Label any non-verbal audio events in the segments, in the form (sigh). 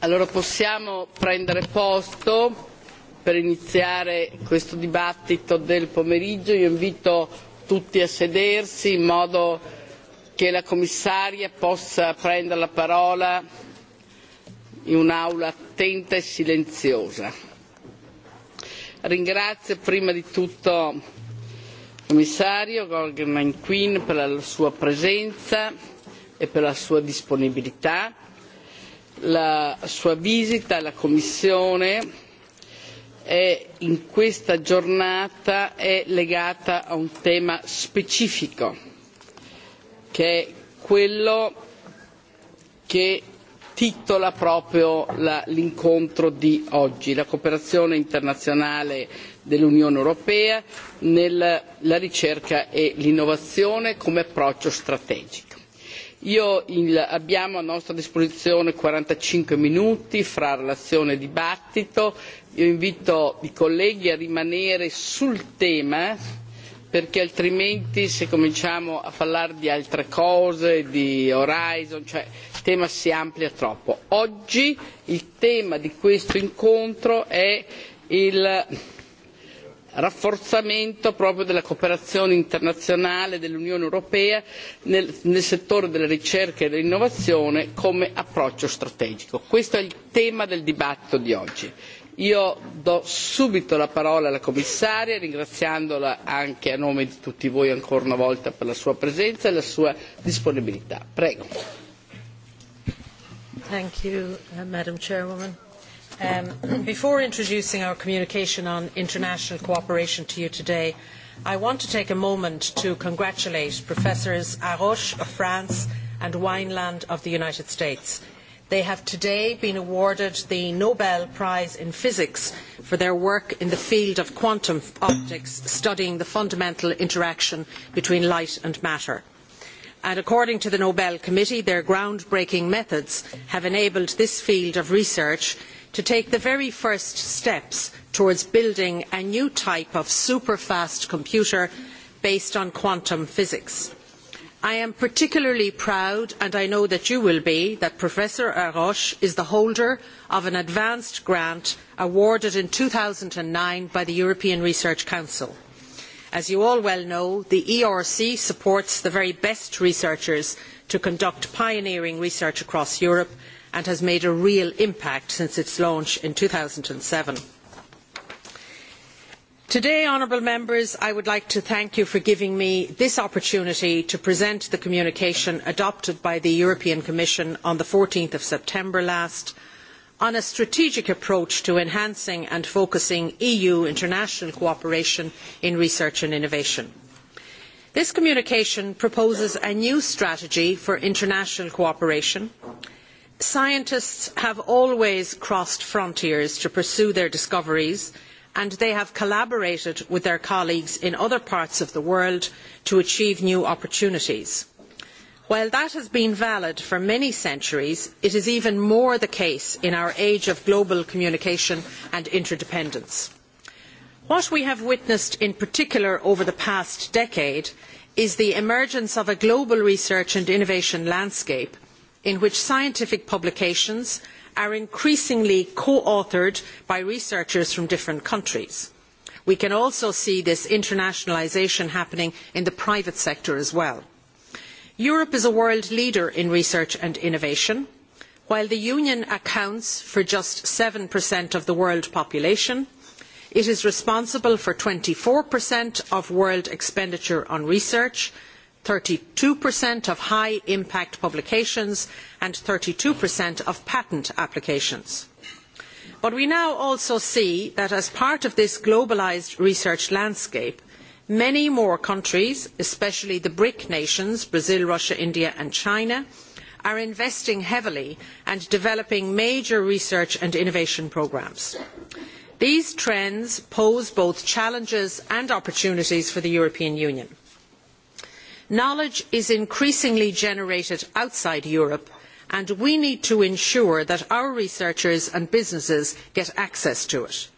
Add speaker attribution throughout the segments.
Speaker 1: Allora possiamo prendere posto per iniziare questo dibattito del pomeriggio. Io invito tutti a sedersi in modo che la commissaria possa prendere la parola in un'aula attenta e silenziosa. Ringrazio prima di tutto il commissario Gorgen Manquin per la sua presenza e per la sua disponibilità la sua visita alla Commissione è, in questa giornata è legata a un tema specifico, che è quello che titola proprio la, l'incontro di oggi, la cooperazione internazionale dell'Unione Europea nella ricerca e l'innovazione come approccio strategico Io il, abbiamo a nostra disposizione 45 minuti fra relazione e dibattito. Io invito i colleghi a rimanere sul tema perché altrimenti se cominciamo a parlare di altre cose, di Horizon, cioè il tema si amplia troppo. Oggi il tema di questo incontro è il rafforzamento proprio della cooperazione internazionale dell'Unione Europea nel, nel settore della ricerca e dell'innovazione come approccio strategico. Questo è il tema del dibattito di oggi. Io do subito la parola alla commissaria, ringraziandola anche a nome di tutti voi ancora una volta per la sua presenza e la sua disponibilità. Prego.
Speaker 2: Thank you, uh, Madam Chairwoman. Um, before introducing our communication on international cooperation to you today, I want to take a moment to congratulate Professors Aroche of France and Wineland of the United States. They have today been awarded the Nobel Prize in Physics for their work in the field of quantum optics, studying the fundamental interaction between light and matter. And according to the Nobel Committee, their groundbreaking methods have enabled this field of research to take the very first steps towards building a new type of superfast computer based on quantum physics. I am particularly proud, and I know that you will be, that Professor Aroche is the holder of an advanced grant awarded in 2009 by the European Research Council. As you all well know, the ERC supports the very best researchers to conduct pioneering research across Europe and has made a real impact since its launch in. two thousand and seven today i would like to thank you for giving me this opportunity to present the communication adopted by the european commission on fourteen september last on a strategic approach to enhancing and focusing eu international cooperation in research and innovation. this communication proposes a new strategy for international cooperation and Scientists have always crossed frontiers to pursue their discoveries, and they have collaborated with their colleagues in other parts of the world to achieve new opportunities. While that has been valid for many centuries, it is even more the case in our age of global communication and interdependence. What we have witnessed in particular over the past decade is the emergence of a global research and innovation landscape in which scientific publications are increasingly co-authored by researchers from different countries. We can also see this internationalisation happening in the private sector as well. Europe is a world leader in research and innovation. While the Union accounts for just 7% of the world population, it is responsible for 24% of world expenditure on research 32% of high-impact publications and 32% of patent applications. But we now also see that as part of this globalised research landscape, many more countries, especially the BRIC nations, Brazil, Russia, India and China, are investing heavily and developing major research and innovation programmes. These trends pose both challenges and opportunities for the European Union. Knowledge is increasingly generated outside Europe and we need to ensure that our researchers and businesses get access to it.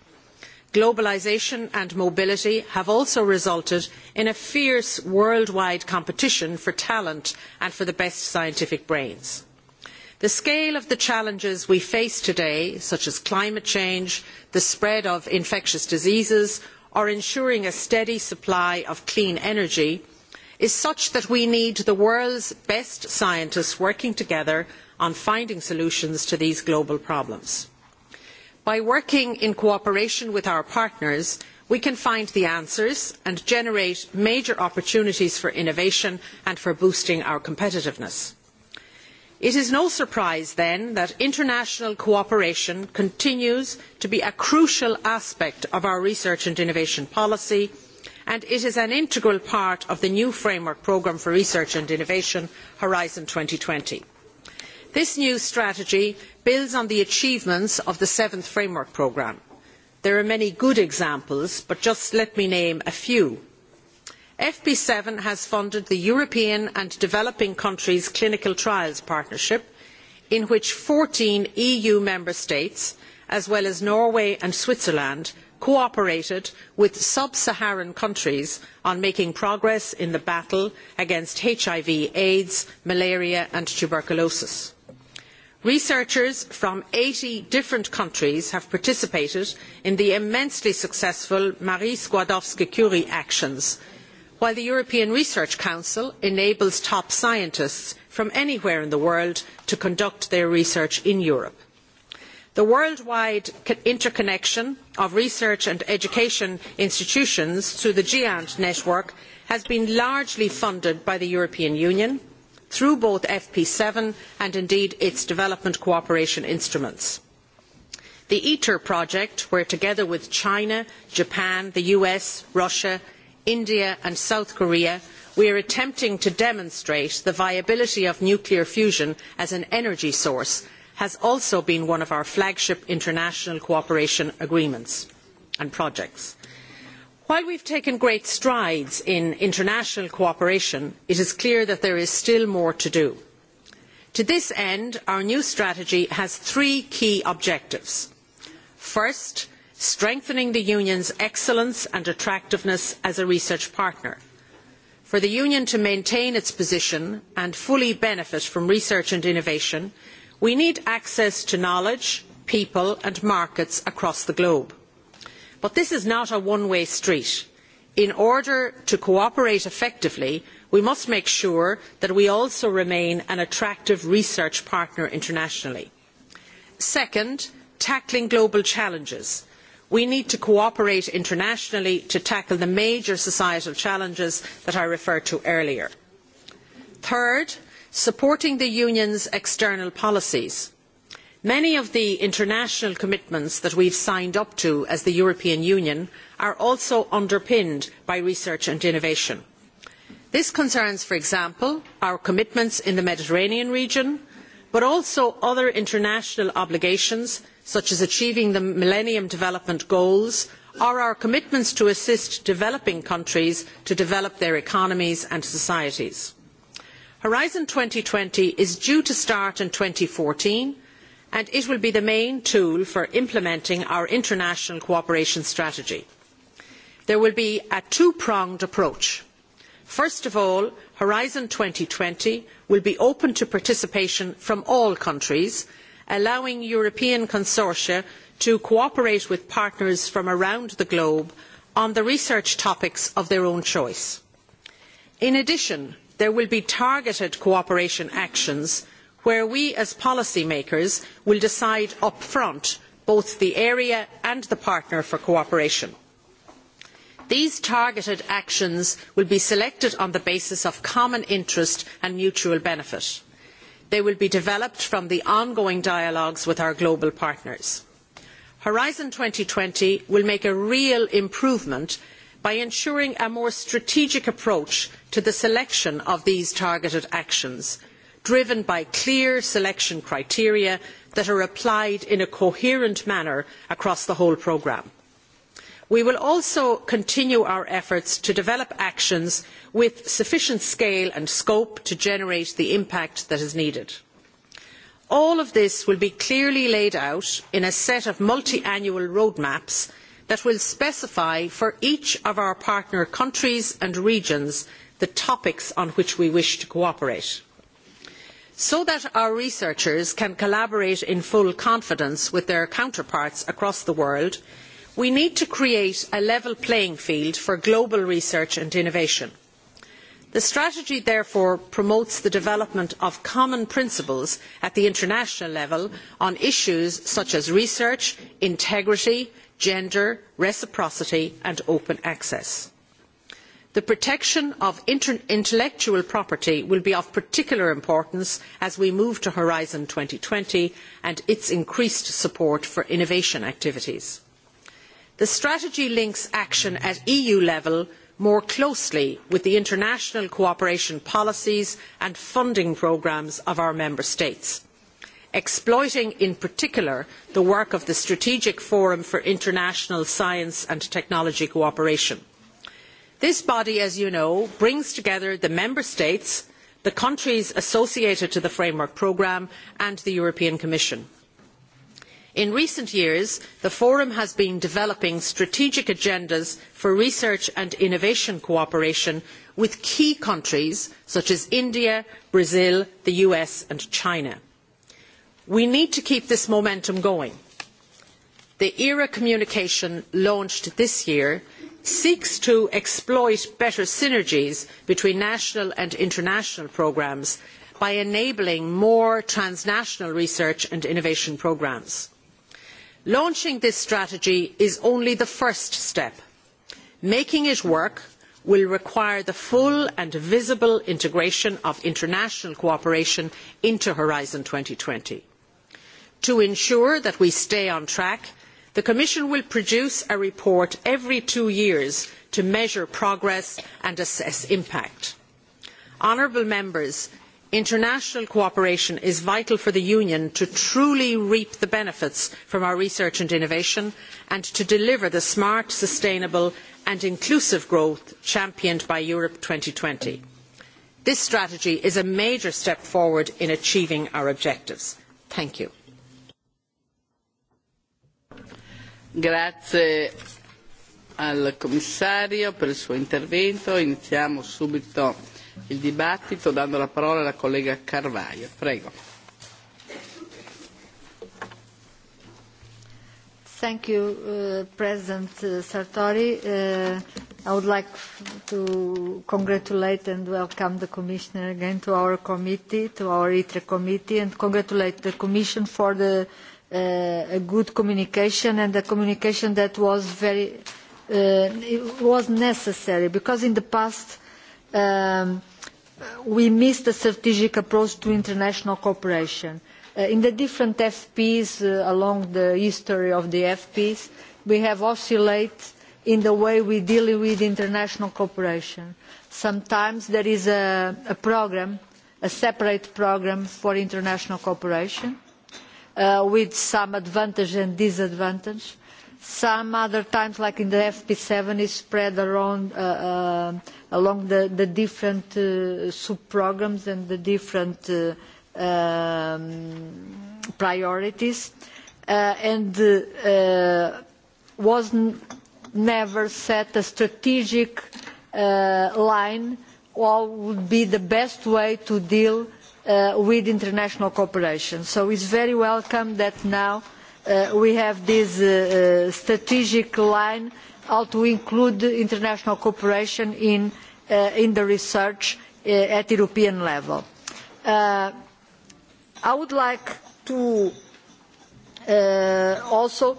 Speaker 2: Globalisation and mobility have also resulted in a fierce worldwide competition for talent and for the best scientific brains. The scale of the challenges we face today, such as climate change, the spread of infectious diseases, or ensuring a steady supply of clean energy, is such that we need the world's best scientists working together on finding solutions to these global problems. By working in cooperation with our partners, we can find the answers and generate major opportunities for innovation and for boosting our competitiveness. It is no surprise then that international cooperation continues to be a crucial aspect of our research and innovation policy and it is an integral part of the new framework programme for research and innovation horizon. two thousand and twenty this new strategy builds on the achievements of the seventh framework programme. there are many good examples but just let me name a few fp seven has funded the european and developing countries clinical trials partnership in which fourteen eu member states as well as norway and switzerland cooperated with sub Saharan countries on making progress in the battle against HIV, AIDS, malaria and tuberculosis. Researchers from 80 different countries have participated in the immensely successful Marie Skłodowska-Curie actions, while the European Research Council enables top scientists from anywhere in the world to conduct their research in Europe. The worldwide interconnection of research and education institutions through the GIANT network has been largely funded by the European Union through both FP7 and indeed its development cooperation instruments. The ITER project, where together with China, Japan, the US, Russia, India and South Korea, we are attempting to demonstrate the viability of nuclear fusion as an energy source has also been one of our flagship international cooperation agreements and projects. While we've taken great strides in international cooperation, it is clear that there is still more to do. To this end, our new strategy has three key objectives. First, strengthening the Union's excellence and attractiveness as a research partner. For the Union to maintain its position and fully benefit from research and innovation, We need access to knowledge, people and markets across the globe. But this is not a one-way street. In order to cooperate effectively, we must make sure that we also remain an attractive research partner internationally. Second, tackling global challenges. We need to cooperate internationally to tackle the major societal challenges that I referred to earlier. Third, supporting the union's external policies. many of the international commitments that we have signed up to as the european union are also underpinned by research and innovation. this concerns for example our commitments in the mediterranean region but also other international obligations such as achieving the millennium development goals or our commitments to assist developing countries to develop their economies and societies. Horizon 2020 is due to start in 2014 and it will be the main tool for implementing our international cooperation strategy. There will be a two-pronged approach. First of all, Horizon 2020 will be open to participation from all countries, allowing European consortia to cooperate with partners from around the globe on the research topics of their own choice. In addition, there will be targeted cooperation actions where we as policymakers will decide up front both the area and the partner for cooperation. These targeted actions will be selected on the basis of common interest and mutual benefit. They will be developed from the ongoing dialogues with our global partners. Horizon 2020 will make a real improvement by ensuring a more strategic approach to the selection of these targeted actions driven by clear selection criteria that are applied in a coherent manner across the whole programme. We will also continue our efforts to develop actions with sufficient scale and scope to generate the impact that is needed. All of this will be clearly laid out in a set of multiannual roadmaps that will specify for each of our partner countries and regions the topics on which we wish to cooperate so that our researchers can collaborate in full confidence with their counterparts across the world we need to create a level playing field for global research and innovation. the strategy therefore promotes the development of common principles at the international level on issues such as research integrity gender, reciprocity and open access. The protection of inter- intellectual property will be of particular importance as we move to Horizon 2020 and its increased support for innovation activities. The strategy links action at EU level more closely with the international cooperation policies and funding programmes of our member states exploiting in particular the work of the Strategic Forum for International Science and Technology Cooperation. This body, as you know, brings together the Member States, the countries associated to the Framework Programme and the European Commission. In recent years, the Forum has been developing strategic agendas for research and innovation cooperation with key countries such as India, Brazil, the US and China We need to keep this momentum going. The ERA communication launched this year seeks to exploit better synergies between national and international programmes by enabling more transnational research and innovation programmes. Launching this strategy is only the first step. Making it work will require the full and visible integration of international cooperation into Horizon 2020 to ensure that we stay on track the commission will produce a report every two years to measure progress and assess impact. honourable members international cooperation is vital for the union to truly reap the benefits from our research and innovation and to deliver the smart sustainable and inclusive growth championed by europe. two thousand and twenty this strategy is a major step forward in achieving our objectives. thank you.
Speaker 1: Grazie al commissario per il suo intervento. Iniziamo subito il dibattito dando la parola alla collega Carvaio. Prego.
Speaker 3: Thank you, uh, President uh, Sartori. Uh, I would like to congratulate and welcome the Commissioner again to our committee, to our ITRE committee, and congratulate the Commission for the uh, uh, a good communication and a communication that was very uh, it was necessary because in the past um, we missed a strategic approach to international cooperation. Uh, in the different FPs uh, along the history of the FPs, we have oscillated in the way we deal with international cooperation. Sometimes there is a, a program, a separate program for international cooperation, uh, uh, with some advantage and disadvantage. Some other times, like in the FP7, is spread around, uh, uh, along the, the different uh, sub-programs and the different uh, um, priorities, uh, and uh, uh, was n never set a strategic uh, line what would be the best way to deal uh, with international cooperation. So it's very welcome that now uh, we have this uh, uh, strategic line how to include international cooperation in, uh, in the research uh, at European level. Uh, I would like to uh, also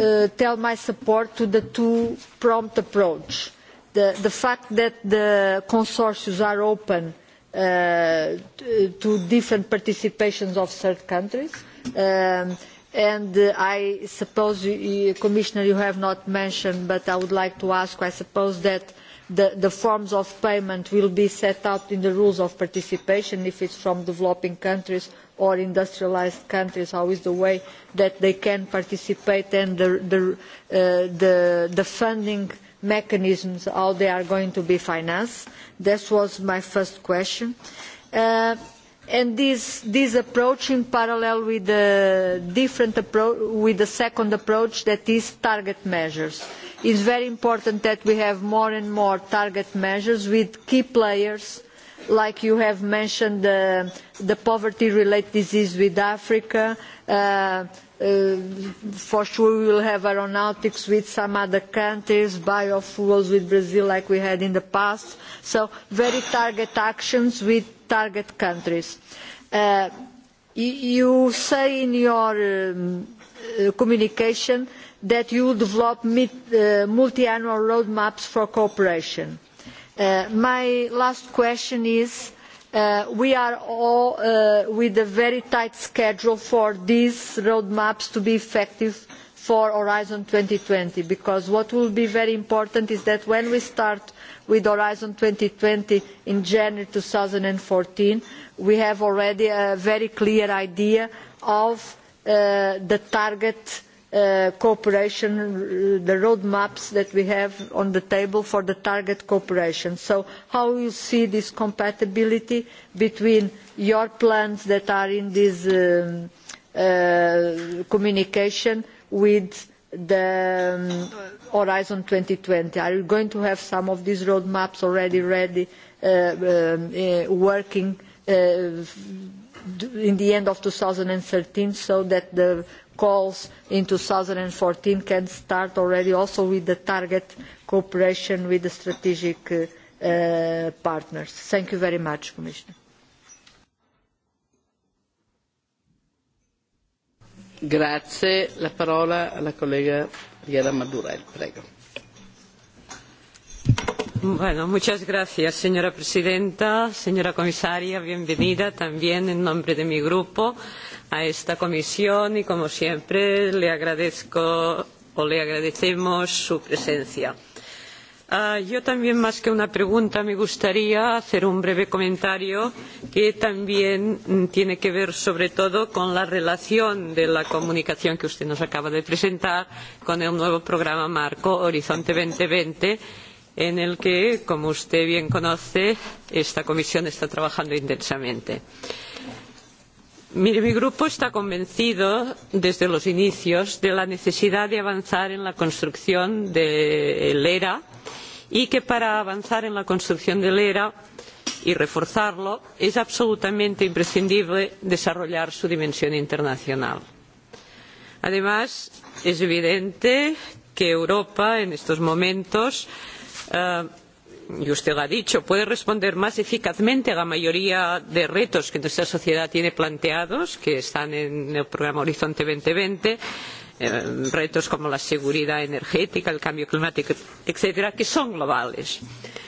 Speaker 3: uh, tell my support to the two prompt approach. The, the fact that the consortiums are open uh, uh, to different participations of third countries. Um, and uh, I suppose, you, Commissioner, you have not mentioned, but I would like to ask, I suppose that the, the forms of payment will be set out in the rules of participation, if it's from developing countries or industrialized countries, how is the way that they can participate and the, the, uh, the, the funding uh, mechanisms, how they are going to be financed? That was my first question. Uh, and this, this approach in parallel with the different approach, with the second approach that is target measures. It's very important that we have more and more target measures with key players like you have mentioned uh, the poverty related disease with Africa, uh, Uh, for sure we will have aeronautics with some other countries, biofuels with Brazil like we had in the past. So very target actions with target countries. Uh, you say in your um, uh, communication that you develop mit, uh, multi-annual roadmaps for cooperation. Uh, my last question is, uh, Uh, we are all uh, with a very tight schedule for these roadmaps to be effective for Horizon 2020 because what will be very important is that when we start with Horizon 2020 in January 2014 we have already a very clear idea of uh, the target uh, Uh, cooperation uh, the roadmaps that we have on the table for the target cooperation. so how do you see this compatibility between your plans that are in this um, uh, communication with the um, horizon? two thousand and twenty are you going to have some of these roadmaps already ready uh, um, uh, working uh, in the end of two thousand and thirteen so that the calls in two thousand and fourteen can start already also with the target cooperation with the strategic uh, uh partners. thank you very much commissioner.
Speaker 1: Grazie. La parola alla collega Riera Madurell, prego.
Speaker 4: Bueno, muchas gracias, señora presidenta, señora comisaria, bienvenida también en nombre de mi grupo. Eh, a esta comisión y, como siempre, le agradezco o le agradecemos su presencia. Uh, yo también, más que una pregunta, me gustaría hacer un breve comentario que también tiene que ver, sobre todo, con la relación de la comunicación que usted nos acaba de presentar con el nuevo programa marco Horizonte 2020 en el que, como usted bien conoce, esta comisión está trabajando intensamente. Uh, Mire, mi grupo está convencido desde los inicios de la necesidad de avanzar en la construcción del de ERA eh, e y que para avanzar en la construcción del ERA y reforzarlo es absolutamente imprescindible desarrollar su dimensión internacional. Además, es evidente que Europa en estos momentos eh, y usted lo ha dicho puede responder más eficazmente a la mayoría de retos que nuestra sociedad tiene planteados que están en el programa horizonte dos mil veinte eh, retos como la seguridad energética el cambio climático etcétera que son globales. y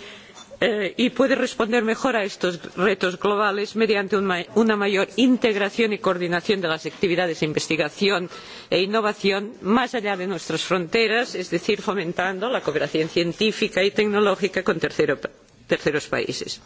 Speaker 4: eh, y puede responder mejor a estos retos globales mediante un ma una mayor integración y coordinación de las actividades de investigación e innovación más allá de nuestras fronteras, es decir, fomentando la cooperación científica y tecnológica con tercero, terceros países.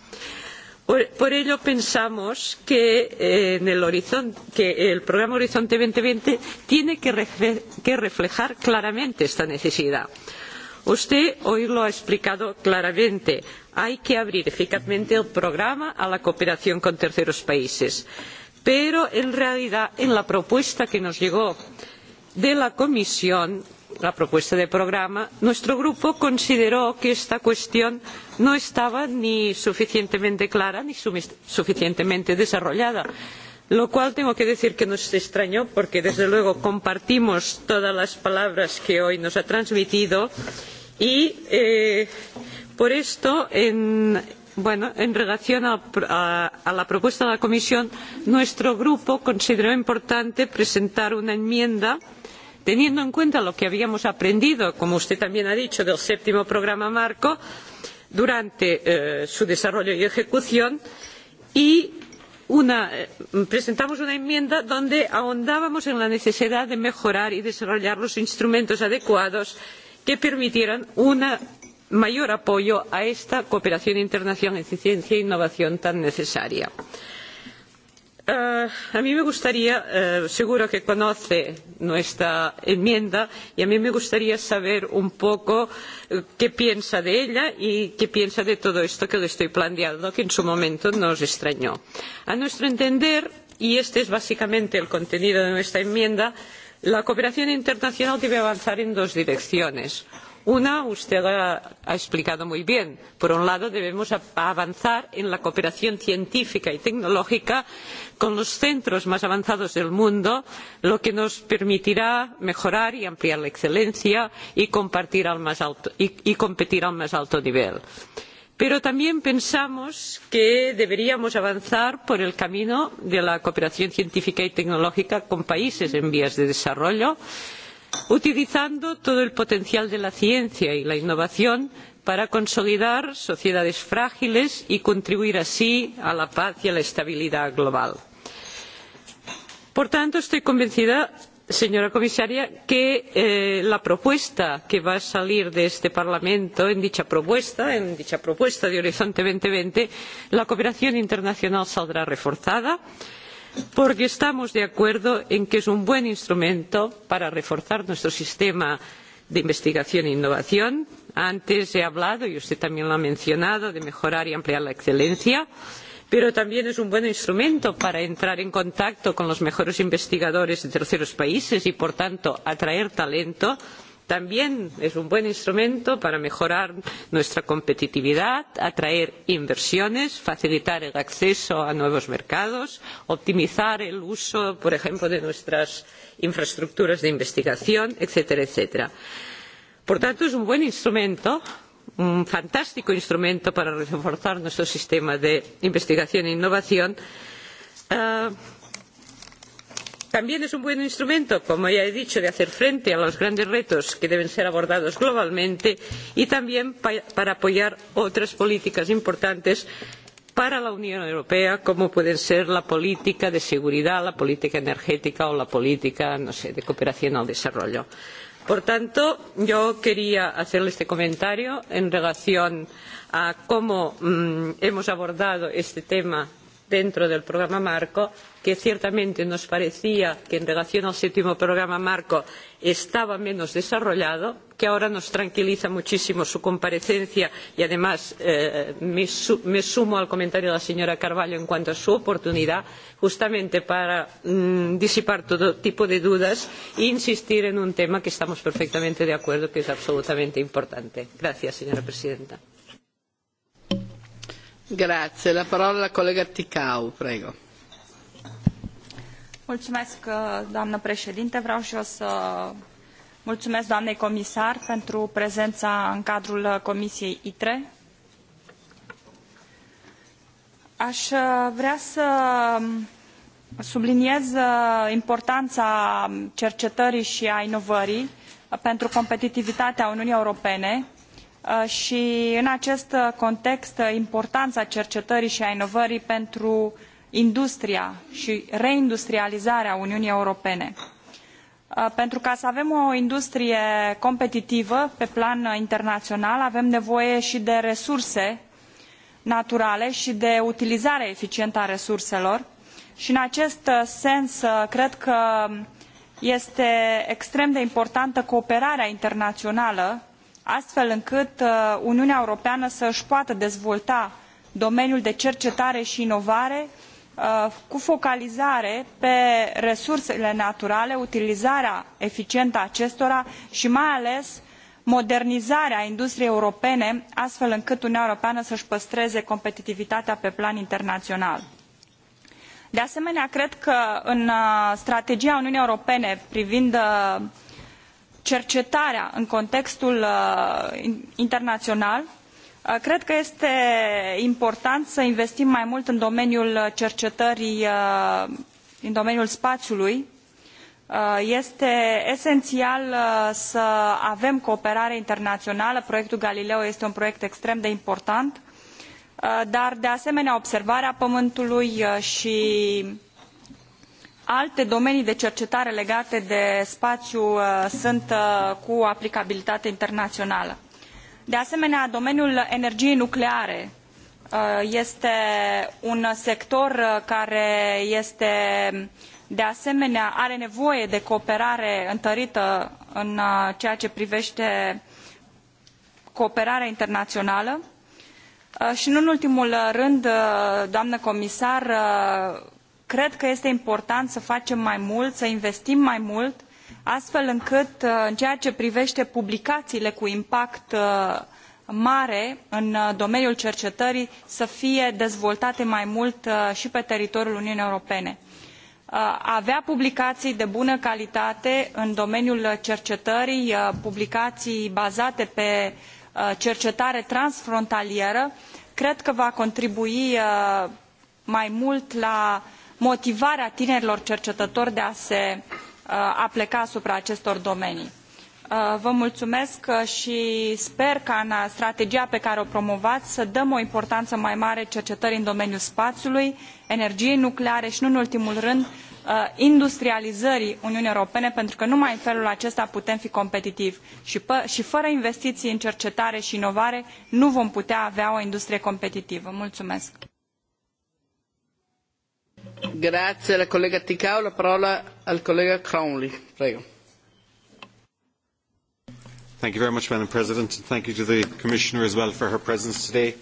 Speaker 4: Por, por ello pensamos que, eh, en el horizonte, que el programa Horizonte 2020 tiene que, refle que reflejar claramente esta necesidad. Eh, usted hoy lo ha explicado claramente hay que abrir eficazmente el programa a la cooperación con terceros países pero en realidad en la propuesta que nos llegó de la comisión la propuesta de programa nuestro grupo consideró que esta cuestión no estaba ni suficientemente clara ni suficientemente desarrollada lo cual tengo que decir que nos extrañó porque desde luego compartimos todas las palabras que hoy nos ha transmitido y Y eh, por esto, en, bueno, en relación a, a, a la propuesta de la Comisión, nuestro grupo consideró importante presentar una enmienda teniendo en cuenta lo que habíamos aprendido, como usted también ha dicho, del séptimo programa marco durante eh, su desarrollo y ejecución y una, eh, presentamos una enmienda donde ahondábamos en la necesidad de mejorar y desarrollar los instrumentos adecuados y que permitieran un mayor apoyo a esta cooperación internacional en ciencia e innovación tan necesaria. Uh, a mí me gustaría, uh, seguro que conoce nuestra enmienda, y a mí me gustaría saber un poco uh, qué piensa de ella y qué piensa de todo esto que le estoy planteando, que en su momento nos extrañó. A nuestro entender, y este es básicamente el contenido de nuestra enmienda, uh, la cooperación internacional debe avanzar en dos direcciones una usted ha, ha explicado muy bien por un lado debemos avanzar en la cooperación científica y tecnológica con los centros más avanzados del mundo lo que nos permitirá mejorar y ampliar la excelencia y, alto, y, y competir al más alto nivel. por pero también pensamos que deberíamos avanzar por el camino de la cooperación científica y tecnológica con países en vías de desarrollo utilizando todo el potencial de la ciencia y la innovación para consolidar sociedades frágiles y contribuir así a la paz y a la estabilidad global. por tanto estoy convencida de señora comisaria que eh, la propuesta que va a salir de este parlamento en dicha propuesta en dicha propuesta de horizonte dos mil veinte la cooperación internacional saldrá reforzada porque estamos de acuerdo en que es un buen instrumento para reforzar nuestro sistema de investigación e innovación. antes he hablado y usted también lo ha mencionado de mejorar y ampliar la excelencia y pero también es un buen instrumento para entrar en contacto con los mejores investigadores de terceros países y por tanto atraer talento también es un buen instrumento para mejorar nuestra competitividad atraer inversiones facilitar el acceso a nuevos mercados optimizar el uso por ejemplo de nuestras infraestructuras de investigación etcétera etcétera. por tanto es un buen instrumento pero un fantástico instrumento para reforzar nuestro sistema de investigación e innovación. Uh, también es un buen instrumento como ya he dicho de hacer frente a los grandes retos que deben ser abordados globalmente y también pa para apoyar otras políticas importantes para la unión europea como pueden ser la política de seguridad la política energética o la política no sé, de cooperación al desarrollo. Por tanto, yo quería hacerle este comentario en relación a cómo mmm, hemos abordado este tema dentro del programa marco que ciertamente nos parecía que en relación al séptimo programa marco estaba menos desarrollado que ahora nos tranquiliza muchísimo su comparecencia y además eh, me, su me sumo al comentario de la señora carvalho en cuanto a su oportunidad justamente para mm, disipar todo tipo de dudas e insistir en un tema que estamos perfectamente de acuerdo que es absolutamente importante. gracias señora presidenta.
Speaker 1: Grazie. La parola la colega Ticau, prego.
Speaker 5: Mulțumesc, uh, doamnă președinte. Vreau și eu să mulțumesc doamnei comisar pentru prezența în cadrul Comisiei ITRE. Aș uh, vrea să subliniez uh, importanța cercetării și a inovării pentru competitivitatea Uniunii Europene Uh, și în acest context uh, importanța cercetării și a inovării pentru industria și reindustrializarea Uniunii Europene. Uh, pentru ca să avem o industrie competitivă pe plan internațional, avem nevoie și de resurse naturale și de utilizare eficientă a resurselor. Și în acest sens, cred că este extrem de importantă cooperarea internațională astfel încât uh, uniunea europeană să îi poată dezvolta domeniul de cercetare i inovare uh, cu focalizare pe resursele naturale utilizarea eficientă a acestora i mai ales modernizarea industriei europene astfel încât uniunea europeană să îi păstreze competitivitatea pe plan internaional. de asemenea cred că în uh, strategia uniunii europene privind cercetarea în contextul uh, internațional, uh, cred că este important să investim mai mult în domeniul cercetării uh, în domeniul spațiului. Este esențial să avem cooperare internațională. Proiectul Galileo este un proiect extrem de important, dar de asemenea observarea Pământului și Alte domenii de cercetare legate de spațiu uh, sunt uh, cu aplicabilitate internațională. De asemenea, domeniul energiei nucleare uh, este un sector care este de asemenea are nevoie de cooperare întărită în ceea ce privește cooperarea internațională. Și nu în ultimul rând, doamnă comisar, cred că este important să facem mai mult să investim mai mult astfel încât uh, în ceea ce privete publicaiile cu impact uh, mare în uh, domeniul cercetării să fie dezvoltate mai mult i pe teritoriul uniunii europene. a avea publicaii de bună calitate în domeniul cercetării publicaii bazate pe cercetare transfrontalieră cred că va contribui mai mult la motivarea tinerilor cercetători de a se uh, apleca asupra acestor domenii. Uh, vă mulțumesc uh, și sper ca în strategia pe care o promovați să dăm o importanță mai mare cercetării în domeniul spațiului, energiei nucleare și, nu în ultimul rând, industrializării Uniunii Europene, pentru că numai în felul acesta putem fi competitivi. Și, și fără investiții în cercetare și inovare nu vom putea avea o industrie competitivă. Mulțumesc!
Speaker 1: Grazie alla collega Ticao, la parola al collega Crowley. Prego.
Speaker 6: Thank you very much, Madam President, and thank you to the Commissioner as well for her presence today.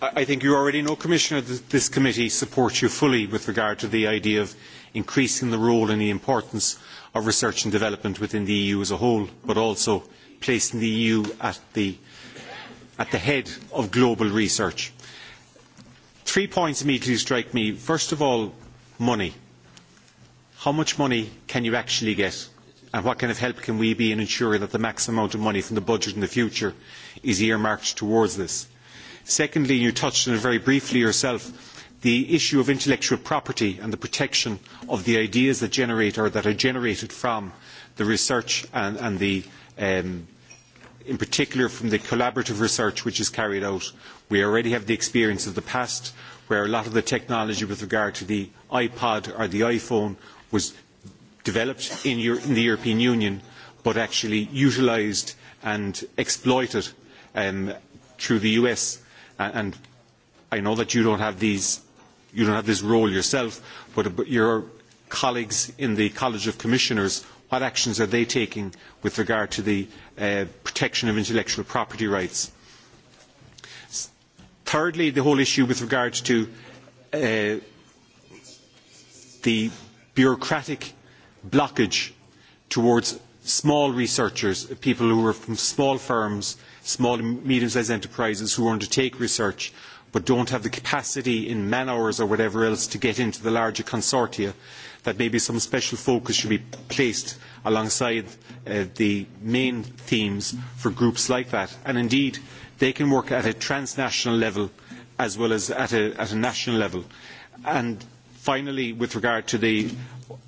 Speaker 6: I think you already know, Commissioner, that this committee supports you fully with regard to the idea of increasing the role and the importance of research and development within the EU as a whole, but also placing the EU at the, at the head of global research. Three points immediately strike me. First of all, money. How much money can you actually get? And what kind of help can we be in ensuring that the maximum amount of money from the budget in the future is earmarked towards this? Secondly, you touched on it very briefly yourself, the issue of intellectual property and the protection of the ideas that generate or that are generated from the research and, and the um, in particular from the collaborative research which is carried out. We already have the experience of the past where a lot of the technology with regard to the iPod or the iPhone was developed in, Euro- in the European Union but actually utilised and exploited um, through the US. And, and I know that you don't have these, you don't have this role yourself, but your colleagues in the College of Commissioners what actions are they taking with regard to the uh, protection of intellectual property rights? Thirdly, the whole issue with regard to uh, the bureaucratic blockage towards small researchers, people who are from small firms, small and medium-sized enterprises who undertake research but don't have the capacity in man-hours or whatever else to get into the larger consortia. Uh, that maybe some special focus should be placed alongside uh, the main themes for groups like that. And indeed, they can work at a transnational level as well as at a, at a national level. And finally, with regard to the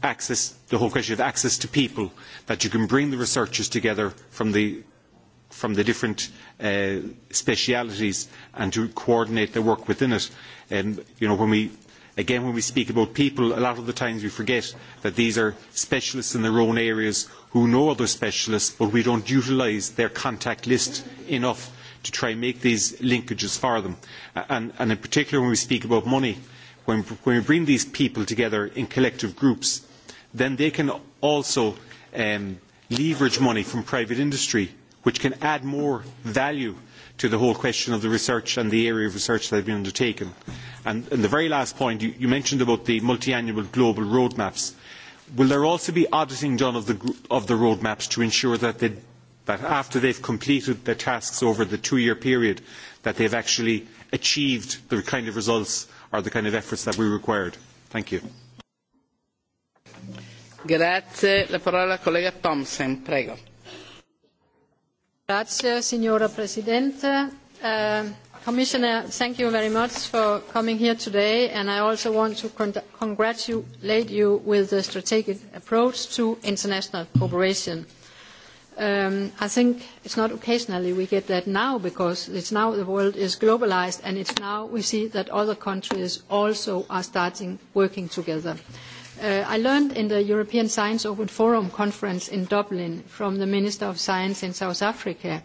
Speaker 6: access, the whole question of access to people, that you can bring the researchers together from the from the different uh, specialities and to coordinate their work within it. Um, you know, when we Again, when we speak about people, a lot of the times we forget that these are specialists in their own areas who know other specialists, but we don't utilise their contact list enough to try and make these linkages for them. And, and in particular, when we speak about money, when, when we bring these people together in collective groups, then they can also um, leverage money from private industry, which can add more value to the whole question of the research and the area of research that had been undertaken. And, and the very last point, you, you mentioned about the multi-annual global roadmaps. Will there also be auditing done of the, of the roadmaps to ensure that, they, that after they've completed their tasks over the two-year period, that they've actually achieved the kind of results or the kind of efforts that we required? Thank you.
Speaker 1: Grazie. La parola al collega Thompson, prego. Grazie, signora Presidente. Uh, Commissioner,
Speaker 7: thank you very much for coming here today, and I also want to con congratulate you with the strategic approach to international cooperation. Um, I think it's not occasionally we get that now, because it's now the world is globalized, and it's now we see that other countries also are starting working together. Uh, Uh, I learned in the European Science Open Forum conference in Dublin from the Minister of Science in South Africa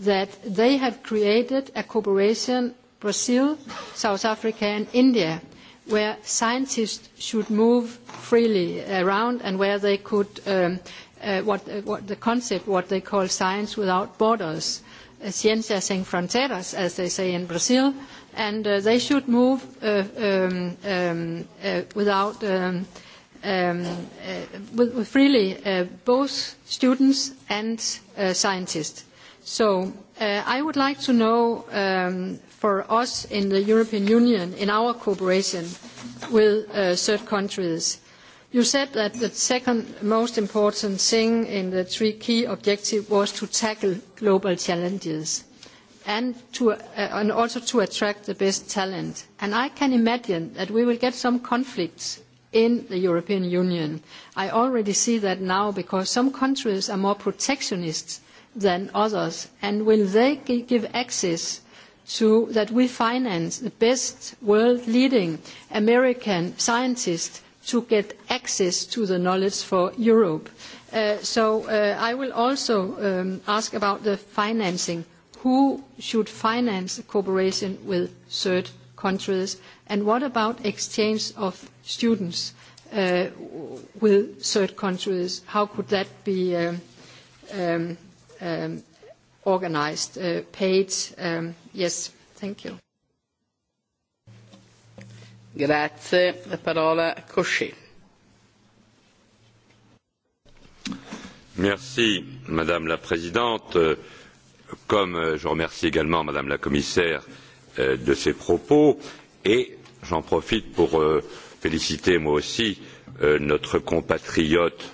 Speaker 7: that they have created a cooperation Brazil, South Africa and India where scientists should move freely around and where they could um, uh, what, uh, what the concept what they call science without borders uh, ciencia sin fronteras as they say in Brazil and uh, they should move uh, um, um, uh, without um, uh, um, uh, with, freely uh, both students and uh, scientists. So uh, I would like to know um, for us in the European Union, in our cooperation with uh, third countries, you said that the second most important thing in the three key objectives was to tackle global challenges and, to, uh, and also to attract the best talent. And I can imagine that we will get some conflicts in the European Union. I already see that now because some countries are more protectionists than others, and will they give access to that we finance the best world-leading American scientists to get access to the knowledge for Europe? Uh, so uh, I will also um, ask about the financing. Who should finance cooperation with third countries? And what about exchange of students uh, with third countries? How could that be um, um, um, organized, uh, paid? Um, yes, thank you.
Speaker 1: Grazie. La parola a Cochet.
Speaker 8: Merci, Madame la Présidente. Comme je remercie également Madame la Commissaire euh, euh, de ses propos et j'en profite pour euh, féliciter moi aussi euh, notre compatriote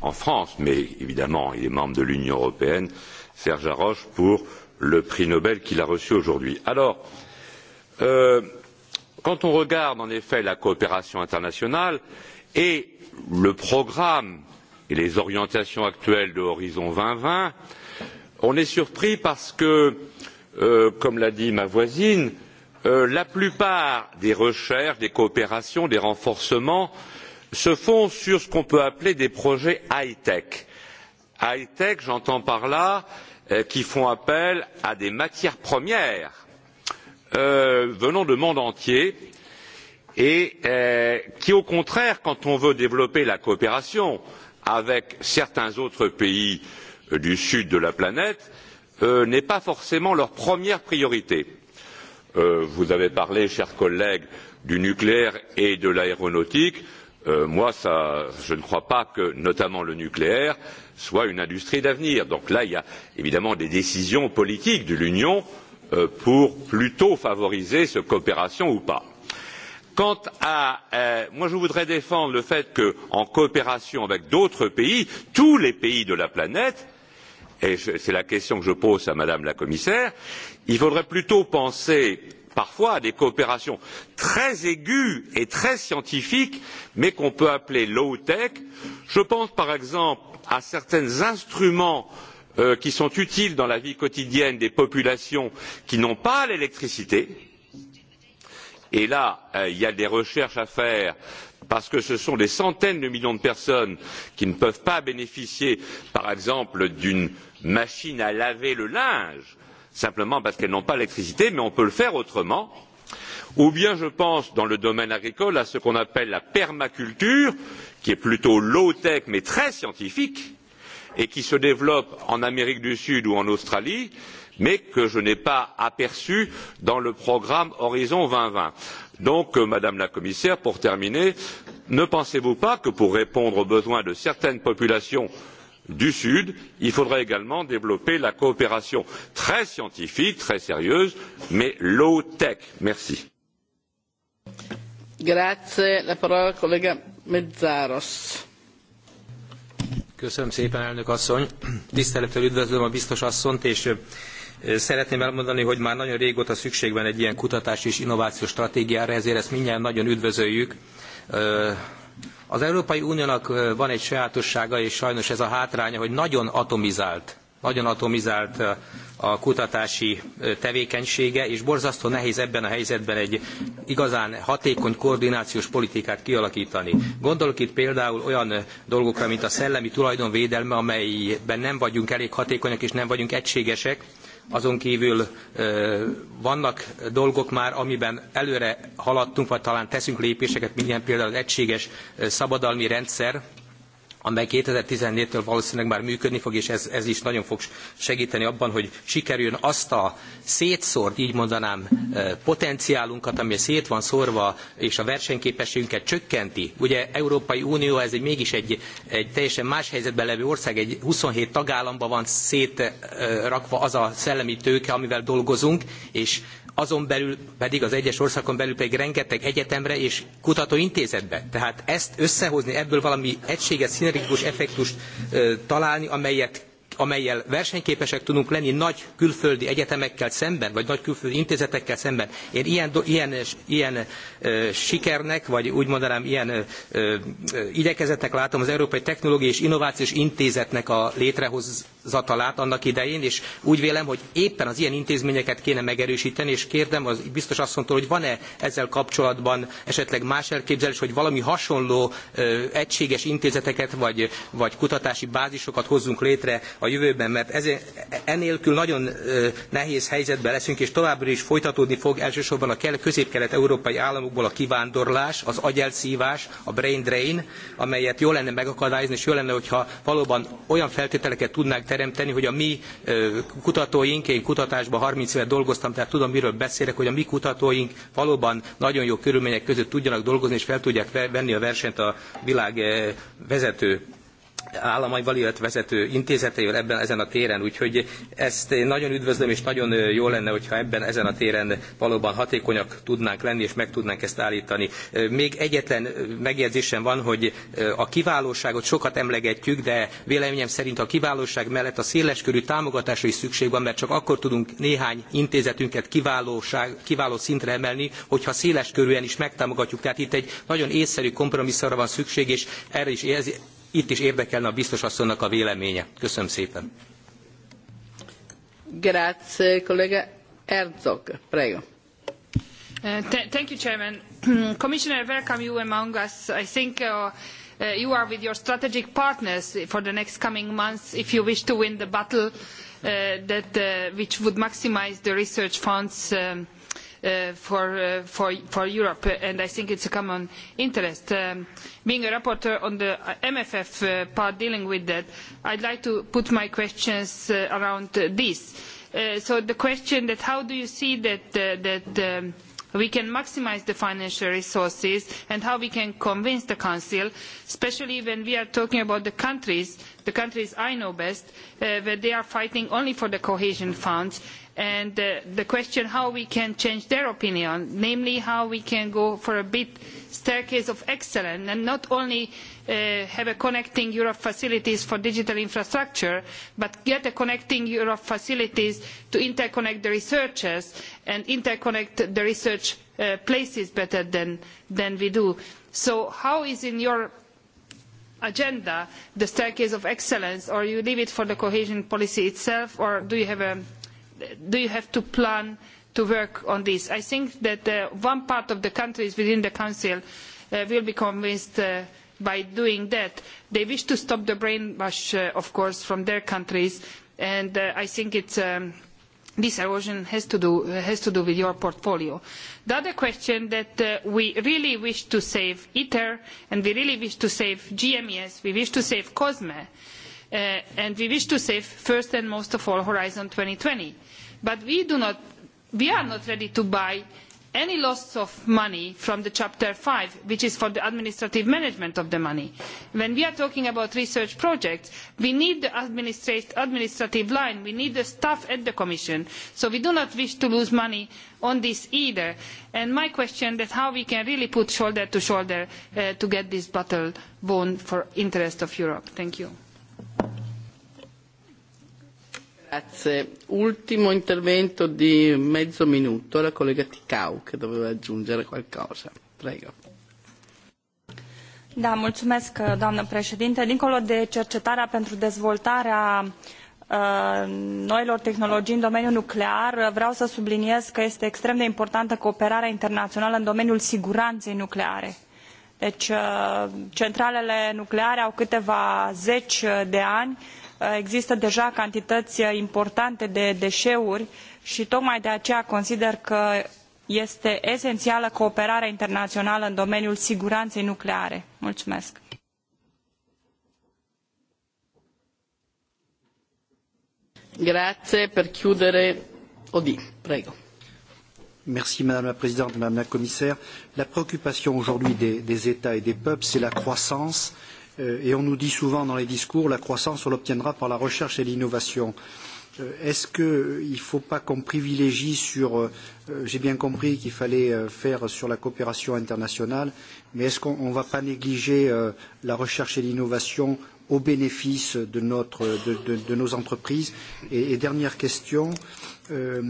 Speaker 8: en France, mais évidemment il est membre de l'Union européenne, Serge Haroche, pour le prix Nobel qu'il a reçu aujourd'hui. Alors, euh, quand on regarde en effet la coopération internationale et le programme et les orientations actuelles de Horizon 2020, on est surpris parce que euh, euh, comme l'a dit ma voisine, euh, la plupart des recherches, des coopérations, des renforcements se font sur ce qu'on peut appeler des projets high tech. High tech, j'entends par là euh, qui font appel à des matières premières euh, venant de monde entier et euh, qui, au contraire, quand on veut développer la coopération avec certains autres pays euh, du sud de la planète, euh, n'est pas forcément leur première priorité. Euh, vous avez parlé, chers collègues, du nucléaire et de l'aéronautique. Euh, moi, ça, je ne crois pas que, notamment le nucléaire, soit une industrie d'avenir. Donc là, il y a évidemment des décisions politiques de l'Union euh, pour plutôt favoriser cette coopération ou pas. Quant à euh, moi, je voudrais défendre le fait qu'en coopération avec d'autres pays, tous les pays de la planète, et c'est la question que je pose à madame la commissaire il faudrait plutôt penser parfois à des coopérations très aiguës et très scientifiques mais qu'on peut appeler low tech. je pense par exemple à certains instruments euh, qui sont utiles dans la vie quotidienne des populations qui n'ont pas l'électricité et là euh, il euh, y a des recherches à faire parce que ce sont des centaines de millions de personnes qui ne peuvent pas bénéficier, par exemple, d'une machine à laver le linge, simplement parce qu'elles n'ont pas l'électricité, mais on peut le faire autrement. Ou bien je pense, dans le domaine agricole, à ce qu'on appelle la permaculture, qui est plutôt low tech mais très scientifique, et qui se développe en Amérique du Sud ou en Australie, mais que je n'ai pas aperçu dans le programme Horizon 2020. Donc, euh, Madame la Commissaire, pour terminer, ne pensez-vous pas que pour répondre aux besoins de certaines populations du Sud, il faudrait également développer la coopération très scientifique, très sérieuse, mais low tech. Merci.
Speaker 1: Grazie. La parola al collega Mezzaros.
Speaker 9: Köszönöm szépen, elnök asszony. Tisztelettel üdvözlöm a biztos asszonyt, és Szeretném elmondani, hogy már nagyon régóta szükség van egy ilyen kutatás és innovációs stratégiára, ezért ezt mindjárt nagyon üdvözöljük. Az Európai Uniónak van egy sajátossága, és sajnos ez a hátránya, hogy nagyon atomizált nagyon atomizált a kutatási tevékenysége, és borzasztó nehéz ebben a helyzetben egy igazán hatékony koordinációs politikát kialakítani. Gondolok itt például olyan dolgokra, mint a szellemi tulajdonvédelme, amelyben nem vagyunk elég hatékonyak és nem vagyunk egységesek, Azon kívül vannak dolgok már, amiben előre haladtunk, vagy talán teszünk lépéseket, mint ilyen például az egységes szabadalmi rendszer, amely 2014-től valószínűleg már működni fog, és ez, ez is nagyon fog segíteni abban, hogy sikerüljön azt a szétszórt, így mondanám, eh, potenciálunkat, ami szét van szórva, és a versenyképességünket csökkenti. Ugye Európai Unió, ez egy, mégis egy, egy teljesen más helyzetben levő ország, egy 27 tagállamban van szétrakva az a szellemi tőke, amivel dolgozunk, és azon belül pedig az egyes országon belül pedig rengeteg egyetemre és kutatóintézetbe. Tehát ezt összehozni, ebből valami egységes, szinergikus effektust ö, találni, amelyet amelyel versenyképesek tudunk lenni nagy külföldi egyetemekkel szemben, vagy nagy külföldi intézetekkel szemben. Én ilyen, ilyen, ilyen ö, sikernek, vagy úgy mondanám, ilyen ö, igyekezetnek látom az Európai Technológiai és Innovációs Intézetnek a létrehozatalát annak idején, és úgy vélem, hogy éppen az ilyen intézményeket kéne megerősíteni, és kérdem az biztos asszonytól, hogy van-e ezzel kapcsolatban esetleg más elképzelés, hogy valami hasonló ö, egységes intézeteket, vagy, vagy kutatási bázisokat hozzunk létre a jövőben, mert ez, enélkül nagyon nehéz helyzetben leszünk, és továbbra is folytatódni fog elsősorban a közép-kelet-európai államokból a kivándorlás, az agyelszívás, a brain drain, amelyet jól lenne megakadályozni, és jól lenne, hogyha valóban olyan feltételeket tudnánk teremteni, hogy a mi kutatóink, én kutatásban 30 éve dolgoztam, tehát tudom, miről beszélek, hogy a mi kutatóink valóban nagyon jó körülmények között tudjanak dolgozni, és fel tudják venni a versenyt a világ vezető államaival, illetve vezető intézeteivel ebben ezen a téren. Úgyhogy ezt én nagyon üdvözlöm, és nagyon jó lenne, hogyha ebben ezen a téren valóban hatékonyak tudnánk lenni, és meg tudnánk ezt állítani. Még egyetlen megjegyzésem van, hogy a kiválóságot sokat emlegetjük, de véleményem szerint a kiválóság mellett a széleskörű támogatásra is szükség van, mert csak akkor tudunk néhány intézetünket kiválóság, kiváló szintre emelni, hogyha széleskörűen is megtámogatjuk. Tehát itt egy nagyon észszerű kompromisszumra van szükség, és erre is Itt is érdekelne a biztos asszonynak a véleménye. Köszönöm szépen.
Speaker 1: Grazie, kollega Herzog. Prego.
Speaker 10: Uh, th thank you, Chairman. (clears throat) Commissioner, welcome you among us. I think uh, uh, you are with your strategic partners for the next coming months if you wish to win the battle uh, that, uh, which would maximize the research funds um, uh, Uh, for, uh, for, for Europe, uh, and I think it's a common interest. Um, being a rapporteur on the MFF part dealing with that, I'd like to put my questions around this. So the question that how do you see that, that um, we can maximise the financial resources and how we can convince the council especially when we are talking about the countries the countries i know best uh, where they are fighting only for the cohesion funds and and uh, the question how we can change their opinion, namely how we can go for a bit staircase of excellence and not only uh, have a connecting Europe facilities for digital infrastructure, but get a connecting Europe facilities to interconnect the researchers and interconnect the research uh, places better than, than we do. So how is in your agenda the staircase of excellence or you leave it for the cohesion policy itself or do you have a do you have to plan to work on this? I think that uh, one part of the countries within the Council uh, will be convinced uh, by doing that. They wish to stop the brainwash, uh, of course, from their countries, and uh, I think it's... Um, this erosion has to do has to do with your portfolio. The other question that uh, we really wish to save ITER and we really wish to save GMES, we wish to save COSME uh, and we wish to save first and most of all Horizon 2020. But we, do not, we are not ready to buy any loss of money from the chapter 5 which is for the administrative management of the money when we are talking about research projects we need the administrat administrative line we need the staff at the commission so we do not wish to lose money on this either and my question is how we can really put shoulder to shoulder uh, to get this battle won for interest of europe thank you
Speaker 1: Grazie. Ultimo intervento di mezzo minuto, la collega Ticau che doveva aggiungere qualcosa. Prego.
Speaker 5: Da, mulțumesc, doamnă președinte. Dincolo de cercetarea pentru dezvoltarea uh, noilor tehnologii în domeniul nuclear vreau să subliniez că este extrem de importantă cooperarea internaională în domeniul siguranei nucleare. deci uh, centralele nucleare au câteva zeci de ani Eh, există deja cantități eh, importante de deșeuri și tocmai de aceea consider că este esențială cooperarea internațională în domeniul siguranței nucleare. Mulțumesc!
Speaker 1: Grazie per chiudere. Odi, prego.
Speaker 10: Merci Madame la
Speaker 11: Présidente, Madame la Commissaire. La préoccupation aujourd'hui des, des États et des peuples, c'est la croissance euh, euh, et on nous dit souvent dans les discours la croissance on l'obtiendra par la recherche et l'innovation. Euh, Est-ce qu'il euh, ne faut pas qu'on privilégie sur euh, euh, j'ai bien compris qu'il fallait euh, faire sur la coopération internationale, mais est-ce qu'on ne va pas négliger euh, la recherche et l'innovation au bénéfice de, notre, de, de, de nos entreprises. Et, et dernière question, euh,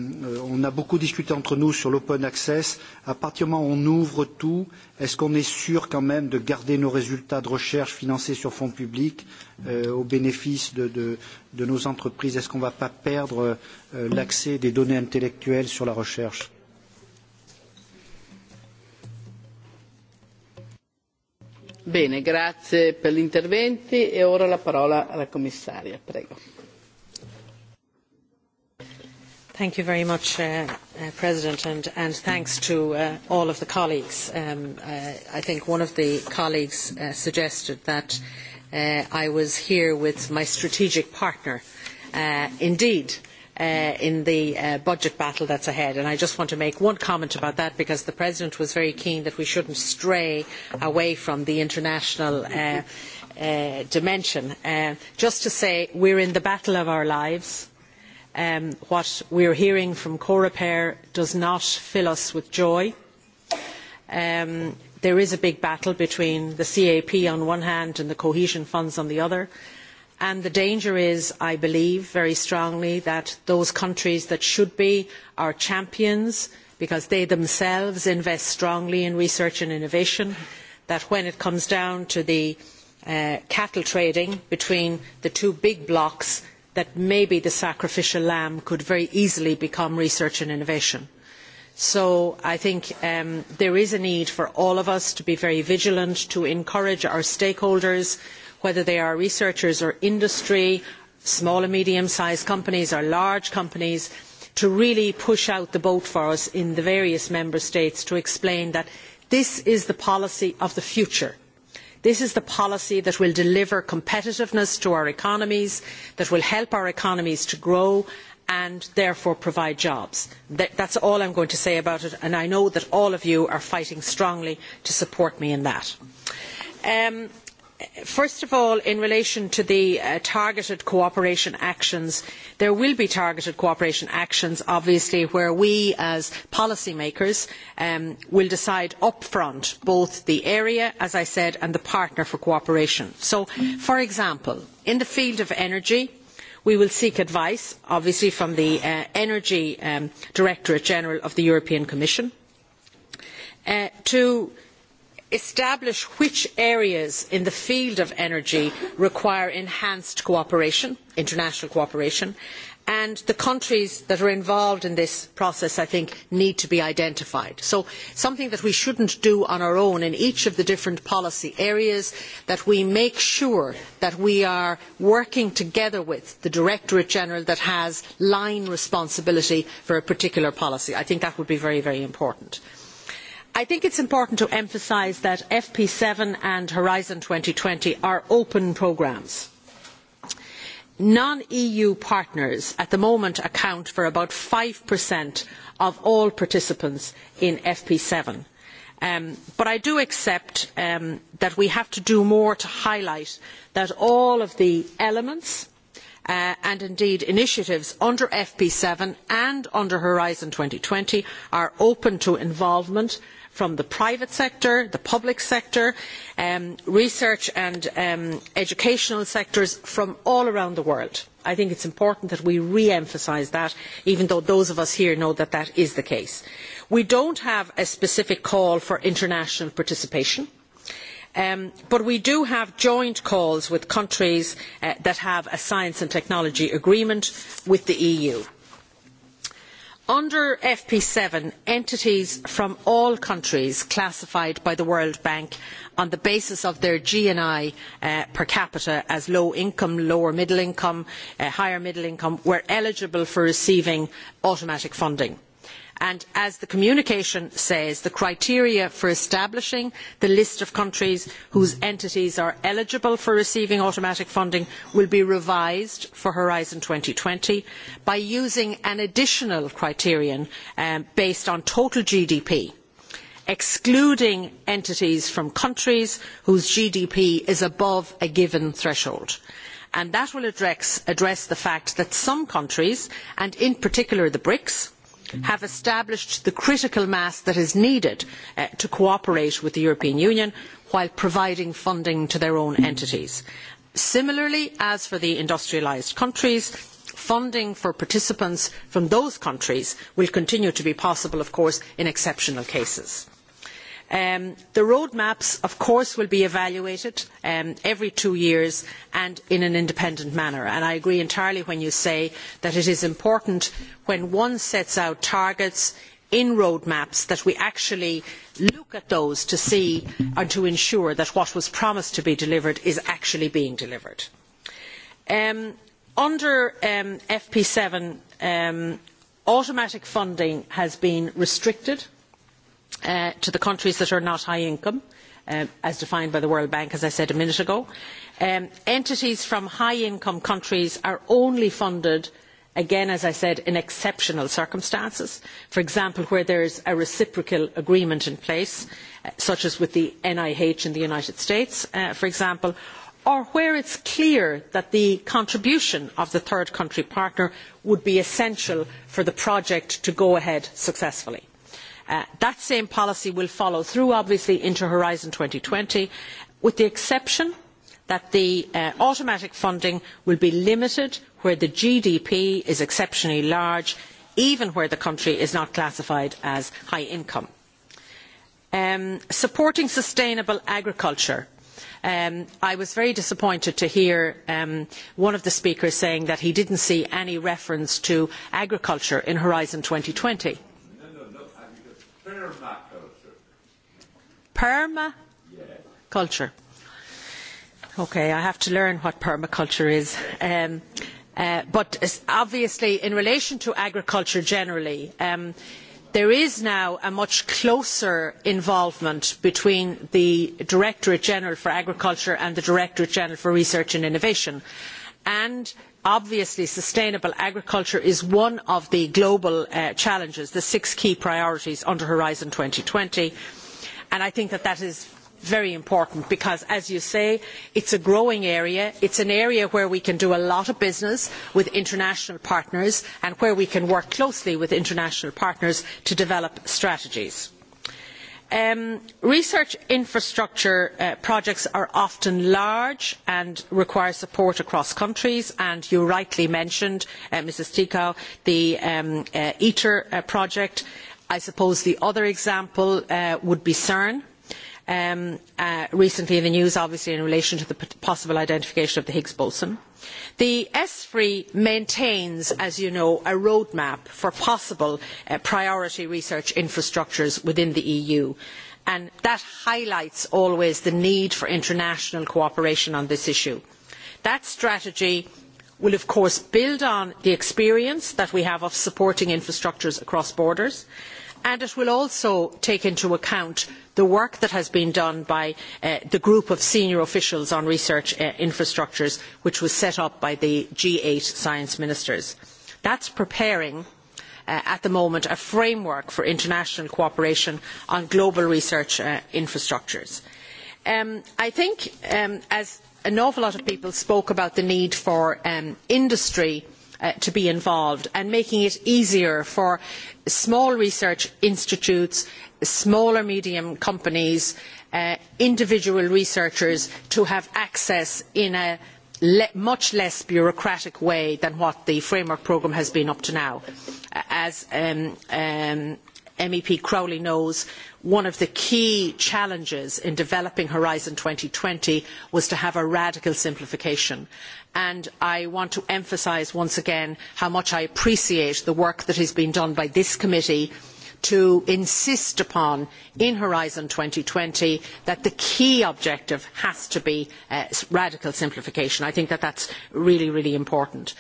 Speaker 11: on a beaucoup discuté entre nous sur l'open access. À partir du moment où on ouvre tout, est-ce qu'on est sûr quand même de garder nos résultats de recherche financés sur fonds publics euh, au bénéfice de, de, de nos entreprises Est-ce qu'on ne va pas perdre euh, l'accès des données intellectuelles sur la recherche
Speaker 1: Bene, grazie per gli interventi e ora la parola alla commissaria. Prego.
Speaker 2: Thank you very much, uh, uh, President, and, and thanks to uh, all of the colleagues. Um, uh, I think one of the colleagues uh, suggested that uh, I was here with my strategic partner. Uh, indeed, uh, uh, in the uh, budget battle that's ahead. And I just want to make one comment about that because the President was very keen that we shouldn't stray away from the international uh, uh, dimension. Uh, just to say we're in the battle of our lives. Um, what we're hearing from CoRepair does not fill us with joy. Um, there is a big battle between the cap on one hand and the cohesion funds on the other. Uh, and the danger is, I believe very strongly, that those countries that should be our champions, because they themselves invest strongly in research and innovation, that when it comes down to the uh, cattle trading between the two big blocks, that maybe the sacrificial lamb could very easily become research and innovation. So I think um, there is a need for all of us to be very vigilant, to encourage our stakeholders, uh, whether they are researchers or industry, small and medium-sized companies or large companies, to really push out the boat for us in the various member states to explain that this is the policy of the future. This is the policy that will deliver competitiveness to our economies, that will help our economies to grow and therefore provide jobs. That, that's all I'm going to say about it and I know that all of you are fighting strongly to support me in that. Um, first of all in relation to the uh, targeted cooperation actions there will be targeted cooperation actions obviously where we as policymakers um, will decide up front both the area as i said and the partner for cooperation so for example in the field of energy we will seek advice obviously from the uh, energy um, directorate general of the european commission uh, to establish which areas in the field of energy require enhanced cooperation, international cooperation, and the countries that are involved in this process i think need to be identified so something that we shouldn't do on our own in each of the different policy areas that we make sure that we are working together with the directorate general that has line responsibility for a particular policy i think that would be very very important I think it's important to emphasize that FP7 and Horizon 2020 are open programs. Non-EU partners at the moment account for about 5% of all participants in FP7. Um, but I do accept um, that we have to do more to highlight that all of the elements uh, and indeed initiatives under FP7 and under Horizon 2020 are open to involvement from the private sector, the public sector, um, research and um, educational sectors from all around the world. I think it's important that we re-emphasise that, even though those of us here know that that is the case. We don't have a specific call for international participation. Um, but we do have joint calls with countries uh, that have a science and technology agreement with the EU under fp seven entities from all countries classified by the world bank on the basis of their gni uh, per capita as low income lower middle income uh, higher middle income were eligible for receiving automatic funding and as the communication says the criteria for establishing the list of countries whose entities are eligible for receiving automatic funding will be revised for horizon two thousand and twenty by using an additional criterion um, based on total gdp excluding entities from countries whose gdp is above a given threshold and that will address, address the fact that some countries and in particular the brics have established the critical mass that is needed uh, to cooperate with the European Union while providing funding to their own entities. Similarly, as for the industrialised countries, funding for participants from those countries will continue to be possible, of course, in exceptional cases. Um, the roadmaps, of course, will be evaluated um, every two years and in an independent manner. And I agree entirely when you say that it is important when one sets out targets in roadmaps that we actually look at those to see and to ensure that what was promised to be delivered is actually being delivered. Um, under um, FP7, um, automatic funding has been restricted uh, to the countries that are not high income, um, as defined by the World Bank, as I said a minute ago. Um, entities from high income countries are only funded again as i said in exceptional circumstances for example where there is a reciprocal agreement in place uh, such as with the nih in the united states uh, for example or where it is clear that the contribution of the third country partner would be essential for the project to go ahead successfully. Uh, that same policy will follow through, obviously, into Horizon 2020, with the exception that the uh, automatic funding will be limited where the GDP is exceptionally large, even where the country is not classified as high income. Um, supporting sustainable agriculture. Um, I was very disappointed to hear um, one of the speakers saying that he didn't see any reference to agriculture in Horizon 2020. Permaculture. Permaculture. Okay, I have to learn what permaculture is. Um, uh, but obviously, in relation to agriculture generally, um, there is now a much closer involvement between the Directorate General for Agriculture and the Directorate General for Research and Innovation. And obviously sustainable agriculture is one of the global uh, challenges the six key priorities under horizon two thousand and twenty and i think that that is very important because as you say it is a growing area it is an area where we can do a lot of business with international partners and where we can work closely with international partners to develop strategies. Um, research infrastructure uh, projects are often large and require support across countries and you rightly mentioned, uh, Mrs Tikau, the um, uh, ITER uh, project. I suppose the other example uh, would be CERN. Uh, um, uh, recently in the news, obviously in relation to the possible identification of the Higgs boson. The ESFRI maintains, as you know, a roadmap for possible uh, priority research infrastructures within the EU and that highlights always the need for international cooperation on this issue. That strategy will of course build on the experience that we have of supporting infrastructures across borders. Uh, and it will also take into account the work that has been done by uh, the group of senior officials on research uh, infrastructures which was set up by the G8 science ministers. That's preparing uh, at the moment a framework for international cooperation on global research uh, infrastructures. Um, I think um, as an awful lot of people spoke about the need for um, industry uh, to be involved and making it easier for small research institutes, smaller medium companies, uh, individual researchers to have access in a le much less bureaucratic way than what the framework programme has been up to now. As um, um, MEP Crowley knows, one of the key challenges in developing Horizon 2020 was to have a radical simplification. And I want to emphasise once again how much I appreciate the work that has been done by this committee to insist upon in Horizon 2020 that the key objective has to be uh, radical simplification. I think that that's really, really important.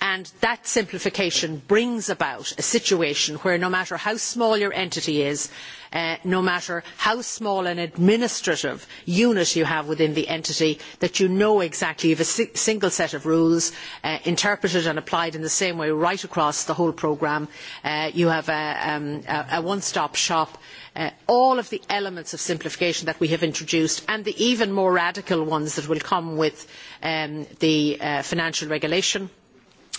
Speaker 2: And that simplification brings about a situation where no matter how small your entity is, uh, uh, no matter how small an administrative unit you have within the entity, that you know exactly you have a si single set of rules uh, interpreted and applied in the same way right across the whole programme. Uh, you have a, um, a, a one-stop shop uh, all of the elements of simplification that we have introduced and the even more radical ones that will come with um, the uh, financial regulation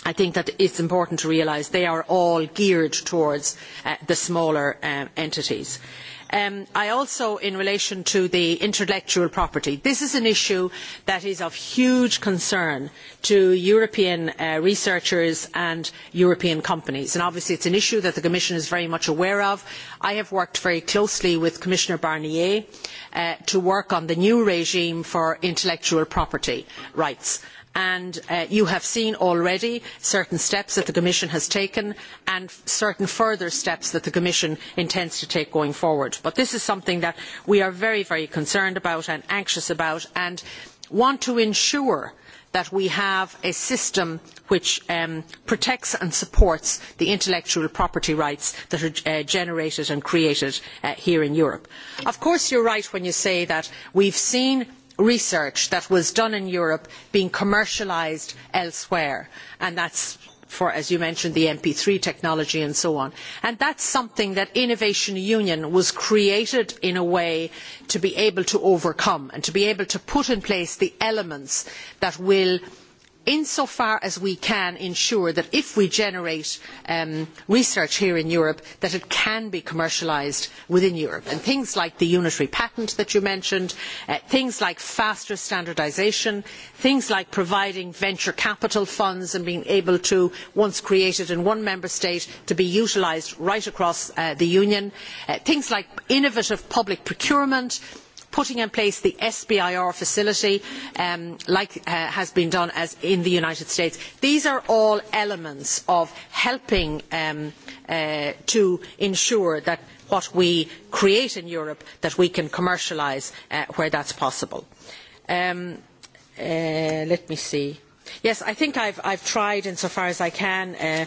Speaker 2: I think that it's important to realise they are all geared towards uh, the smaller um, entities. Um, I also, in relation to the intellectual property, this is an issue that is of huge concern to European uh, researchers and European companies. And obviously it's an issue that the Commission is very much aware of. I have worked very closely with Commissioner Barnier uh, to work on the new regime for intellectual property rights and uh, you have seen already certain steps that the Commission has taken and certain further steps that the Commission intends to take going forward. But this is something that we are very, very concerned about and anxious about and want to ensure that we have a system which um, protects and supports the intellectual property rights that are uh, generated and created uh, here in Europe. Of course, you're right when you say that we've seen research that was done in Europe being commercialised elsewhere. And that's for, as you mentioned, the MP3 technology and so on. And that's something that Innovation Union was created in a way to be able to overcome and to be able to put in place the elements that will – insofar as we can ensure that if we generate um, research here in Europe that it can be commercialised within Europe and things like the unitary patent that you mentioned, uh, things like faster standardisation, things like providing venture capital funds and being able to, once created in one member state, to be utilised right across uh, the union, uh, things like innovative public procurement, uh, putting in place the SBIR facility, um, like uh, has been done as in the United States. These are all elements of helping um, uh, to ensure that what we create in Europe, that we can commercialise uh, where that's possible. Um, uh, let me see. Yes, I think I've, I've tried, insofar as I can, uh,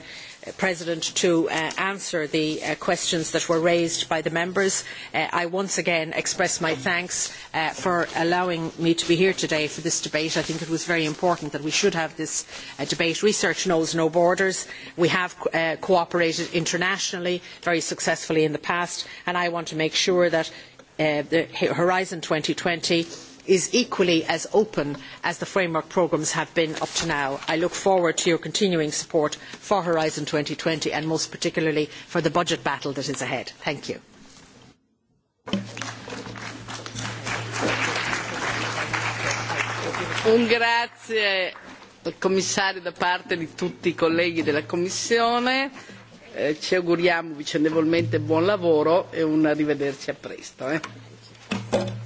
Speaker 2: President, to uh, answer the uh, questions that were raised by the members. Uh, I once again express my thanks uh, for allowing me to be here today for this debate. I think it was very important that we should have this uh, debate. Research knows no borders. We have uh, cooperated internationally very successfully in the past, and I want to make sure that uh, the Horizon 2020 is equally as open as the framework programmes have been up to now. I look forward to your continuing support for Horizon 2020 and most particularly for the budget battle that is ahead. Thank you.
Speaker 1: Un grazie al commissario da parte di tutti i colleghi della Commissione. Eh, ci auguriamo vicendevolmente buon lavoro e un arrivederci a presto. Eh.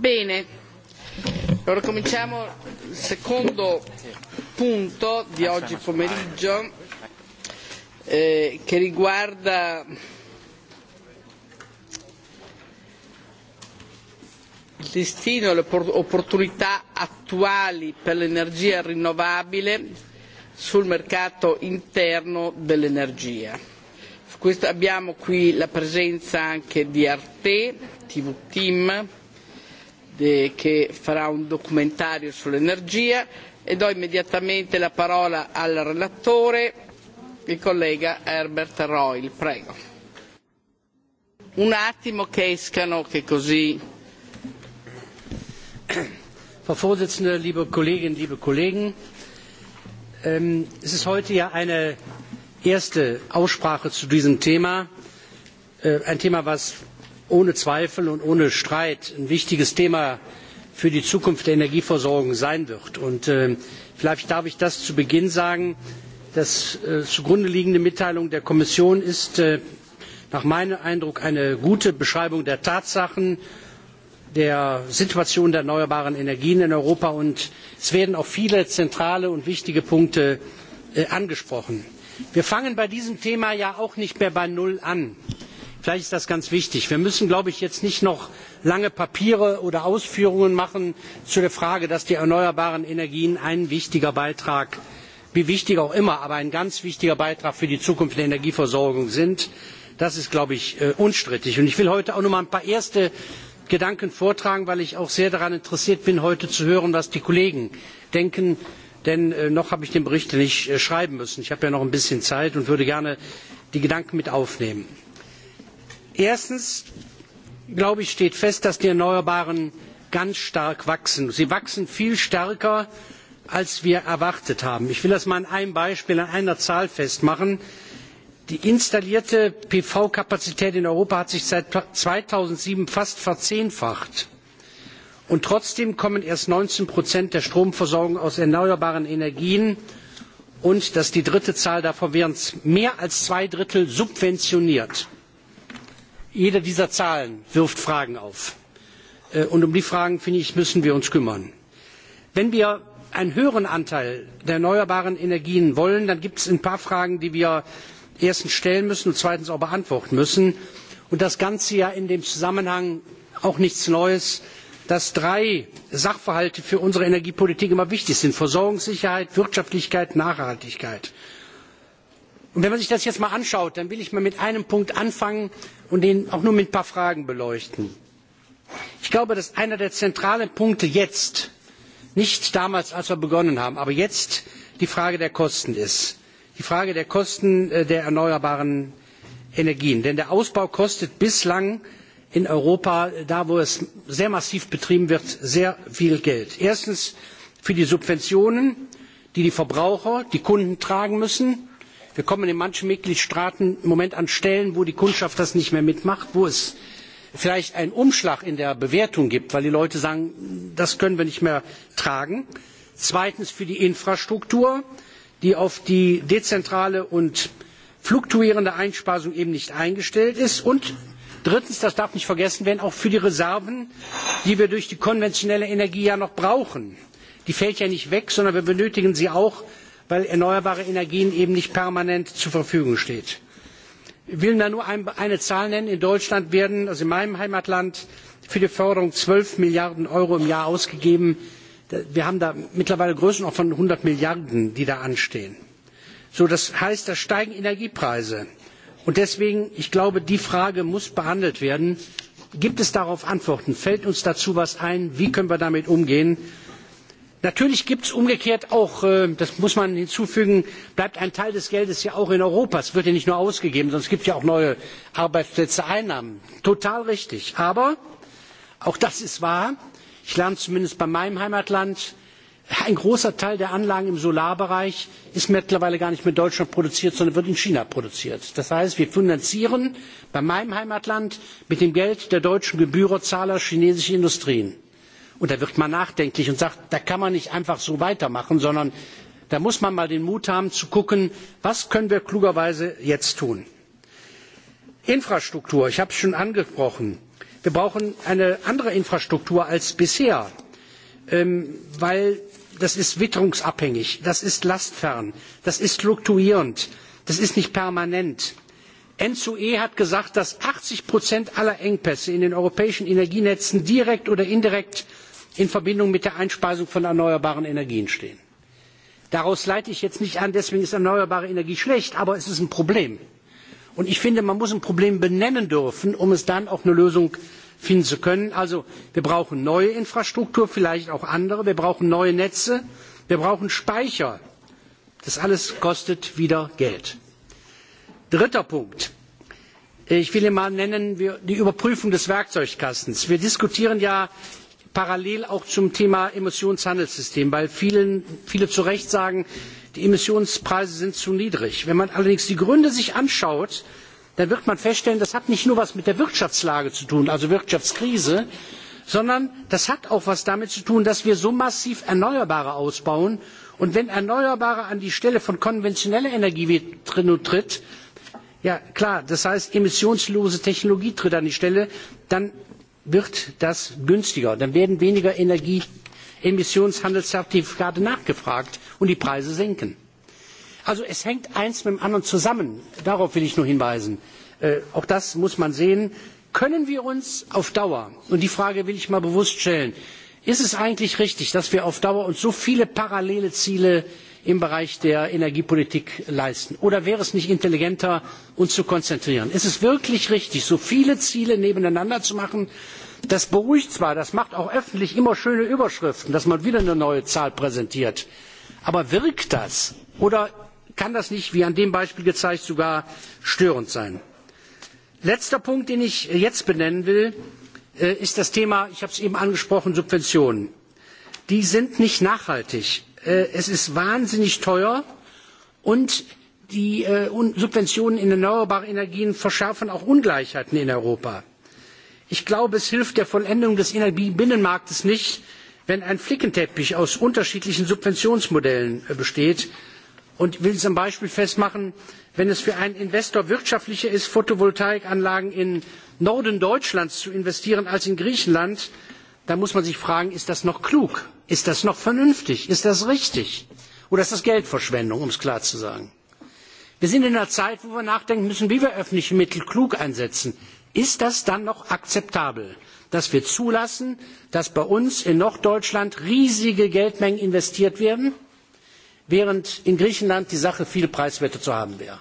Speaker 1: Bene, allora cominciamo il secondo punto di oggi pomeriggio eh, che riguarda il destino e le opportunità attuali per l'energia rinnovabile sul mercato interno dell'energia. Su questo abbiamo qui la presenza anche di Arte, TV Team, de, che farà un documentario sull'energia e do immediatamente la parola al relatore, il collega Herbert Royal. Prego. Un attimo che escano, che così. Frau Vorsitzende, liebe
Speaker 11: Kolleginnen, liebe Kollegen, ähm, es ist heute ja eine erste Aussprache zu diesem Thema, äh, ein Thema, was ohne Zweifel und ohne Streit ein wichtiges Thema für die Zukunft der Energieversorgung sein wird. Und äh, vielleicht darf ich das zu Beginn sagen. Das äh, zugrunde liegende Mitteilung der Kommission ist äh, nach meinem Eindruck eine gute Beschreibung der Tatsachen, der Situation der erneuerbaren Energien in Europa und es werden auch viele zentrale und wichtige Punkte äh, angesprochen. Wir fangen bei diesem Thema ja auch nicht mehr bei Null an. Äh, Vielleicht ist das ganz wichtig. Wir müssen, glaube ich, jetzt nicht noch lange Papiere oder Ausführungen machen zu der Frage, dass die erneuerbaren Energien ein wichtiger Beitrag, wie wichtig auch immer, aber ein ganz wichtiger Beitrag für die Zukunft der Energieversorgung sind. Das ist, glaube ich, äh, unstrittig. Und ich will heute auch noch mal ein paar erste Gedanken vortragen, weil ich auch sehr daran interessiert bin, heute zu hören, was die Kollegen denken denn äh, noch habe ich den Bericht nicht äh, schreiben müssen. Ich habe ja noch ein bisschen Zeit und würde gerne die Gedanken mit aufnehmen erstens glaube ich steht fest dass die erneuerbaren ganz stark wachsen. sie wachsen viel stärker als wir erwartet haben. ich will das mal an einem beispiel an einer zahl festmachen die installierte pv kapazität in europa hat sich seit zweitausendsieben fast verzehnfacht und trotzdem kommen erst neunzehn der stromversorgung aus erneuerbaren energien und das ist die dritte zahl davon werden mehr als zwei drittel subventioniert jede dieser Zahlen wirft Fragen auf. Äh, und um die Fragen, finde ich, müssen wir uns kümmern. Wenn wir einen höheren Anteil der erneuerbaren Energien wollen, dann gibt es ein paar Fragen, die wir erstens stellen müssen und zweitens auch beantworten müssen. Und das Ganze ja in dem Zusammenhang auch nichts Neues, dass drei Sachverhalte für unsere Energiepolitik immer wichtig sind. Versorgungssicherheit, Wirtschaftlichkeit, Nachhaltigkeit. Und wenn man sich das jetzt mal anschaut, dann will ich mal mit einem Punkt anfangen und den auch nur mit ein paar Fragen beleuchten. Ich glaube, dass einer der zentralen Punkte jetzt, nicht damals, als wir begonnen haben, aber jetzt die Frage der Kosten ist. Die Frage der Kosten äh, der erneuerbaren Energien. Denn der Ausbau kostet bislang in Europa, äh, da wo es sehr massiv betrieben wird, sehr viel Geld. Erstens für die Subventionen, die die Verbraucher, die Kunden tragen müssen Wir kommen in manchen Mitgliedstaaten im Moment an Stellen, wo die Kundschaft das nicht mehr mitmacht, wo es vielleicht einen Umschlag in der Bewertung gibt, weil die Leute sagen, das können wir nicht mehr tragen. Zweitens für die Infrastruktur, die auf die dezentrale und fluktuierende Einspeisung eben nicht eingestellt ist. Und drittens, das darf nicht vergessen werden, auch für die Reserven, die wir durch die konventionelle Energie ja noch brauchen. Die fällt ja nicht weg, sondern wir benötigen sie auch weil erneuerbare Energien eben nicht permanent zur Verfügung stehen. Ich will da nur ein, eine Zahl nennen. In Deutschland werden, also in meinem Heimatland, für die Förderung 12 Milliarden Euro im Jahr ausgegeben. Wir haben da mittlerweile Größen auch von 100 Milliarden, die da anstehen. So, das heißt, da steigen Energiepreise. Und deswegen, ich glaube, die Frage muss behandelt werden. Gibt es darauf Antworten? Fällt uns dazu was ein? Wie können wir damit umgehen? natürlich gibt es umgekehrt auch äh, das muss man hinzufügen bleibt ein teil des geldes ja auch in europa es wird ja nicht nur ausgegeben sondern es gibt ja auch neue arbeitsplätze einnahmen total richtig. aber auch das ist wahr ich lerne zumindest bei meinem heimatland ein großer teil der anlagen im solarbereich ist mittlerweile gar nicht mehr in deutschland produziert sondern wird in china produziert. das heißt wir finanzieren bei meinem heimatland mit dem geld der deutschen gebührzahler chinesische industrien. Und da wird man nachdenklich und sagt, da kann man nicht einfach so weitermachen, sondern da muss man mal den Mut haben zu gucken, was können wir klugerweise jetzt tun. Infrastruktur, ich habe es schon angesprochen. Wir brauchen eine andere Infrastruktur als bisher, ähm, weil das ist witterungsabhängig, das ist lastfern, das ist fluktuierend, das ist nicht permanent. N2E hat gesagt, dass 80 Prozent aller Engpässe in den europäischen Energienetzen direkt oder indirekt in Verbindung mit der Einspeisung von erneuerbaren Energien stehen. Daraus leite ich jetzt nicht an, deswegen ist erneuerbare Energie schlecht, aber es ist ein Problem. Und ich finde, man muss ein Problem benennen dürfen, um es dann auch eine Lösung finden zu können. Also wir brauchen neue Infrastruktur, vielleicht auch andere. Wir brauchen neue Netze. Wir brauchen Speicher. Das alles kostet wieder Geld. Dritter Punkt. Ich will ihn mal nennen, wir, die Überprüfung des Werkzeugkastens. Wir diskutieren ja parallel auch zum Thema Emissionshandelssystem, weil vielen, viele zu Recht sagen, die Emissionspreise sind zu niedrig. Wenn man allerdings die Gründe sich anschaut, dann wird man feststellen, das hat nicht nur was mit der Wirtschaftslage zu tun, also Wirtschaftskrise, sondern das hat auch was damit zu tun, dass wir so massiv Erneuerbare ausbauen. Und wenn Erneuerbare an die Stelle von konventioneller Energie tritt, ja klar, das heißt, emissionslose Technologie tritt an die Stelle, dann wird das günstiger. Dann werden weniger Energieemissionshandelszertifikate nachgefragt und die Preise sinken. Also es hängt eins mit dem anderen zusammen. Darauf will ich nur hinweisen. Äh, auch das muss man sehen. Können wir uns auf Dauer, und die Frage will ich mal bewusst stellen, ist es eigentlich richtig, dass wir auf Dauer uns so viele parallele Ziele äh, im Bereich der Energiepolitik leisten? Oder wäre es nicht intelligenter, uns zu konzentrieren? Ist es wirklich richtig, so viele Ziele nebeneinander zu machen? Das beruhigt zwar, das macht auch öffentlich immer schöne Überschriften, dass man wieder eine neue Zahl präsentiert. Aber wirkt das? Oder kann das nicht, wie an dem Beispiel gezeigt, sogar störend sein? Letzter Punkt, den ich jetzt benennen will, äh, ist das Thema, ich habe es eben angesprochen, Subventionen. Die sind nicht nachhaltig äh, es ist wahnsinnig teuer und die äh, Subventionen in erneuerbare Energien verschärfen auch Ungleichheiten in Europa. Ich glaube, es hilft der Vollendung des Energiebinnenmarktes nicht, wenn ein Flickenteppich aus unterschiedlichen Subventionsmodellen äh, besteht. Und ich will es am Beispiel festmachen, wenn es für einen Investor wirtschaftlicher ist, Photovoltaikanlagen in Norden Deutschlands zu investieren als in Griechenland, dann muss man sich fragen, ist das noch klug? Ist das noch vernünftig? Ist das richtig? Oder ist das Geldverschwendung, um es klar zu sagen? Wir sind in einer Zeit, wo wir nachdenken müssen, wie wir öffentliche Mittel klug einsetzen. Ist das dann noch akzeptabel, dass wir zulassen, dass bei uns in Norddeutschland riesige Geldmengen investiert werden, während in Griechenland die Sache viel preiswerter zu haben wäre?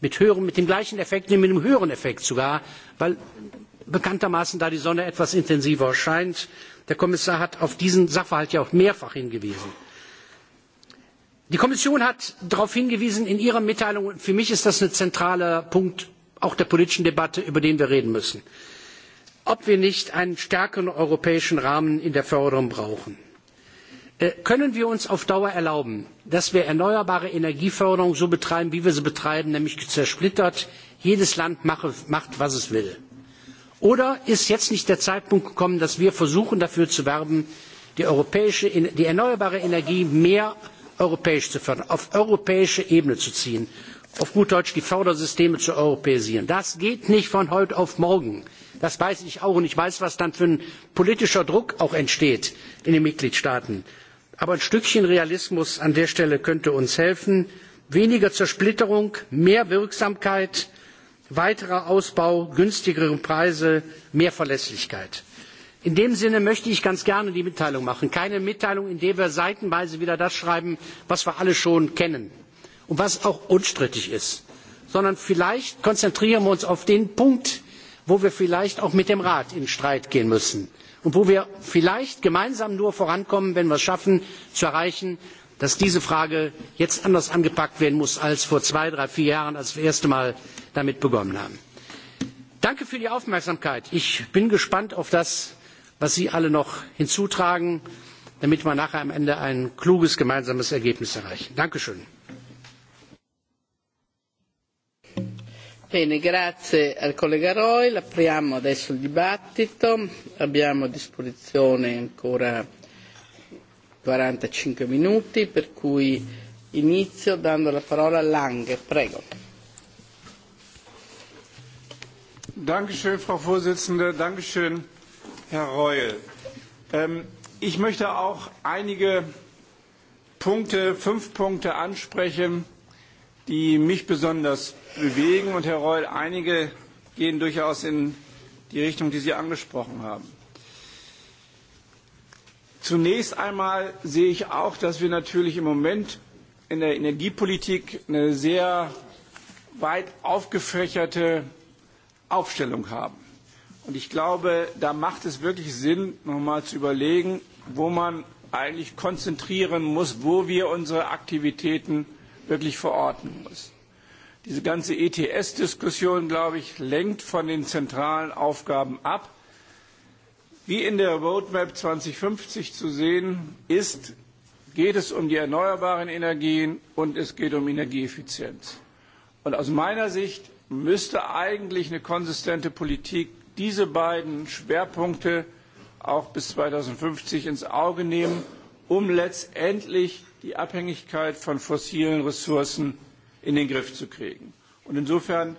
Speaker 11: Mit, höherem, mit dem gleichen Effekt, mit einem höheren Effekt sogar, weil bekanntermaßen da die sonne etwas intensiver scheint der kommissar hat auf diesen sachverhalt ja auch mehrfach hingewiesen. die kommission hat darauf hingewiesen in ihrer mitteilung und für mich ist das ein zentraler punkt auch der politischen debatte über den wir reden müssen ob wir nicht einen stärkeren europäischen rahmen in der förderung brauchen. Äh, können wir uns auf dauer erlauben dass wir erneuerbare energieförderung so betreiben wie wir sie betreiben nämlich zersplittert jedes land macht was es will? Oder ist jetzt nicht der Zeitpunkt gekommen, dass wir versuchen, dafür zu werben, die, europäische, die erneuerbare Energie mehr europäisch zu fördern, auf europäische Ebene zu ziehen, auf gut Deutsch die Fördersysteme zu europäisieren? Das geht nicht von heute auf morgen. Das weiß ich auch und ich weiß, was dann für ein politischer Druck auch entsteht in den Mitgliedstaaten. Aber ein Stückchen Realismus an der Stelle könnte uns helfen. Weniger Zersplitterung, mehr Wirksamkeit, weiterer Ausbau, günstigere Preise, mehr Verlässlichkeit. In dem Sinne möchte ich ganz gerne die Mitteilung machen. Keine Mitteilung, in der wir seitenweise wieder das schreiben, was wir alle schon kennen und was auch unstrittig ist, sondern vielleicht konzentrieren wir uns auf den Punkt, wo wir vielleicht auch mit dem Rat in Streit gehen müssen und wo wir vielleicht gemeinsam nur vorankommen, wenn wir es schaffen, zu erreichen, dass diese Frage jetzt anders angepackt werden muss als vor zwei, drei, vier Jahren, als wir das erste Mal damit begonnen haben. Danke für die Aufmerksamkeit. Ich bin gespannt auf das, was Sie alle noch hinzutragen, damit wir nachher am Ende ein kluges gemeinsames Ergebnis erreichen. Dankeschön.
Speaker 1: Bene, grazie al collega Roy. Apriamo adesso il dibattito. Abbiamo a disposizione ancora 45 minuti, per cui inizio dando la parola a Lange. Prego.
Speaker 12: Dankeschön, Frau Vorsitzende. Dankeschön, Herr Reul. Ähm, ich möchte auch einige Punkte, fünf Punkte ansprechen, die mich besonders bewegen. Und Herr Reul, einige gehen durchaus in die Richtung, die Sie angesprochen haben. Zunächst einmal sehe ich auch, dass wir natürlich im Moment in der Energiepolitik eine sehr weit aufgefächerte Aufstellung haben. Und ich glaube, da macht es wirklich Sinn, nochmal zu überlegen, wo man eigentlich konzentrieren muss, wo wir unsere Aktivitäten wirklich verorten müssen. Diese ganze ETS-Diskussion, glaube ich, lenkt von den zentralen Aufgaben ab Wie in der Roadmap 2050 zu sehen ist, geht es um die erneuerbaren Energien und es geht um Energieeffizienz. Und aus meiner Sicht müsste eigentlich eine konsistente Politik diese beiden Schwerpunkte auch bis 2050 ins Auge nehmen, um letztendlich die Abhängigkeit von fossilen Ressourcen in den Griff zu kriegen. Und insofern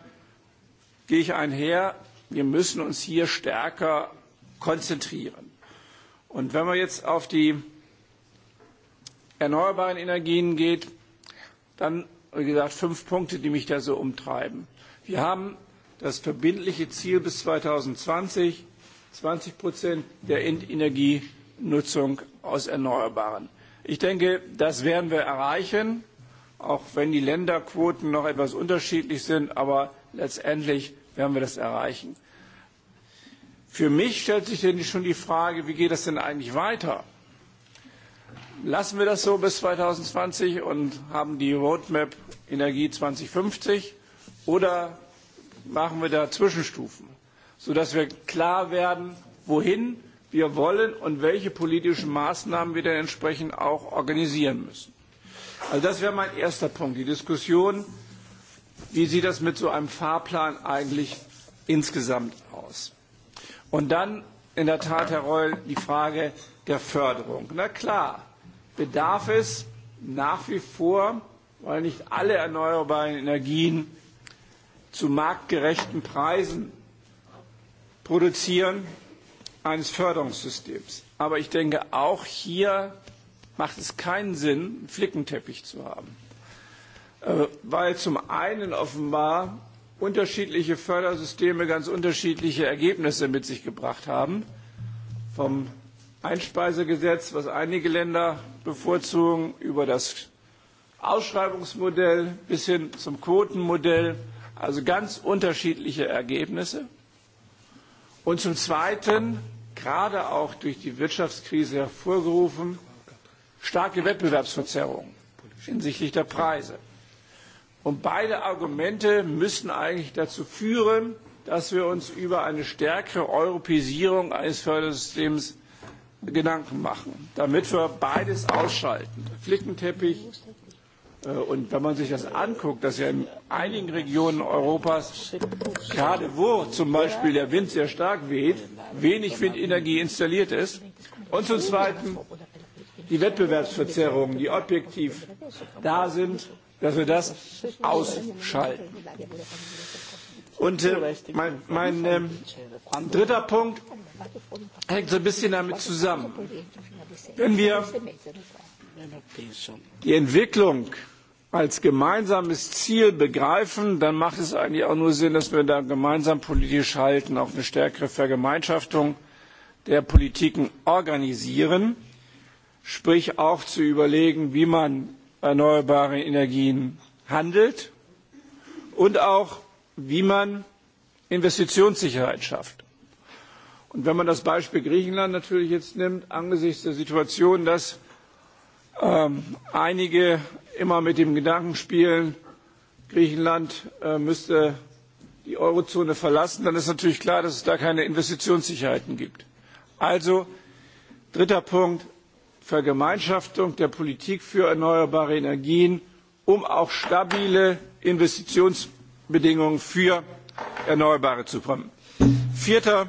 Speaker 12: gehe ich einher, wir müssen uns hier stärker konzentrieren. Und wenn man jetzt auf die erneuerbaren Energien geht, dann, wie gesagt, fünf Punkte, die mich da so umtreiben. Wir haben das verbindliche Ziel bis 2020, 20 Prozent der Endenergienutzung aus Erneuerbaren. Ich denke, das werden wir erreichen, auch wenn die Länderquoten noch etwas unterschiedlich sind, aber letztendlich werden wir das erreichen. Für mich stellt sich denn schon die Frage, wie geht das denn eigentlich weiter? Lassen wir das so bis 2020 und haben die Roadmap Energie 2050 oder machen wir da Zwischenstufen, sodass wir klar werden, wohin wir wollen und welche politischen Maßnahmen wir dann entsprechend auch organisieren müssen. Also das wäre mein erster Punkt, die Diskussion, wie sieht das mit so einem Fahrplan eigentlich insgesamt aus. Und dann in der Tat, Herr Reul, die Frage der Förderung. Na klar, bedarf es nach wie vor, weil nicht alle erneuerbaren Energien zu marktgerechten Preisen produzieren, eines Förderungssystems. Aber ich denke, auch hier macht es keinen Sinn, einen Flickenteppich zu haben, äh, weil zum einen offenbar unterschiedliche Fördersysteme ganz unterschiedliche Ergebnisse mit sich gebracht haben. Vom Einspeisegesetz, was einige Länder bevorzugen, über das Ausschreibungsmodell bis hin zum Quotenmodell, also ganz unterschiedliche Ergebnisse. Und zum Zweiten, gerade auch durch die Wirtschaftskrise hervorgerufen, starke Wettbewerbsverzerrungen hinsichtlich der Preise. Und beide Argumente müssen eigentlich dazu führen, dass wir uns über eine stärkere Europäisierung eines Fördersystems Gedanken machen, damit wir beides ausschalten. Flickenteppich äh, Und wenn man sich das anguckt, dass ja in einigen Regionen Europas, gerade wo zum Beispiel der Wind sehr stark weht, wenig Windenergie installiert ist. Und zum Zweiten die Wettbewerbsverzerrungen, die objektiv da sind dass wir das ausschalten. Und äh, mein, mein äh, dritter Punkt hängt so ein bisschen damit zusammen. Wenn wir die Entwicklung als gemeinsames Ziel begreifen, dann macht es eigentlich auch nur Sinn, dass wir da gemeinsam politisch halten, auch eine stärkere Vergemeinschaftung der Politiken organisieren, sprich auch zu überlegen, wie man erneuerbaren Energien handelt und auch, wie man Investitionssicherheit schafft. Und wenn man das Beispiel Griechenland natürlich jetzt nimmt, angesichts der Situation, dass ähm, einige immer mit dem Gedanken spielen, Griechenland äh, müsste die Eurozone verlassen, dann ist natürlich klar, dass es da keine Investitionssicherheiten gibt. Also, dritter Punkt, Vergemeinschaftung der Politik für erneuerbare Energien, um auch stabile Investitionsbedingungen für Erneuerbare zu bekommen. Vierter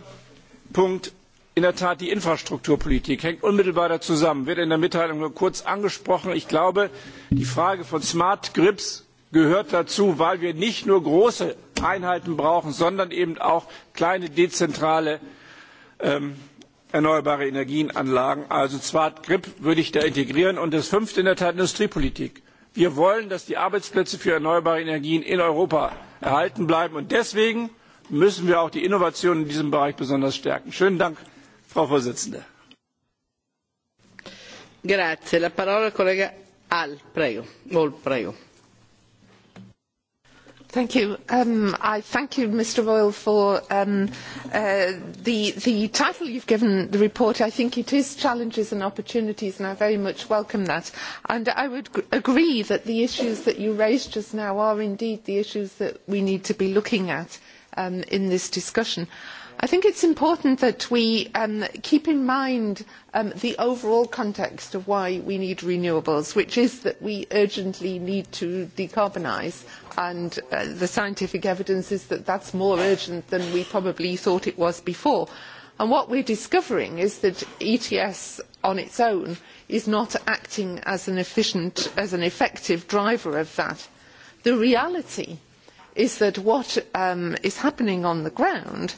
Speaker 12: Punkt in der Tat die Infrastrukturpolitik hängt unmittelbar da zusammen, wird in der Mitteilung nur kurz angesprochen. Ich glaube, die Frage von Smart Grips gehört dazu, weil wir nicht nur große Einheiten brauchen, sondern eben auch kleine dezentrale ähm, erneuerbare Energienanlagen. Also Smart Grip würde ich da integrieren. Und das fünfte in der Tat Industriepolitik. Wir wollen, dass die Arbeitsplätze für erneuerbare Energien in Europa erhalten bleiben. Und deswegen müssen wir auch die Innovation in diesem Bereich besonders stärken. Schönen Dank, Frau Vorsitzende.
Speaker 1: Grazie. La parola al collega Al, prego. Vol, prego. Thank you.
Speaker 13: Um, I thank you, Mr. Royal, for um, uh, the, the title you've given the report. I think it is Challenges and Opportunities, and I very much welcome that. And I would g- agree that the issues that you raised just now are indeed the issues that we need to be looking at um, in this discussion. Uh, I think it's important that we um, keep in mind um, the overall context of why we need renewables, which is that we urgently need to decarbonise, and uh, the scientific evidence is that that's more urgent than we probably thought it was before. And what we're discovering is that ETS on its own is not acting as an efficient, as an effective driver of that. The reality is that what um, is happening on the ground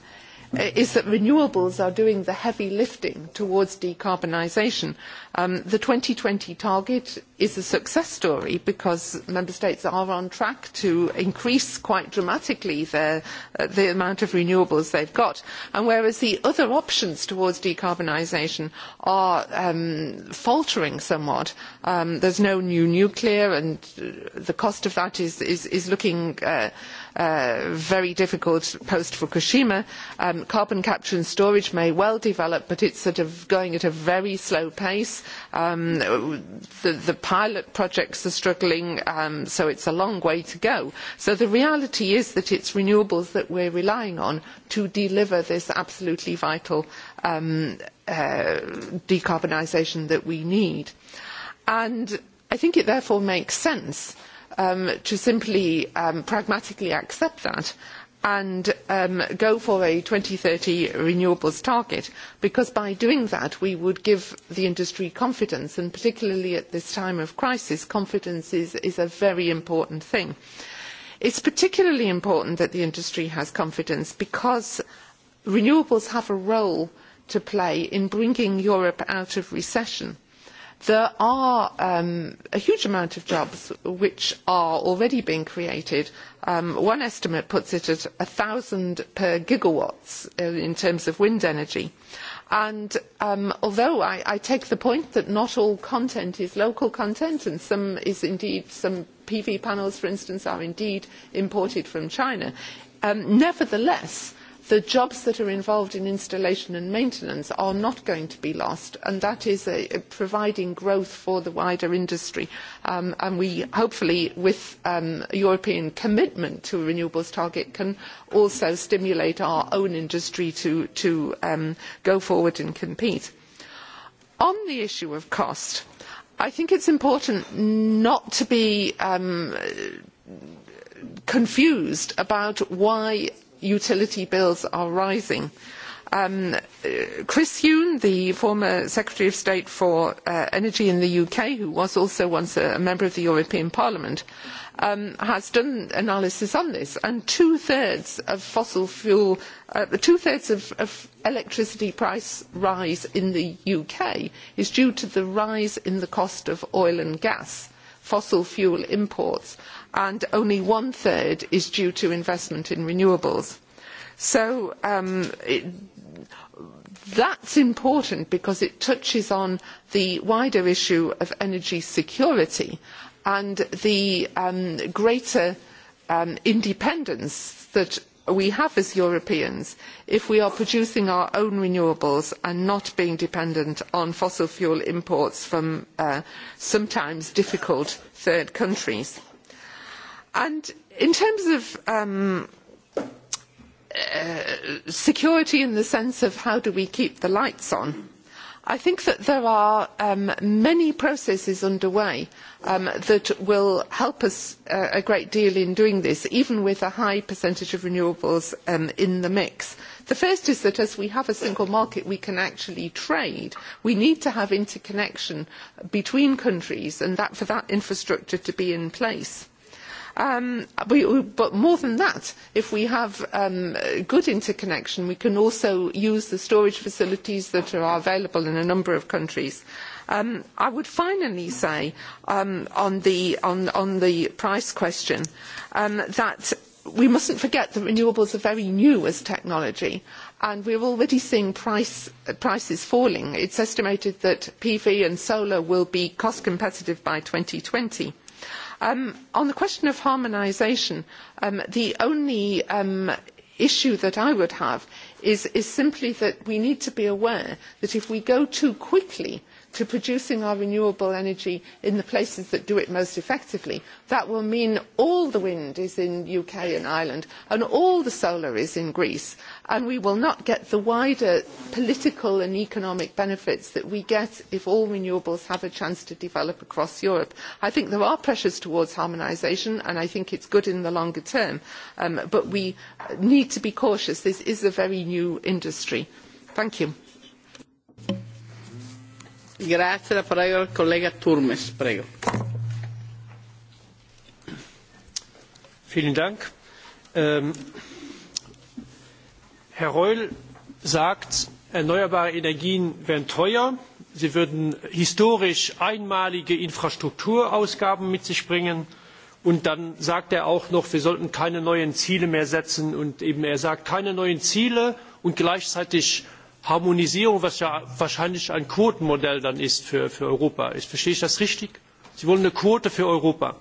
Speaker 13: Uh, is that renewables are doing the heavy lifting towards decarbonisation. Um, the 2020 target is a success story because member states are on track to increase quite dramatically their, uh, the amount of renewables they've got. And whereas the other options towards decarbonisation are um, faltering somewhat, um, there's no new nuclear and uh, the cost of that is, is, is looking uh, uh, very difficult post-Fukushima. Um, carbon capture and storage may well develop, but it's sort of going at a very slow pace. Um, the, the pilot projects are struggling, um, so it's a long way to go. So the reality is that it's renewables that we're relying on to deliver this absolutely vital um, uh, decarbonisation that we need. And I think it therefore makes sense uh, um, to simply um, pragmatically accept that and um, go for a 2030 renewables target, because by doing that, we would give the industry confidence, and particularly at this time of crisis, confidence is, is a very important thing. It's particularly important that the industry has confidence because renewables have a role to play in bringing Europe out of recession there are um, a huge amount of jobs which are already being created. Um, one estimate puts it at 1,000 per gigawatts uh, in terms of wind energy. And um, although I, I take the point that not all content is local content, and some is indeed, some PV panels, for instance, are indeed imported from China, um, nevertheless, the jobs that are involved in installation and maintenance are not going to be lost, and that is a, a providing growth for the wider industry. Um, and we hopefully, with um, European commitment to a renewables target, can also stimulate our own industry to, to um, go forward and compete. On the issue of cost, I think it's important not to be um, confused about why utility bills are rising. Um, Chris Huhne, the former Secretary of State for uh, Energy in the UK, who was also once a, a member of the European Parliament, um, has done analysis on this, and two thirds of fossil fuel, uh, two thirds of, of electricity price rise in the UK is due to the rise in the cost of oil and gas fossil fuel imports and only one third is due to investment in renewables. So um, it, that's important because it touches on the wider issue of energy security and the um, greater um, independence that we have as Europeans if we are producing our own renewables and not being dependent on fossil fuel imports from uh, sometimes difficult third countries. And in terms of um, uh, security in the sense of how do we keep the lights on, I think that there are um, many processes underway um, that will help us uh, a great deal in doing this, even with a high percentage of renewables um, in the mix. The first is that as we have a single market, we can actually trade. We need to have interconnection between countries and that for that infrastructure to be in place. Um, we, we, but more than that, if we have um, good interconnection, we can also use the storage facilities that are available in a number of countries. Um, I would finally say um, on, the, on, on the price question um, that we mustn't forget that renewables are very new as technology and we're already seeing price, prices falling. It's estimated that PV and solar will be cost competitive by 2020 Um, on the question of harmonisation, um, the only um, issue that I would have is, is simply that we need to be aware that if we go too quickly, uh, to producing our renewable energy in the places that do it most effectively, that will mean all the wind is in UK and Ireland and all the solar is in Greece. And we will not get the wider political and economic benefits that we get if all renewables have a chance to develop across Europe. I think there are pressures towards harmonisation and I think it's good in the longer term. Um, but we need to be cautious. This is a very new industry. Thank you.
Speaker 1: Grazie, la prego il collega Turmes, prego. Vielen Dank.
Speaker 14: Ähm, Herr Reul sagt, erneuerbare Energien wären teuer. Sie würden historisch einmalige Infrastrukturausgaben mit sich bringen. Und dann sagt er auch noch, wir sollten keine neuen Ziele mehr setzen. Und eben er sagt, keine neuen Ziele und gleichzeitig Harmonisierung, was ja wahrscheinlich ein Quotenmodell dann ist für, für Europa. Ich, verstehe ich das richtig? Sie wollen eine Quote für Europa.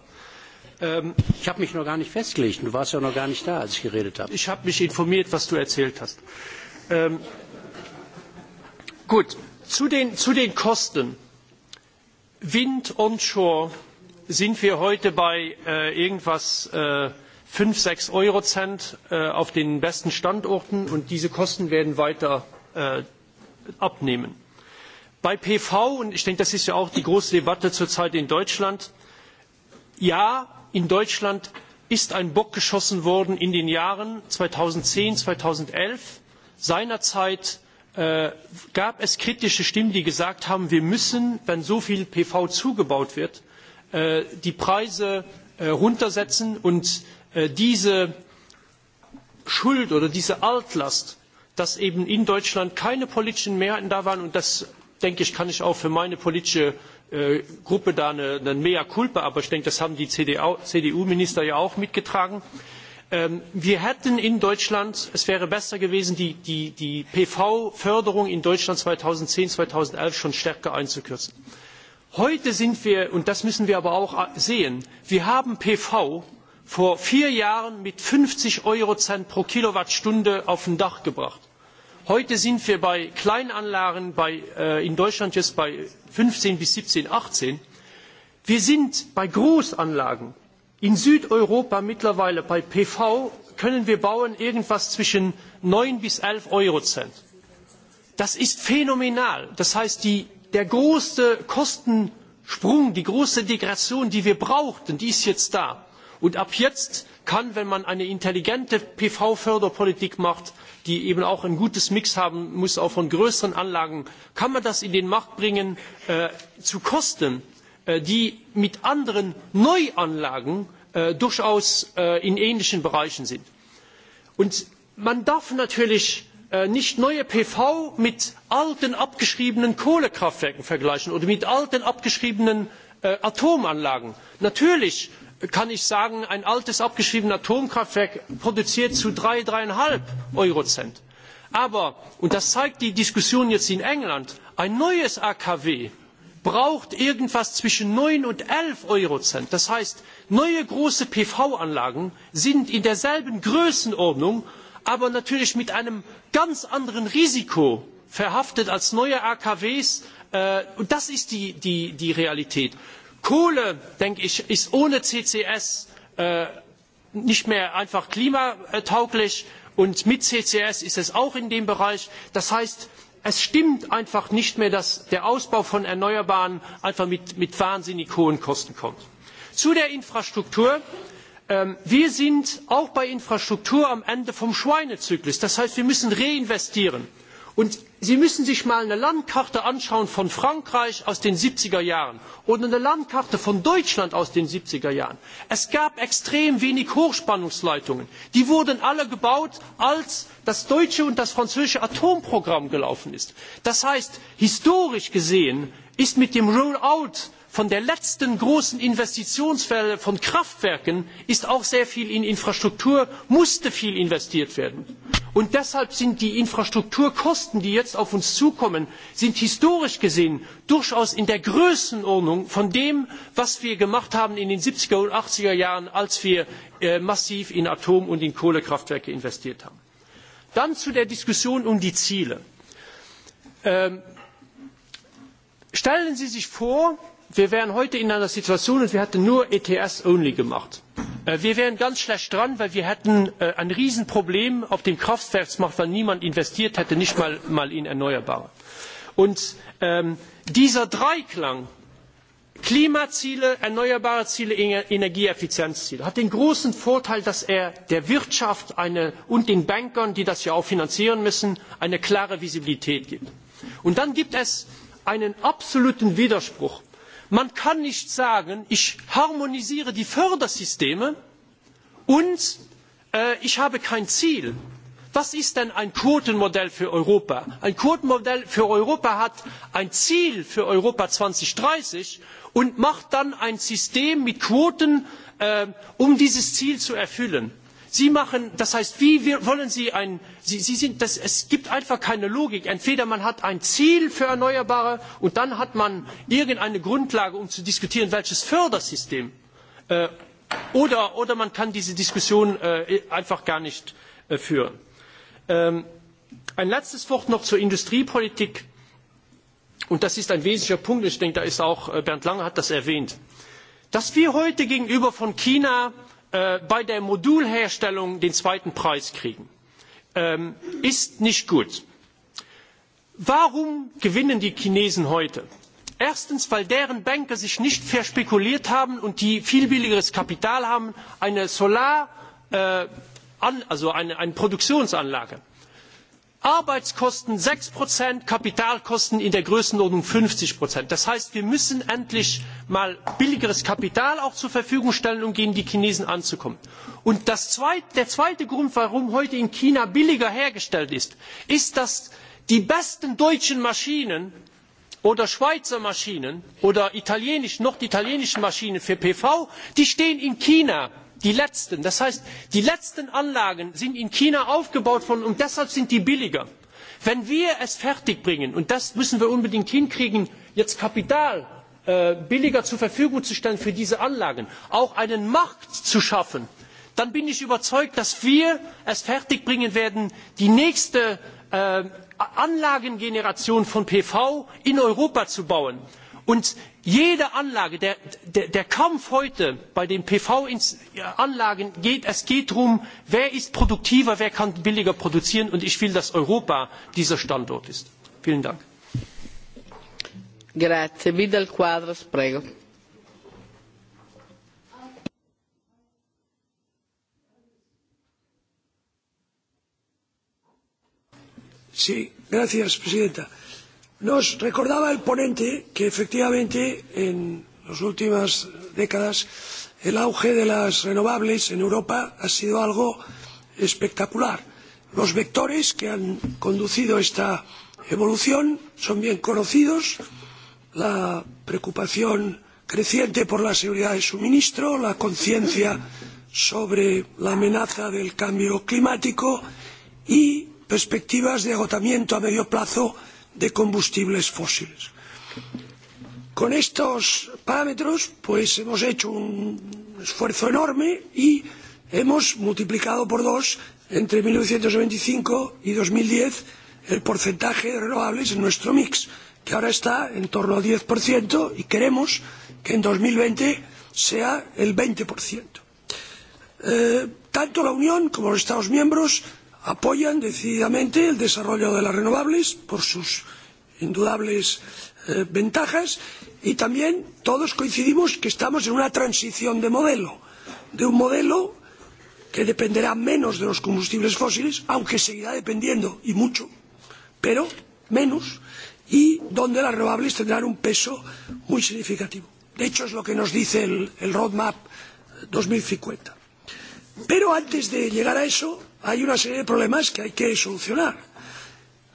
Speaker 14: Ähm, ich habe mich noch gar nicht festgelegt. Du warst ja noch gar nicht da, als ich geredet habe. Ich habe mich informiert, was du erzählt hast. Ähm, gut, zu den, zu den Kosten. Wind onshore sind wir heute bei äh, irgendwas äh, 5, 6 Euro Cent äh, auf den besten Standorten und diese Kosten werden weiter äh, abnehmen. Bei PV, und ich denke, das ist ja auch die große Debatte zurzeit in Deutschland, ja, in Deutschland ist ein Bock geschossen worden in den Jahren 2010, 2011. Seinerzeit äh, gab es kritische Stimmen, die gesagt haben, wir müssen, wenn so viel PV zugebaut wird, äh, die Preise äh, runtersetzen und äh, diese Schuld oder diese Altlast dass eben in deutschland keine politischen mehrheiten da waren und das denke ich kann ich auch für meine politische äh, gruppe da eine, eine mea culpa aber ich denke das haben die cdu minister ja auch mitgetragen ähm, wir hätten in deutschland es wäre besser gewesen die, die, die pv förderung in deutschland zweitausendzehn zweitausendelf schon stärker einzukürzen. heute sind wir und das müssen wir aber auch sehen wir haben pv vor vier jahren mit fünfzig eurocent pro kilowattstunde auf den dag gebracht. heute sind wir bei kleinanlagen bei, äh, in deutschland jetzt bei fünfzehn bis siebzehn achtzehn wir sind bei großanlagen in südeuropa mittlerweile bei pv können wir bauen irgendwas zwischen neun bis elf eurocent. das ist phänomenal. das heißt die, der große kostensprung die große degression die wir brauchten die ist jetzt da und ab jetzt kann wenn man eine intelligente pv förderpolitik macht die eben auch einen guten mix haben muss auch von größeren anlagen kann man das in den markt bringen äh, zu kosten äh, die mit anderen neuanlagen äh, durchaus äh, in ähnlichen bereichen sind. und man darf natürlich äh, nicht neue pv mit alten abgeschriebenen kohlekraftwerken vergleichen oder mit alten abgeschriebenen äh, atomanlagen. natürlich kann ich sagen, ein altes abgeschriebenes Atomkraftwerk produziert zu drei, dreieinhalb Eurocent. Aber, und das zeigt die Diskussion jetzt in England, ein neues AKW braucht irgendwas zwischen 9 und 11 Eurocent. Das heißt, neue große PV-Anlagen sind in derselben Größenordnung, aber natürlich mit einem ganz anderen Risiko verhaftet als neue AKWs. Äh, und das ist die, die, die Realität kohle denke ich ist ohne ccs äh, nicht mehr einfach klimatauglich und mit ccs ist es auch in dem bereich. das heißt es stimmt einfach nicht mehr dass der ausbau von erneuerbaren einfach mit, mit wahnsinnig hohen kosten kommt. zu der infrastruktur ähm, wir sind auch bei infrastruktur am ende vom schweinezyklus das heißt wir müssen reinvestieren und sie müssen sich mal eine landkarte anschauen von frankreich aus den siebziger jahren oder eine landkarte von deutschland aus den siebziger jahren es gab extrem wenig hochspannungsleitungen die wurden alle gebaut als das deutsche und das französische atomprogramm gelaufen ist. das heißt historisch gesehen ist mit dem roll out von der letzten großen investitionswelle von kraftwerken ist auch sehr viel in infrastruktur musste viel investiert werden. und deshalb sind die infrastrukturkosten die jetzt auf uns zukommen historisch gesehen durchaus in der größenordnung von dem was wir gemacht haben in den siebziger und achtziger jahren als wir äh, massiv in atom und in kohlekraftwerke investiert haben. dann zu der diskussion um die ziele ähm, stellen sie sich vor wir wären heute in einer Situation und wir hätten nur ETS only gemacht. Äh, wir wären ganz schlecht dran, weil wir hätten äh, ein Riesenproblem auf dem Kraftwerksmarkt, weil niemand investiert hätte, nicht mal, mal in Erneuerbare. Und ähm, dieser Dreiklang Klimaziele, erneuerbare Ziele, Energieeffizienzziele hat den großen Vorteil, dass er der Wirtschaft eine, und den Bankern, die das ja auch finanzieren müssen, eine klare Visibilität gibt. Und dann gibt es einen absoluten Widerspruch man kann nicht sagen ich harmonisiere die fördersysteme und äh, ich habe kein ziel. was ist denn ein quotenmodell für europa? ein quotenmodell für europa hat ein ziel für europa zweitausenddreißig und macht dann ein system mit quoten äh, um dieses ziel zu erfüllen. Sie machen, das heißt, wie wir, wollen Sie ein, Sie, Sie sind, das, es gibt einfach keine Logik. Entweder man hat ein Ziel für Erneuerbare und dann hat man irgendeine Grundlage, um zu diskutieren, welches Fördersystem. Äh, oder, oder man kann diese Diskussion äh, einfach gar nicht äh, führen. Ähm, ein letztes Wort noch zur Industriepolitik. Und das ist ein wesentlicher Punkt. Ich denke, da ist auch äh, Bernd Lange hat das erwähnt. Dass wir heute gegenüber von China äh, bei der Modulherstellung den zweiten Preis kriegen. Ähm, ist nicht gut. Warum gewinnen die Chinesen heute? Erstens, weil deren Banker sich nicht verspekuliert haben und die viel billigeres Kapital haben, eine Solar, äh, an, also eine, eine Produktionsanlage arbeitskosten sechs kapitalkosten in der größenordnung. fünfzig das heißt wir müssen endlich mal billigeres kapital auch zur verfügung stellen um gegen die chinesen anzukommen. und zweit, der zweite grund warum heute in china billiger hergestellt wird ist dass die besten deutschen maschinen oder schweizer maschinen oder italienisch, norditalienischen maschinen für pv stehen in china Die letzten. Das heißt, die letzten Anlagen sind in China aufgebaut worden und deshalb sind die billiger. Wenn wir es fertigbringen, und das müssen wir unbedingt hinkriegen, jetzt Kapital äh, billiger zur Verfügung zu stellen für diese Anlagen, auch einen Markt zu schaffen, dann bin ich überzeugt, dass wir es fertigbringen werden, die nächste äh, Anlagengeneration von PV in Europa zu bauen und jede anlage der, der, der kampf heute bei den pv anlagen geht es geht darum wer ist produktiver wer kann billiger produzieren und ich will dass europa dieser standort ist. vielen dank.
Speaker 1: Grazie. Vidal Quadras, prego.
Speaker 15: Sí, gracias, Presidenta nos recordaba el ponente que efectivamente en las últimas décadas el auge de las renovables en europa ha sido algo espectacular. los vectores que han conducido esta evolución son bien conocidos la preocupación creciente por la seguridad del suministro la conciencia sobre la amenaza del cambio climático y perspectivas de agotamiento a medio plazo de de combustibles fósiles. con estos parámetros pues, hemos hecho un esfuerzo enorme y hemos multiplicado por dos entre mil novecientos veinticinco y dos mil diez el porcentaje de renovables en nuestro mix que ahora está en torno al diez y queremos que en dos mil veinte sea el. veinte eh, tanto la unión como los estados miembros apoyan decididamente el desarrollo de las renovables por sus indudables eh, ventajas y también todos coincidimos en que estamos en una transición de modelo de un modelo que dependerá menos de los combustibles fósiles aunque seguirá dependiendo y mucho pero menos y donde las renovables tendrán un peso muy significativo. de hecho es lo que nos dice el, el roadmap eh, dos mil cincuenta pero antes de llegar a eso hay una serie de problemas que hay que solucionar.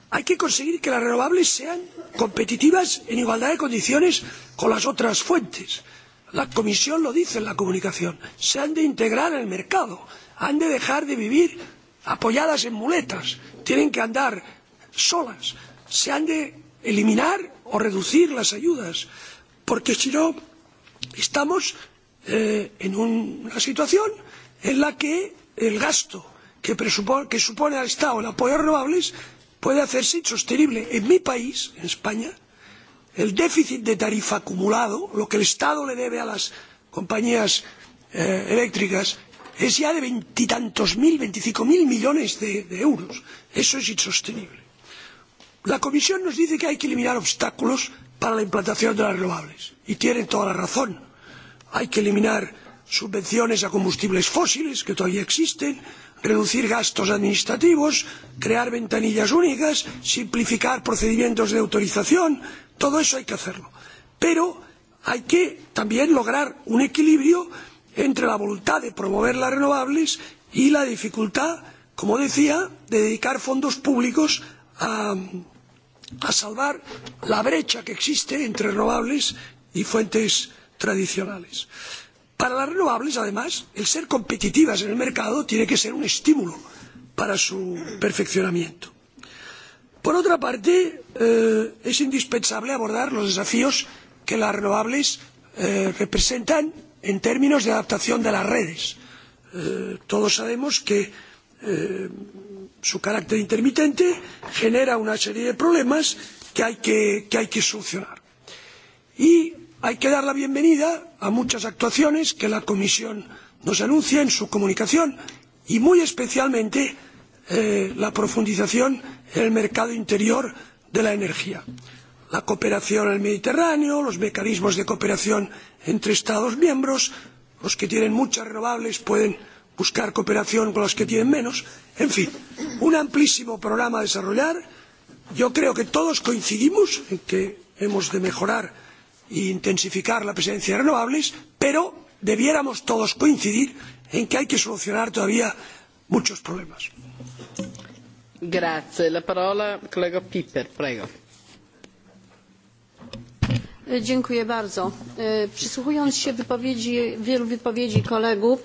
Speaker 15: Hay que conseguir que las renovables sean competitivas en igualdad de condiciones con las otras fuentes. La Comisión lo dice en la comunicación. Se han de integrar al mercado, han de dejar de vivir apoyadas en muletas, tienen que andar solas. Se han de eliminar o reducir las ayudas, porque si no, estamos eh, en un, una situación en la que el gasto que, que supone al Estado el apoyo a renovables puede hacerse insostenible. En mi país, en España, el déficit de tarifa acumulado, lo que el Estado le debe a las compañías eh, eléctricas, es ya de veintitantos mil, veinticinco mil millones de, de euros. Eso es insostenible. La Comisión nos dice que hay que eliminar obstáculos para la implantación de las renovables. Y tienen toda la razón. Hay que eliminar subvenciones a combustibles fósiles que todavía existen, reducir gastos administrativos crear ventanillas únicas simplificar procedimientos de autorización todo eso hay que hacerlo pero hay que también lograr un equilibrio entre la voluntad de promover las renovables y la dificultad como decía de dedicar fondos públicos a, a salvar la brecha que existe entre renovables y fuentes tradicionales. en para las renovables además el ser competitivas en el mercado tiene que ser un estímulo para su perfeccionamiento. por otra parte eh, es indispensable abordar los desafíos que las renovables eh, representan en términos de adaptación de las redes. Eh, todos sabemos que eh, su carácter intermitente genera una serie de problemas que hay que, que, hay que solucionar. y hay que dar la bienvenida a muchas actuaciones que la comisión nos anuncia en su comunicación y muy especialmente eh, la profundización en el mercado interior de la energía la cooperación en el mediterráneo los mecanismos de cooperación entre estados miembros los que tienen muchas renovables pueden buscar cooperación con los que tienen menos en fin un amplísimo programa a desarrollar yo creo que todos coincidimos en que hemos de mejorar e intensificar la presencia de renovables pero debiéramos todos coincidir en que hay que solucionar todavía muchos problemas.
Speaker 1: Grazie. La parola collega Piper, prego.
Speaker 16: E, dziękuję bardzo. E, przysłuchując się wypowiedzi, wielu wypowiedzi kolegów,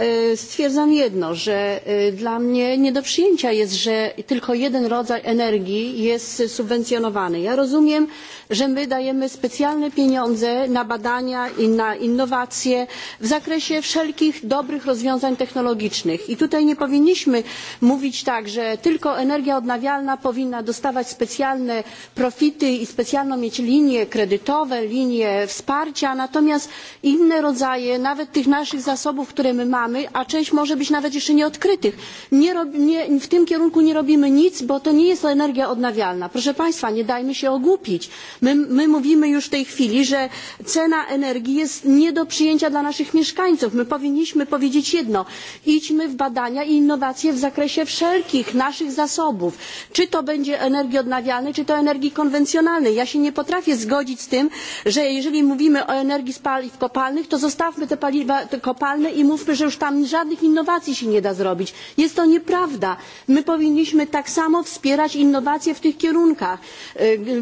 Speaker 16: E, stwierdzam jedno że e, dla mnie nie do przyjęcia jest że tylko jeden rodzaj energii jest subwencjonowany. ja rozumiem że my dajemy specjalne pieniądze na badania i na innowacje w zakresie wszelkich dobrych rozwiązań technologicznych i tutaj nie powinniśmy mówić tak że tylko energia odnawialna powinna dostawać specjalne profity i specjalną mieć linie kredytowe linie wsparcia natomiast inne rodzaje nawet tych naszych zasobów które my mamy mamy, a część może być nawet jeszcze nieodkrytych. Nie rob, nie, w tym kierunku nie robimy nic, bo to nie jest energia odnawialna. Proszę Państwa, nie dajmy się ogłupić. My, my mówimy już w tej chwili, że cena energii jest nie do przyjęcia dla naszych mieszkańców. My powinniśmy powiedzieć jedno. Idźmy w badania i innowacje w zakresie wszelkich naszych zasobów. Czy to będzie energii odnawialnej, czy to energii konwencjonalnej. Ja się nie potrafię zgodzić z tym, że jeżeli mówimy o energii z paliw kopalnych, to zostawmy te paliwa te kopalne i mówmy, że już już tam żadnych innowacji się nie da zrobić. Jest to nieprawda. My powinniśmy tak samo wspierać innowacje w tych kierunkach.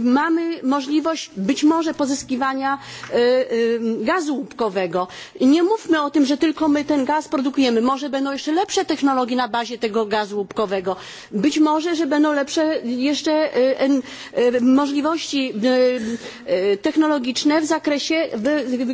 Speaker 16: Mamy możliwość być może pozyskiwania gazu łupkowego. Nie mówmy o tym, że tylko my ten gaz produkujemy. Może będą jeszcze lepsze technologie na bazie tego gazu łupkowego. Być może, że będą lepsze jeszcze możliwości technologiczne w zakresie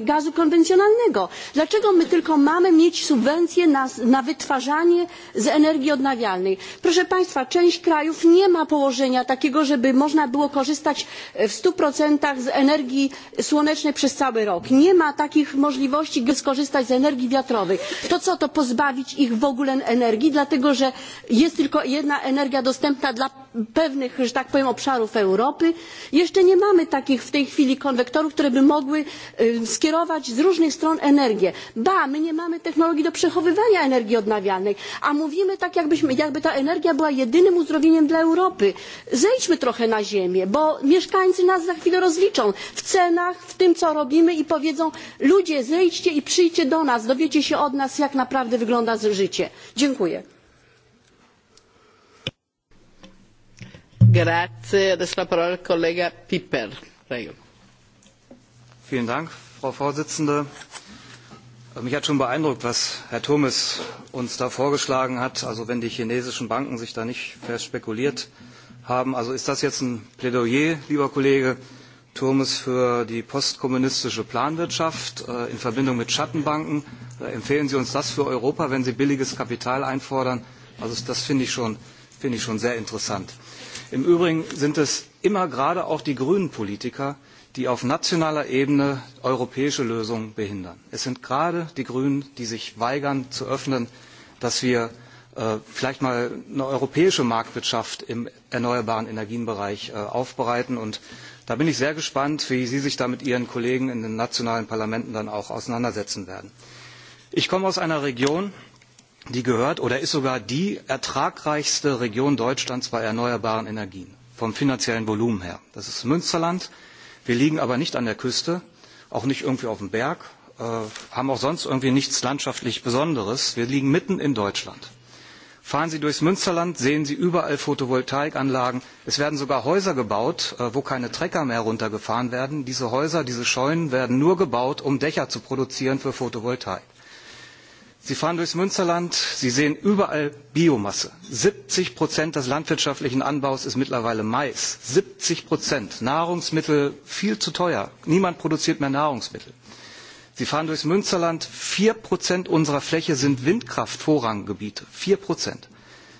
Speaker 16: gazu konwencjonalnego. Dlaczego my tylko mamy mieć subwencje subwencje na, na wytwarzanie z energii odnawialnej. Proszę Państwa, część krajów nie ma położenia takiego, żeby można było korzystać e, w 100% z energii słonecznej przez cały rok. Nie ma takich możliwości, by skorzystać z energii wiatrowej. To co, to pozbawić ich w ogóle energii, dlatego że jest tylko jedna energia dostępna dla pewnych, że tak powiem, obszarów Europy. Jeszcze nie mamy takich w tej chwili konwektorów, które by mogły skierować z różnych stron energię. Ba, my nie mamy technologii do przechowywania energii odnawialnej, a mówimy tak, jakbyśmy, jakby ta energia była jedynym uzdrowieniem dla Europy. Zejdźmy trochę na ziemię, bo mieszkańcy nas za chwilę rozliczą w cenach, w tym, co robimy i powiedzą ludzie, zejdźcie i przyjdźcie do nas, dowiecie się od nas, jak naprawdę wygląda życie. Dziękuję.
Speaker 1: Grazie. Adesso la parola al collega
Speaker 17: Piper. Prego. Vielen Dank, Frau Vorsitzende. Äh, mich hat schon beeindruckt, was Herr Thomas uns da vorgeschlagen hat. Also wenn die chinesischen Banken sich da nicht verspekuliert haben. Also ist das jetzt ein Plädoyer, lieber Kollege Thomas, für die postkommunistische Planwirtschaft äh, in Verbindung mit Schattenbanken? Äh, empfehlen Sie uns das für Europa, wenn Sie billiges Kapital einfordern? Also das finde ich schon, finde ich schon sehr interessant. Äh, Im Übrigen sind es immer gerade auch die grünen Politiker, die auf nationaler Ebene europäische Lösungen behindern. Es sind gerade die Grünen, die sich weigern zu öffnen, dass wir äh, vielleicht mal eine europäische Marktwirtschaft im erneuerbaren Energienbereich äh, aufbereiten. Und da bin ich sehr gespannt, wie Sie sich da mit Ihren Kollegen in den nationalen Parlamenten dann auch auseinandersetzen werden. Ich komme aus einer Region, die gehört oder ist sogar die ertragreichste Region Deutschlands bei erneuerbaren Energien vom finanziellen Volumen her. Das ist Münsterland. Wir liegen aber nicht an der Küste, auch nicht irgendwie auf dem Berg, äh, haben auch sonst irgendwie nichts landschaftlich Besonderes. Wir liegen mitten in Deutschland. Fahren Sie durchs Münsterland, sehen Sie überall Photovoltaikanlagen. Es werden sogar Häuser gebaut, äh, wo keine Trecker mehr runtergefahren werden. Diese Häuser, diese Scheunen werden nur gebaut, um Dächer zu produzieren für Photovoltaik. Sie fahren durchs Münsterland, Sie sehen überall Biomasse. 70 Prozent des landwirtschaftlichen Anbaus ist mittlerweile Mais. 70 Prozent. Nahrungsmittel viel zu teuer. Niemand produziert mehr Nahrungsmittel. Sie fahren durchs Münsterland. Vier Prozent unserer Fläche sind Windkraftvorranggebiete. Vier Prozent.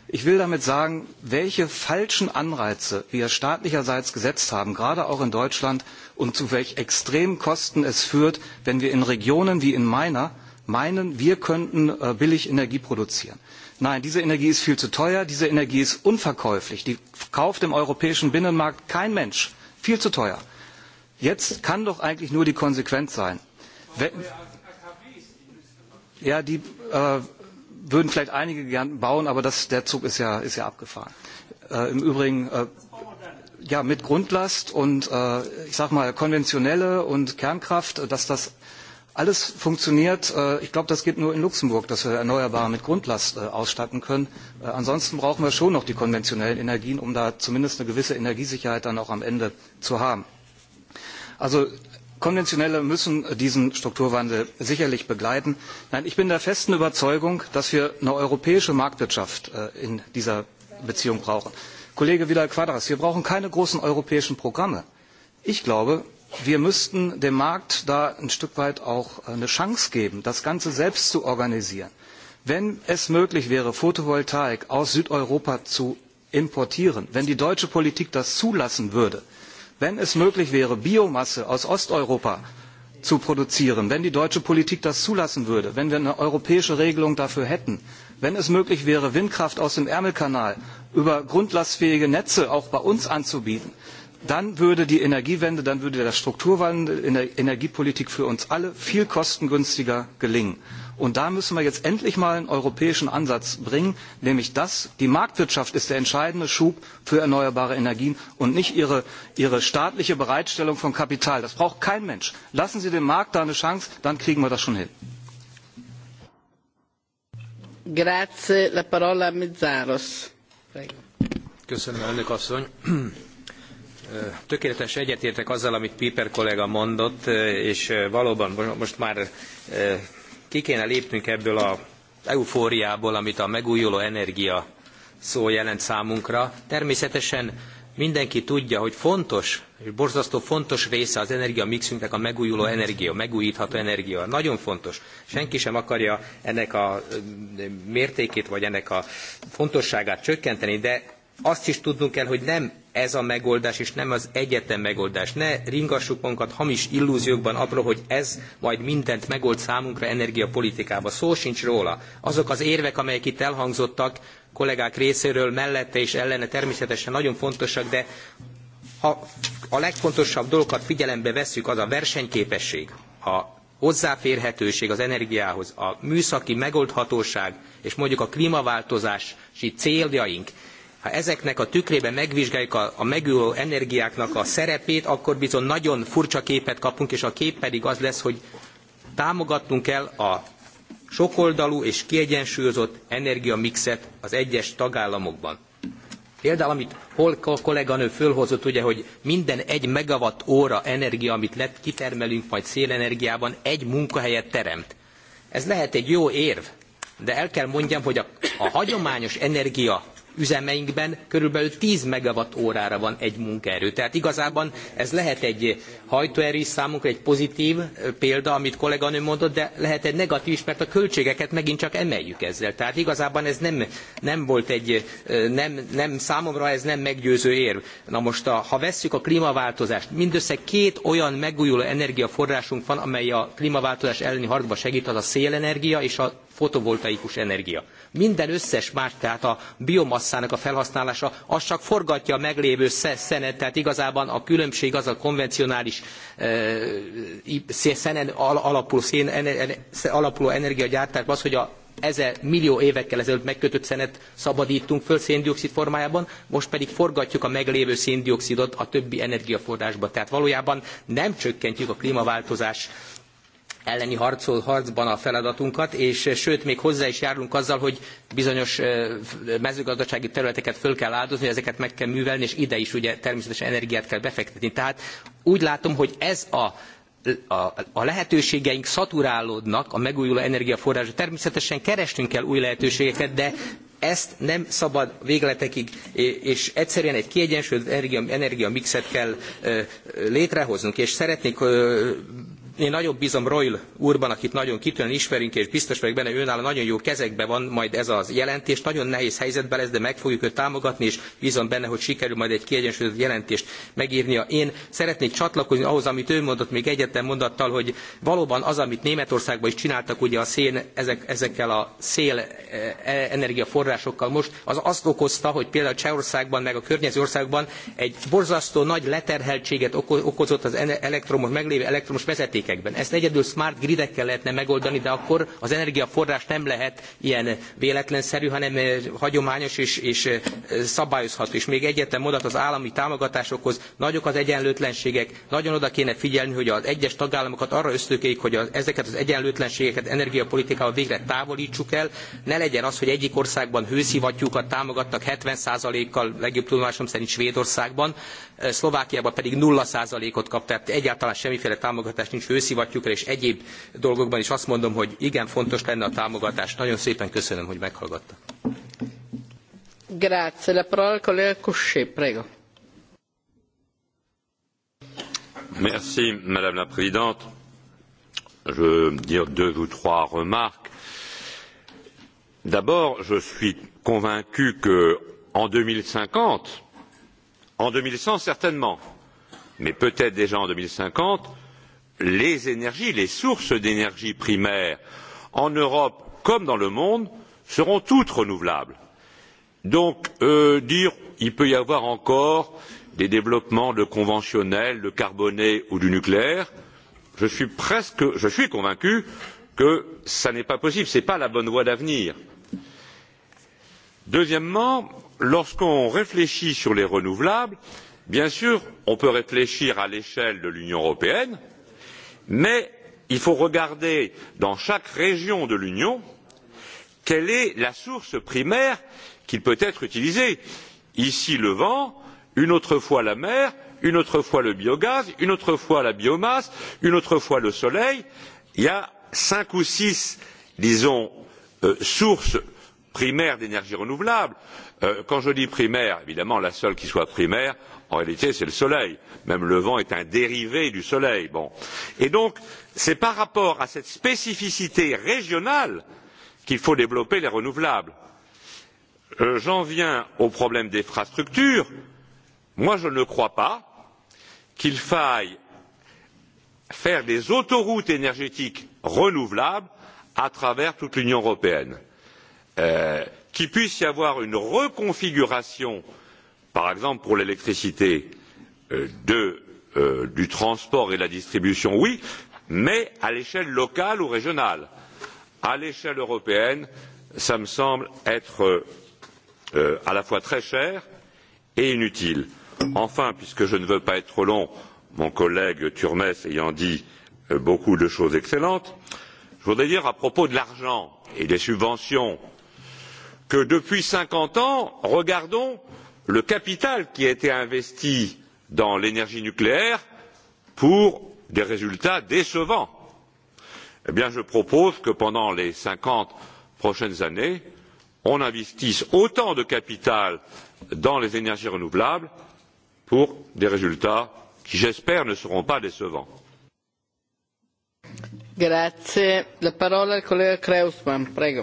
Speaker 17: Ich will damit sagen, welche falschen Anreize wir staatlicherseits gesetzt haben, gerade auch in Deutschland, und zu welch extremen Kosten es führt, wenn wir in Regionen wie in meiner meinen, wir könnten äh, billig Energie produzieren. Nein, diese Energie ist viel zu teuer, diese Energie ist unverkäuflich, die kauft im europäischen Binnenmarkt kein Mensch, viel zu teuer. Jetzt kann doch eigentlich nur die Konsequenz sein. Wenn, ja, die äh, würden vielleicht einige gern bauen, aber das, der Zug ist ja, ist ja abgefahren. Äh, Im Übrigen äh, ja, mit Grundlast und äh, ich sag mal konventionelle und Kernkraft, dass das alles funktioniert. Äh, ich glaube, das geht nur in Luxemburg, dass wir Erneuerbare mit Grundlast äh, ausstatten können. Äh, ansonsten brauchen wir schon noch die konventionellen Energien, um da zumindest eine gewisse Energiesicherheit dann auch am Ende zu haben. Also Konventionelle müssen diesen Strukturwandel sicherlich begleiten. Nein, ich bin der festen Überzeugung, dass wir eine europäische Marktwirtschaft in dieser Beziehung brauchen. Kollege Vidal Quadras, wir brauchen keine großen europäischen Programme. Ich glaube, wir müssten dem Markt da ein Stück weit auch eine Chance geben, das Ganze selbst zu organisieren. Wenn es möglich wäre, Photovoltaik aus Südeuropa zu importieren, wenn die deutsche Politik das zulassen würde, wenn es möglich wäre, Biomasse aus Osteuropa zu produzieren, wenn die deutsche Politik das zulassen würde, wenn wir eine europäische Regelung dafür hätten, wenn es möglich wäre, Windkraft aus dem Ärmelkanal über grundlastfähige Netze auch bei uns anzubieten, dann würde die Energiewende, dann würde der Strukturwandel in der Energiepolitik für uns alle viel kostengünstiger gelingen. Und da müssen wir jetzt endlich mal einen europäischen Ansatz bringen, nämlich das, die Marktwirtschaft ist der entscheidende Schub für erneuerbare Energien und nicht ihre, ihre staatliche Bereitstellung von Kapital. Das braucht kein Mensch. Lassen Sie dem Markt da eine Chance, dann kriegen wir das schon hin.
Speaker 1: Grazie, la parola a Mezzaros.
Speaker 9: Prego. Köszönöm, elnök asszony. Tökéletesen egyetértek azzal, amit Piper kollega mondott, és valóban most már ki kéne lépnünk ebből a eufóriából, amit a megújuló energia szó jelent számunkra. Természetesen mindenki tudja, hogy fontos, és borzasztó fontos része az energia mixünknek a megújuló energia, megújítható energia. Nagyon fontos. Senki sem akarja ennek a mértékét, vagy ennek a fontosságát csökkenteni, de azt is tudnunk kell, hogy nem ez a megoldás, és nem az egyetem megoldás. Ne ringassuk magunkat hamis illúziókban arról, hogy ez majd mindent megold számunkra energiapolitikába. Szó sincs róla. Azok az érvek, amelyek itt elhangzottak kollégák részéről mellette és ellene természetesen nagyon fontosak, de ha a legfontosabb dolgokat figyelembe vesszük, az a versenyképesség, a hozzáférhetőség az energiához, a műszaki megoldhatóság és mondjuk a klímaváltozási céljaink, Ha ezeknek a tükrében megvizsgáljuk a, a megújuló energiáknak a szerepét, akkor bizony nagyon furcsa képet kapunk, és a kép pedig az lesz, hogy támogatnunk kell a sokoldalú és kiegyensúlyozott energiamixet az egyes tagállamokban. Például, amit hol a kolléganő fölhozott, ugye, hogy minden egy megawatt óra energia, amit lett, kitermelünk majd szélenergiában, egy munkahelyet teremt. Ez lehet egy jó érv, de el kell mondjam, hogy a, a hagyományos energia üzemeinkben körülbelül 10 megawatt órára van egy munkaerő. Tehát igazában ez lehet egy hajtóerő is számunkra, egy pozitív példa, amit kolléganő mondott, de lehet egy negatív is, mert a költségeket megint csak emeljük ezzel. Tehát igazában ez nem, nem volt egy, nem, nem, számomra ez nem meggyőző érv. Na most, a, ha vesszük a klímaváltozást, mindössze két olyan megújuló energiaforrásunk van, amely a klímaváltozás elleni harcba segít, az a szélenergia és a fotovoltaikus energia Minden összes más, tehát a biomasszának a felhasználása, az csak forgatja a meglévő szenet, tehát igazában a különbség az a konvencionális szenen alapuló, szén, alapuló energiagyártásban az, hogy a ezer millió évekkel ezelőtt megkötött szenet szabadítunk föl széndiokszid formájában, most pedig forgatjuk a meglévő széndiokszidot a többi energiaforrásba. Tehát valójában nem csökkentjük a klímaváltozás elleni harcol, harcban a feladatunkat, és eh, sőt, még hozzá is járulunk azzal, hogy bizonyos eh, mezőgazdasági területeket föl kell áldozni, hogy ezeket meg kell művelni, és ide is ugye természetesen energiát kell befektetni. Tehát úgy látom, hogy ez a a, a lehetőségeink szaturálódnak a megújuló energiaforrások. Természetesen keresnünk kell új lehetőségeket, de ezt nem szabad végletekig, és egyszerűen egy kiegyensúlyozott energia, energia mixet kell eh, létrehoznunk, és szeretnék én nagyon bízom Royl úrban, akit nagyon kitűnően ismerünk, és biztos vagyok benne, őnála nagyon jó kezekben van majd ez az jelentés. Nagyon nehéz helyzetben lesz, de meg fogjuk őt támogatni, és bízom benne, hogy sikerül majd egy kiegyensúlyozott jelentést megírnia. Én szeretnék csatlakozni ahhoz, amit ő mondott még egyetlen mondattal, hogy valóban az, amit Németországban is csináltak, ugye a szén, ezek, ezekkel a szél e, energiaforrásokkal most, az azt okozta, hogy például Csehországban, meg a környező országban egy borzasztó nagy leterheltséget okozott az elektromos, meglévő elektromos vezeték gridekekben. Ezt egyedül smart gridekkel lehetne megoldani, de akkor az energiaforrás nem lehet ilyen véletlenszerű, hanem eh, hagyományos és, és eh, szabályozható. És még egyetlen mondat az állami támogatásokhoz. Nagyok az egyenlőtlenségek, nagyon oda kéne figyelni, hogy az egyes tagállamokat arra ösztökéljük, hogy a, ezeket az egyenlőtlenségeket energiapolitikával végre távolítsuk el. Ne legyen az, hogy egyik országban hőszivattyúkat támogatnak 70%-kal, legjobb tudomásom szerint Svédországban, eh, Szlovákiában pedig 0%-ot kap, tehát egyáltalán semmiféle támogatás nincs hőszivattyúkra kőszivattyúkra és egyéb dolgokban is azt mondom, hogy igen fontos lenne a támogatás. Nagyon szépen köszönöm, hogy meghallgatta.
Speaker 1: Grazie. La parola al collega Cosce, prego.
Speaker 8: Merci, Madame la Présidente. Je veux dire deux ou trois remarques. D'abord, je suis convaincu que en 2050, en 2100 certainement, mais peut-être déjà en 2050, les énergies les sources d'énergie primaires en europe comme dans le monde seront toutes renouvelables. donc euh, dire qu'il peut y avoir encore des développements de conventionnel de carboné ou du nucléaire je suis presque je suis convaincu que ce n'est pas possible ce n'est pas la bonne voie d'avenir. deuxièmement lorsqu'on réfléchit sur les renouvelables bien sûr on peut réfléchir à l'échelle de l'union européenne mais il faut regarder dans chaque région de l'union quelle est la source primaire qui peut être utilisée ici le vent une autre fois la mer une autre fois le biogaz une autre fois la biomasse une autre fois le soleil il y a cinq ou six disons euh, sources primaires d'énergie renouvelable euh, quand je dis primaires évidemment la seule qui soit primaire En réalité, c'est le soleil. Même le vent est un dérivé du soleil. Bon. Et donc, c'est par rapport à cette spécificité régionale qu'il faut développer les renouvelables. Euh, J'en viens au problème d'infrastructures. Moi, je ne crois pas qu'il faille faire des autoroutes énergétiques renouvelables à travers toute l'Union européenne. Euh, qu'il puisse y avoir une reconfiguration euh, par exemple pour l'électricité euh, de, euh, du transport et de la distribution oui mais à l'échelle locale ou régionale. à l'échelle européenne cela me semble être euh, euh, à la fois très cher et inutile. enfin puisque je ne veux pas être trop long mon collègue turmes ayant dit euh, beaucoup de choses excellentes je voudrais dire à propos de l'argent et des subventions que depuis cinquante ans regardons le capital qui a été investi dans l'énergie nucléaire pour des résultats décevants. Eh bien, je propose que pendant les cinquante prochaines années, on investisse autant de capital dans les énergies renouvelables pour des résultats qui, j'espère, ne seront pas décevants.
Speaker 1: Grazie. La parola al collega Kreuzmann, prego.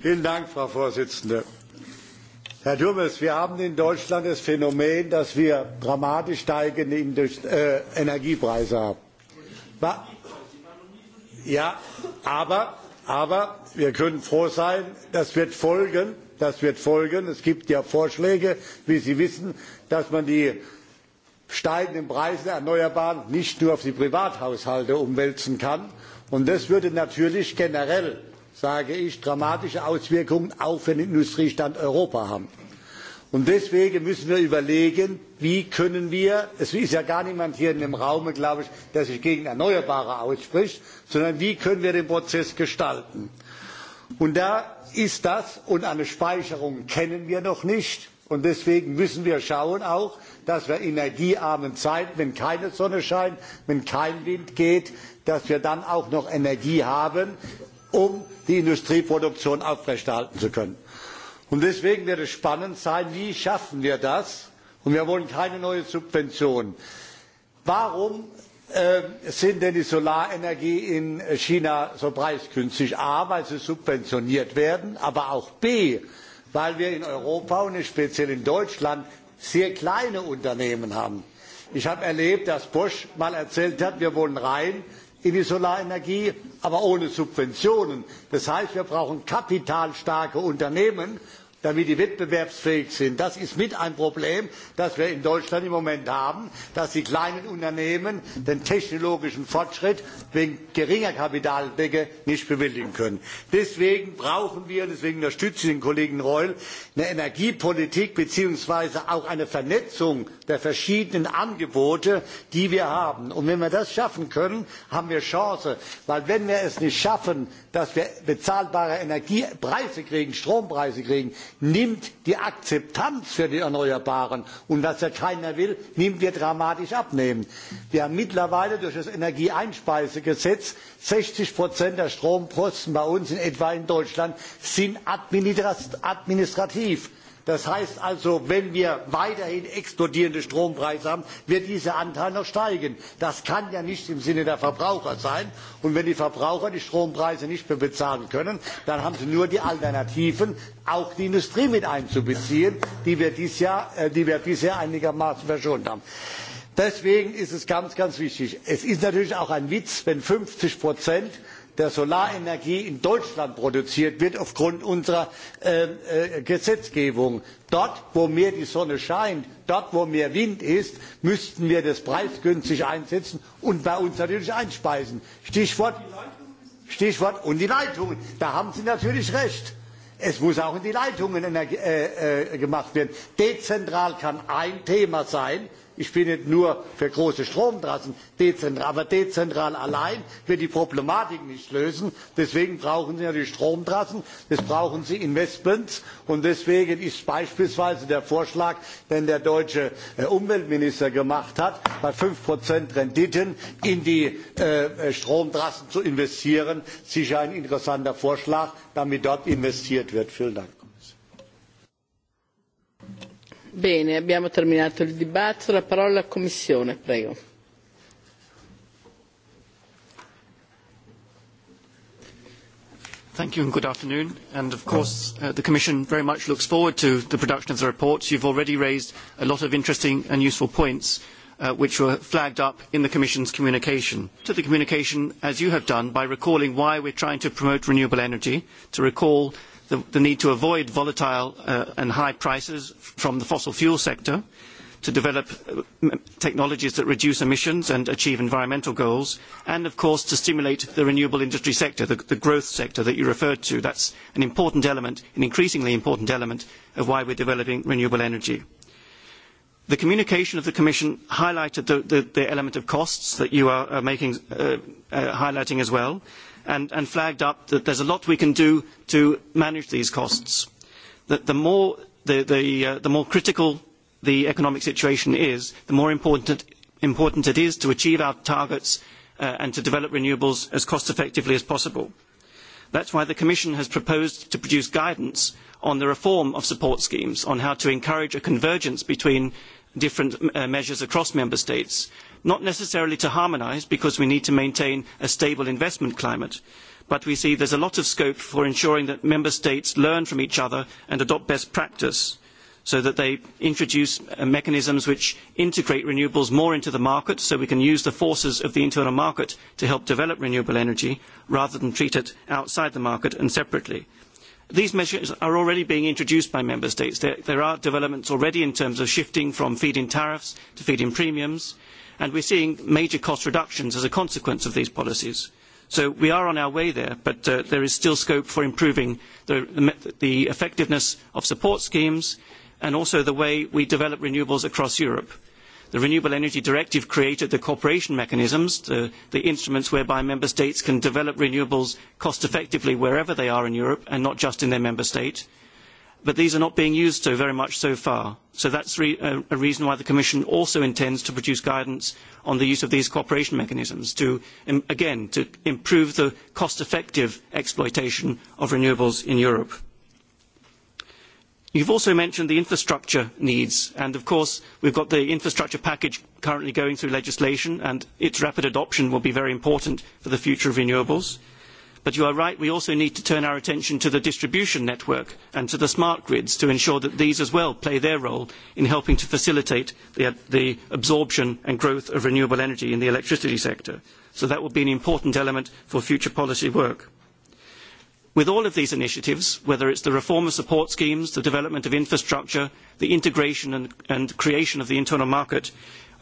Speaker 18: Vielen Dank, Frau Vorsitzende Herr Dürmes, wir haben in Deutschland das Phänomen, dass wir dramatisch steigende Indust äh, Energiepreise haben. Ba ja, aber, aber wir können froh sein, das wird folgen. Das wird folgen. Es gibt ja Vorschläge, wie Sie wissen, dass man die steigenden Preise erneuerbaren nicht nur auf die Privathaushalte umwälzen kann. Und das würde natürlich generell sage ich, dramatische Auswirkungen auch für den Industriestandort Europa haben. Und deswegen müssen wir überlegen, wie können wir, es ist ja gar niemand hier in dem Raum, glaube ich, der sich gegen Erneuerbare ausspricht, sondern wie können wir den Prozess gestalten. Und da ist das und eine Speicherung kennen wir noch nicht. Und deswegen müssen wir schauen auch, dass wir in energiearmen Zeiten, wenn keine Sonne scheint, wenn kein Wind geht, dass wir dann auch noch Energie haben, um die Industrieproduktion aufrechterhalten zu können. Und deswegen wird es spannend sein, wie schaffen wir das? Und wir wollen keine neue Subvention. Warum äh, sind denn die Solarenergie in China so preisgünstig? A, weil sie subventioniert werden, aber auch B, weil wir in Europa und speziell in Deutschland sehr kleine Unternehmen haben. Ich habe erlebt, dass Bosch mal erzählt hat, wir wollen rein in die solarenergie aber ohne subventionen. das heißt wir brauchen kapitalstarke unternehmen damit die wettbewerbsfähig sind. das ist mit ein problem das wir in deutschland im moment haben dass die kleinen unternehmen den technologischen fortschritt wegen geringer kapitaldecke nicht bewältigen können. deswegen brauchen wir und deswegen unterstütze ich den kollegen reul eine energiepolitik beziehungsweise auch eine vernetzung der verschiedenen angebote die wir haben. und wenn wir das schaffen können haben wir chancen denn wenn wir es nicht schaffen dass wir bezahlbare energiepreise kriegen strompreise kriegen nimmt die Akzeptanz für die Erneuerbaren. Und was ja keiner will, nimmt wir dramatisch abnehmen. Wir haben mittlerweile durch das Energieeinspeisegesetz 60 Prozent der Stromkosten bei uns in etwa in Deutschland sind administrativ Das heißt also, wenn wir weiterhin explodierende Strompreise haben, wird dieser Anteil noch steigen. Das kann ja nicht im Sinne der Verbraucher sein. Und wenn die Verbraucher die Strompreise nicht mehr bezahlen können, dann haben sie nur die Alternativen, auch die Industrie mit einzubeziehen, die wir, dies Jahr, äh, die wir bisher einigermaßen verschont haben. Deswegen ist es ganz, ganz wichtig. Es ist natürlich auch ein Witz, wenn 50 Prozent der solarenergie in deutschland produziert wird aufgrund unserer ähm, äh, gesetzgebung. dort wo mehr die sonne scheint dort wo mehr wind ist müssten wir das preisgünstig einsetzen und bei uns natürlich einspeisen. stichwort, stichwort und die leitungen da haben sie natürlich recht. Es muss auch in die Leitungen äh, äh, gemacht werden. Dezentral kann ein Thema sein, ich bin nicht nur für große stromtrassen dezentral aber dezentral allein wird die problematik nicht lösen. deswegen brauchen sie natürlich stromtrassen deswegen brauchen sie investments und deswegen ist beispielsweise der vorschlag den der deutsche äh, umweltminister gemacht hat bei fünf renditen in die äh, äh, stromtrassen zu investieren sicher ein interessanter vorschlag damit dort investiert wird.
Speaker 1: Bene, abbiamo terminato il dibattito. La parola alla Commissione, prego.
Speaker 19: Thank you and good afternoon. And of course, uh, the Commission very much looks forward to the production of the reports. You've already raised a lot of interesting and useful points uh, which were flagged up in the Commission's communication. To the communication, as you have done, by recalling why we're trying to promote renewable energy, to recall the, the need to avoid volatile uh, and high prices from the fossil fuel sector, to develop uh, technologies that reduce emissions and achieve environmental goals, and of course to stimulate the renewable industry sector, the, the growth sector that you referred to. That's an important element, an increasingly important element of why we're developing renewable energy. The communication of the Commission highlighted the, the, the element of costs that you are, are making, uh, uh, highlighting as well. Uh, and, and flagged up that there's a lot we can do to manage these costs. That the more, the, the, uh, the more critical the economic situation is, the more important, important it is to achieve our targets uh, and to develop renewables as cost effectively as possible. That's why the Commission has proposed to produce guidance on the reform of support schemes, on how to encourage a convergence between different uh, measures across member states not necessarily to harmonise because we need to maintain a stable investment climate but we see there's a lot of scope for ensuring that member states learn from each other and adopt best practice so that they introduce uh, mechanisms which integrate renewables more into the market so we can use the forces of the internal market to help develop renewable energy rather than treat it outside the market and separately. These measures are already being introduced by member states. There, there are developments already in terms of shifting from feed-in tariffs to feed-in premiums. Uh, and we're seeing major cost reductions as a consequence of these policies. So we are on our way there, but uh, there is still scope for improving the, the, the effectiveness of support schemes and also the way we develop renewables across Europe. The Renewable Energy Directive created the cooperation mechanisms, the, the instruments whereby member states can develop renewables cost effectively wherever they are in Europe and not just in their member state. Uh, but these are not being used so very much so far. So that's re a, uh, a reason why the Commission also intends to produce guidance on the use of these cooperation mechanisms to, um, again, to improve the cost-effective exploitation of renewables in Europe. You've also mentioned the infrastructure needs, and of course we've got the infrastructure package currently going through legislation, and its rapid adoption will be very important for the future of renewables. Mm-hmm But you are right, we also need to turn our attention to the distribution network and to the smart grids to ensure that these as well play their role in helping to facilitate the, the absorption and growth of renewable energy in the electricity sector. So that will be an important element for future policy work. With all of these initiatives, whether it's the reform of support schemes, the development of infrastructure, the integration and, and creation of the internal market,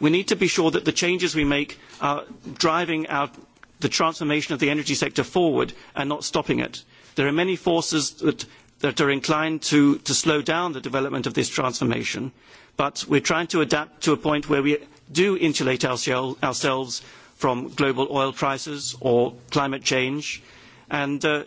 Speaker 19: we need to be sure that the changes we make are driving our the transformation of the energy sector forward and not stopping it. There are many forces that, that are inclined to, to slow down the development of this transformation, but we're trying to adapt to a point where we do insulate ourselves, ourselves from global oil prices or climate change, and uh,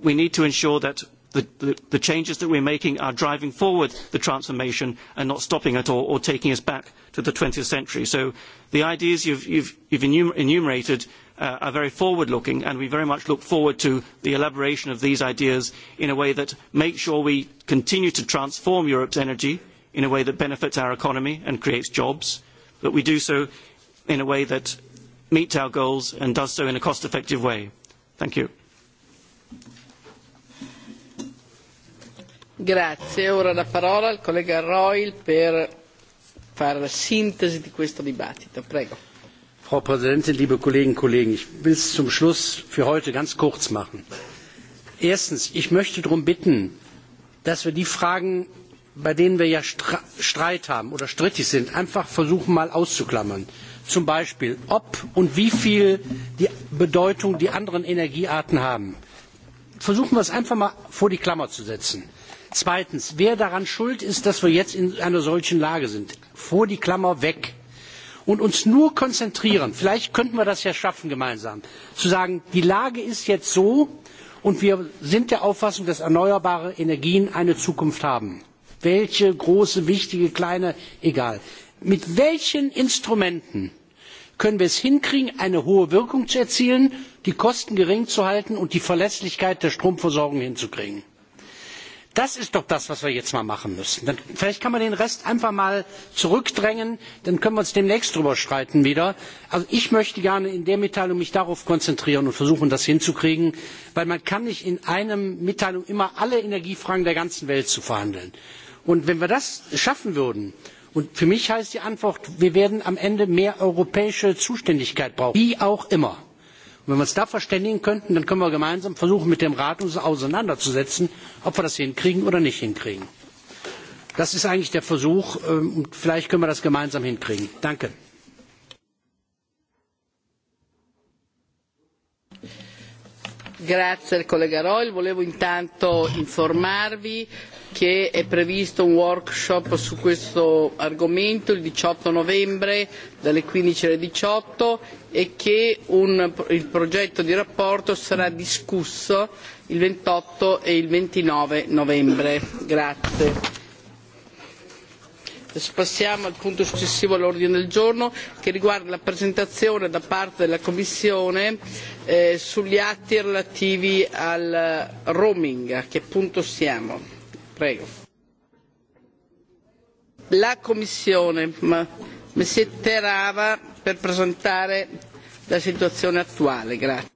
Speaker 19: we need to ensure that the, the, the changes that we're making are driving forward the transformation and not stopping it or, or taking us back to the 20th century. So the ideas you've, you've, you've enumer enumerated uh, are very forward looking and we very much look forward to the elaboration of these ideas in a way that makes sure we continue to transform Europe's energy in a way that benefits our economy and creates jobs, but we do so in a way that meets our goals and does so in a cost effective way. Thank you.
Speaker 1: Grazie. Ora la parola al collega Royal per fare la sintesi di questo dibattito. Prego.
Speaker 11: Frau Präsidentin, liebe Kolleginnen und Kollegen! Ich will es zum Schluss für heute ganz kurz machen. Erstens, ich möchte darum bitten, dass wir die Fragen, bei denen wir ja Streit haben oder strittig sind, einfach versuchen mal auszuklammern. Zum Beispiel, ob und wie viel die Bedeutung die anderen Energiearten haben. Versuchen wir es einfach mal vor die Klammer zu setzen. Zweitens, wer daran schuld ist, dass wir jetzt in einer solchen Lage sind. Vor die Klammer weg und uns nur konzentrieren, vielleicht könnten wir das ja schaffen gemeinsam, zu sagen, die Lage ist jetzt so und wir sind der Auffassung, dass erneuerbare Energien eine Zukunft haben. Welche große, wichtige, kleine, egal. Mit welchen Instrumenten können wir es hinkriegen, eine hohe Wirkung zu erzielen, die Kosten gering zu halten und die Verlässlichkeit der Stromversorgung hinzukriegen? Das ist doch das, was wir jetzt mal machen müssen. Dann, vielleicht kann man den Rest einfach mal zurückdrängen, dann können wir uns demnächst drüber streiten wieder. Also ich möchte gerne in der Mitteilung mich darauf konzentrieren und versuchen, das hinzukriegen, weil man kann nicht in einer Mitteilung immer alle Energiefragen der ganzen Welt zu verhandeln. Und wenn wir das schaffen würden, und für mich heißt die Antwort, wir werden am Ende mehr europäische Zuständigkeit brauchen, wie auch immer wenn wir uns da verständigen könnten dann können wir gemeinsam versuchen mit dem rat uns auseinanderzusetzen ob wir das hinkriegen oder nicht hinkriegen. das ist eigentlich der versuch ähm, und vielleicht können wir das gemeinsam hinkriegen. danke.
Speaker 1: grazie al collega reul volevo intanto informarvi che è previsto un workshop su questo argomento il 18 novembre dalle 15 alle 18 e che un, il progetto di rapporto sarà discusso il 28 e il 29 novembre. Grazie. Adesso passiamo al punto successivo all'ordine del giorno che riguarda la presentazione da parte della Commissione eh, sugli atti relativi al roaming. A che punto siamo? Prego. La Commissione, Messie Terava, per presentare la situazione attuale. Grazie.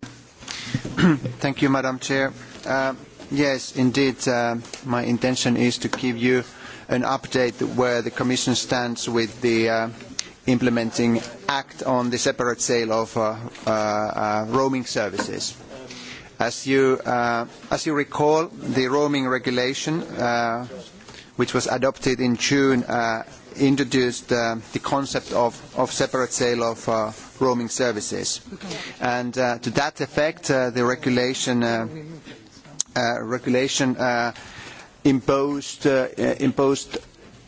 Speaker 20: (clears throat) Thank you, Madam Chair. Uh, yes, indeed, uh, my intention is to give you an update where the Commission stands with the uh, implementing act on the separate sale of uh, uh, uh, roaming services. Uh, As you, uh, as you recall, the roaming regulation, uh, which was adopted in June, uh, introduced uh, the concept of, of separate sale of uh, roaming services. And uh, to that effect, uh, the regulation, uh, uh, regulation uh, imposed, uh, uh imposed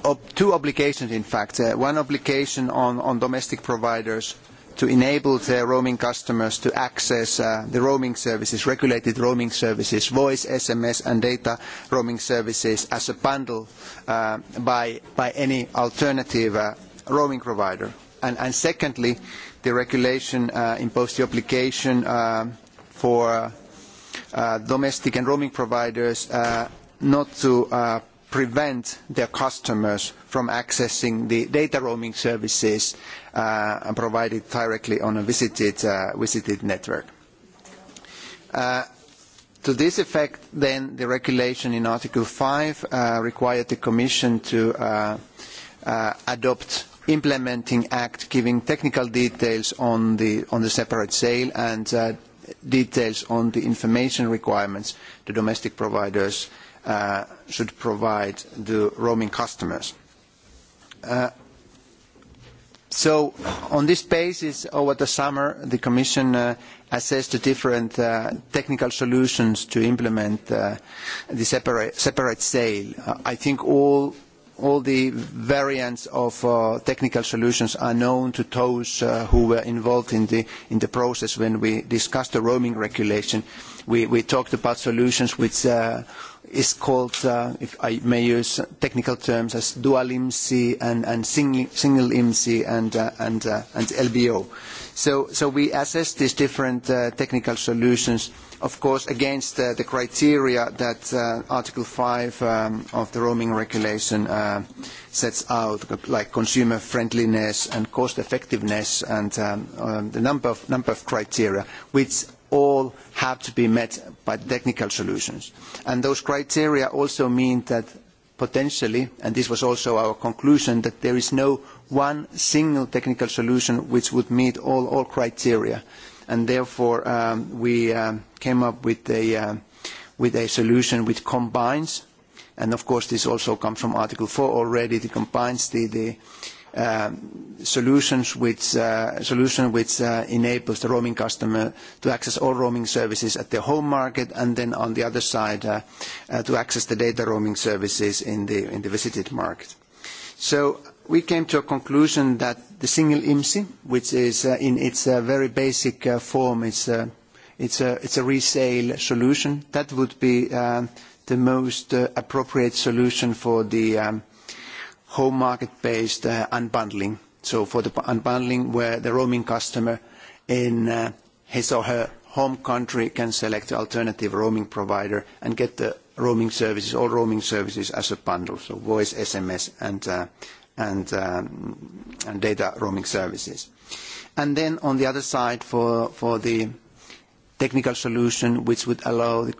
Speaker 20: ob two obligations, in fact. Uh, one obligation on, on domestic providers to enable their roaming customers to access uh, the roaming services, regulated roaming services, voice, SMS and data roaming services as a bundle uh, by, by any alternative uh, roaming provider. And, and secondly, the regulation uh, imposed the obligation uh, for uh, domestic and roaming providers uh, not to uh, prevent their customers from accessing the data roaming services uh, provided directly on a visited, uh, visited network. Uh, to this effect, then, the regulation in Article 5 uh, required the Commission to uh, uh, adopt implementing act giving technical details on the, on the separate sale and uh, details on the information requirements to domestic providers uh, uh, should provide the roaming customers. Uh, so on this basis, over the summer, the Commission uh, assessed the different uh, technical solutions to implement uh, the separate, separate sale. Uh, I think all all the variants of uh, technical solutions are known to those uh, who were involved in the, in the process when we discussed the roaming regulation. We, we talked about solutions which uh, is called, uh, if I may use technical terms, as dual IMSI and, and single, single IMSI and, uh, and, uh, and LBO. So, so we assess these different uh, technical solutions, of course, against uh, the criteria that uh, Article 5 um, of the roaming regulation uh, sets out, like consumer friendliness and cost effectiveness and um, um, the number of, number of criteria, which all have to be met by technical solutions. And those criteria also mean that potentially, and this was also our conclusion, that there is no one single technical solution which would meet all, all criteria. And therefore, um, we um, came up with a, uh, with a solution which combines, and of course this also comes from Article 4 already, it combines the, the, um, solutions which, uh, solution which uh, enables the roaming customer to access all roaming services at their home market and then on the other side uh, uh, to access the data roaming services in the, in the visited market. So we came to a conclusion that the single IMSI, which is uh, in its uh, very basic uh, form, it's, uh, it's, a, it's a resale solution, that would be uh, the most uh, appropriate solution for the um, home market-based uh, unbundling. So for the unbundling where the roaming customer in uh, his or her home country can select the alternative roaming provider and get the roaming services, all roaming services as a bundle, so voice, SMS, and, uh, and, um, and data roaming services. And then on the other side, for, for the technical solution, which would allow the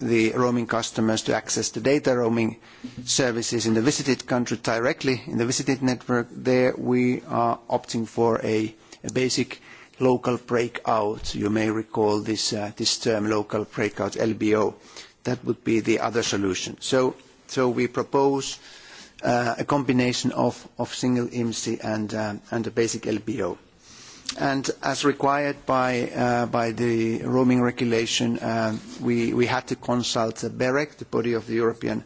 Speaker 20: the roaming customers to access the data roaming services in the visited country directly in the visited network. There we are opting for a, a basic local breakout. You may recall this, uh, this term local breakout, LBO. That would be the other solution. So, so we propose uh, a combination of, of single IMSI and, um, and a basic LBO and as required by, uh, by the roaming regulation, uh, we, we had to consult BEREC, the body of the European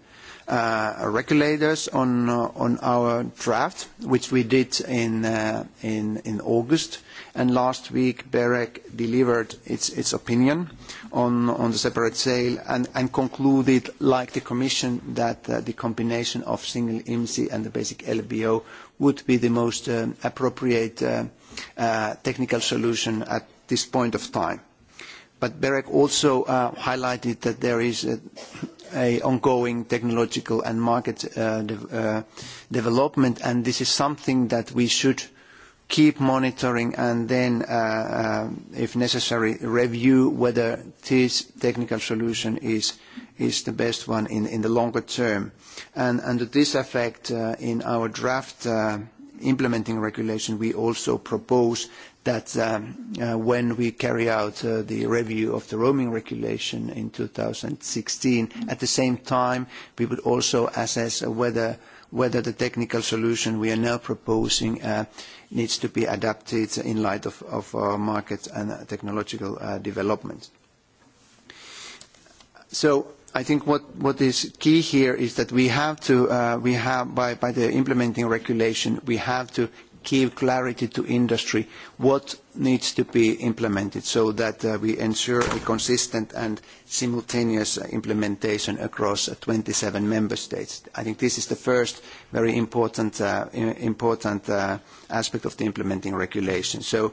Speaker 20: uh, regulators, on, uh, on our draft, which we did in, uh, in, in August. And last week, BEREC delivered its, its opinion on, on the separate sale and, and concluded, like the Commission, that uh, the combination of single IMSI and the basic LBO would be the most um, appropriate um, uh, technical solution at this point of time. But Berec also uh, highlighted that there is a, a ongoing technological and market uh, de uh, development, and this is something that we should keep monitoring and then, uh, uh if necessary, review whether this technical solution is, is the best one in, in the longer term. And, and to this effect, uh, in our draft uh, implementing regulation, we also propose that um, uh, when we carry out uh, the review of the roaming regulation in 2016, at the same time, we would also assess whether, whether the technical solution we are now proposing uh, needs to be adapted in light of, of our market and technological uh, development. So, I think what, what is key here is that we have to, uh, we have by, by the implementing regulation, we have to give clarity to industry what needs to be implemented so that uh, we ensure a consistent and simultaneous uh, implementation across 27 uh, member states. I think this is the first very important, uh, important uh, aspect of the implementing regulation. So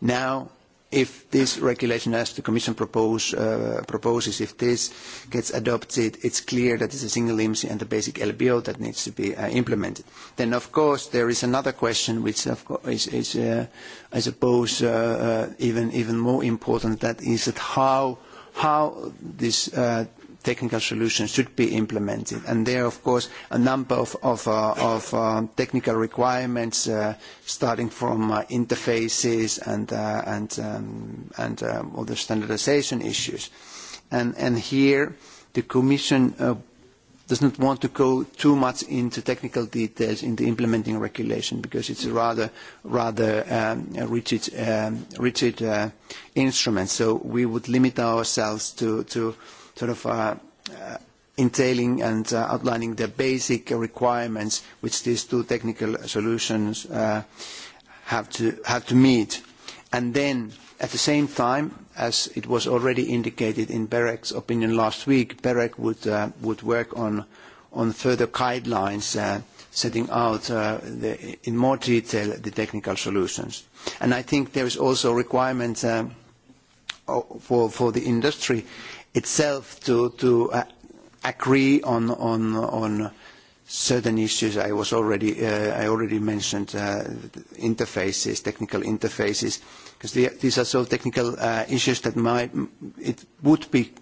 Speaker 20: now if this regulation, as the Commission propose, uh, proposes, if this gets adopted, it's clear that it's a single IMSI and the basic LBO that needs to be uh, implemented. Then, of course, there is another question which of co is, is uh, I suppose, uh, uh, even, even more important, that is that how, how this uh, – technical solutions should be implemented. And there, of course, a number of, of, uh, of uh, technical requirements, uh, starting from uh, interfaces and, uh, and, um, and um, uh, all the standardization issues. And, and here, the Commission uh, does not want to go too much into technical details in the implementing regulation because it's a rather, rather um, rigid, um, rigid uh, instrument. So we would limit ourselves to, to uh, sort of uh, uh, entailing and uh, outlining the basic requirements which these two technical solutions uh, have to have to meet. And then, at the same time, as it was already indicated in BEREC's opinion last week, BEREC would uh, would work on on further guidelines uh, setting out uh, the, in more detail the technical solutions. And I think there is also a requirement uh, for, for the industry itself to, to uh, agree on, on, on certain issues I was already, uh, I already mentioned, uh, interfaces, technical interfaces, because the, these are so technical uh, issues that my, it would be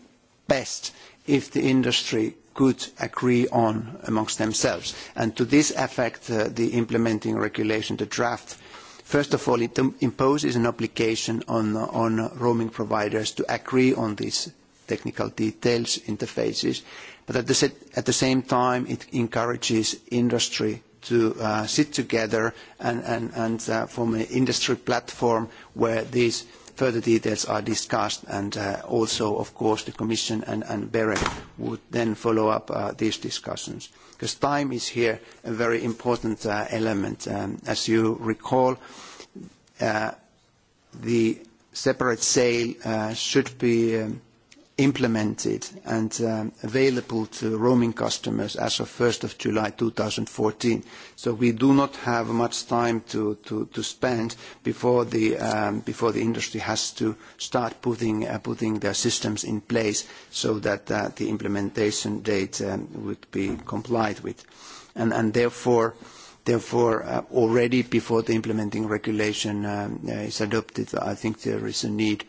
Speaker 20: best if the industry could agree on amongst themselves. And to this effect, uh, the implementing regulation, the draft, first of all, it imposes an obligation on, on roaming providers to agree on these technical details, interfaces, but at the, at the same time, it encourages industry to uh, sit together and, and, and uh, form an industry platform where these further details are discussed. And uh, also, of course, the Commission and, and BEREC would then follow up uh, these discussions. Because time is here a very important uh, element. Um, as you recall, uh, the separate sale uh, should be um, implemented and um, available to roaming customers as of 1st of July 2014. So we do not have much time to, to, to spend before the, um, before the industry has to start putting, uh, putting their systems in place so that uh, the implementation date um, would be complied with. And, and therefore, Therefore, uh, already before the implementing regulation um, uh, is adopted, I think there is a need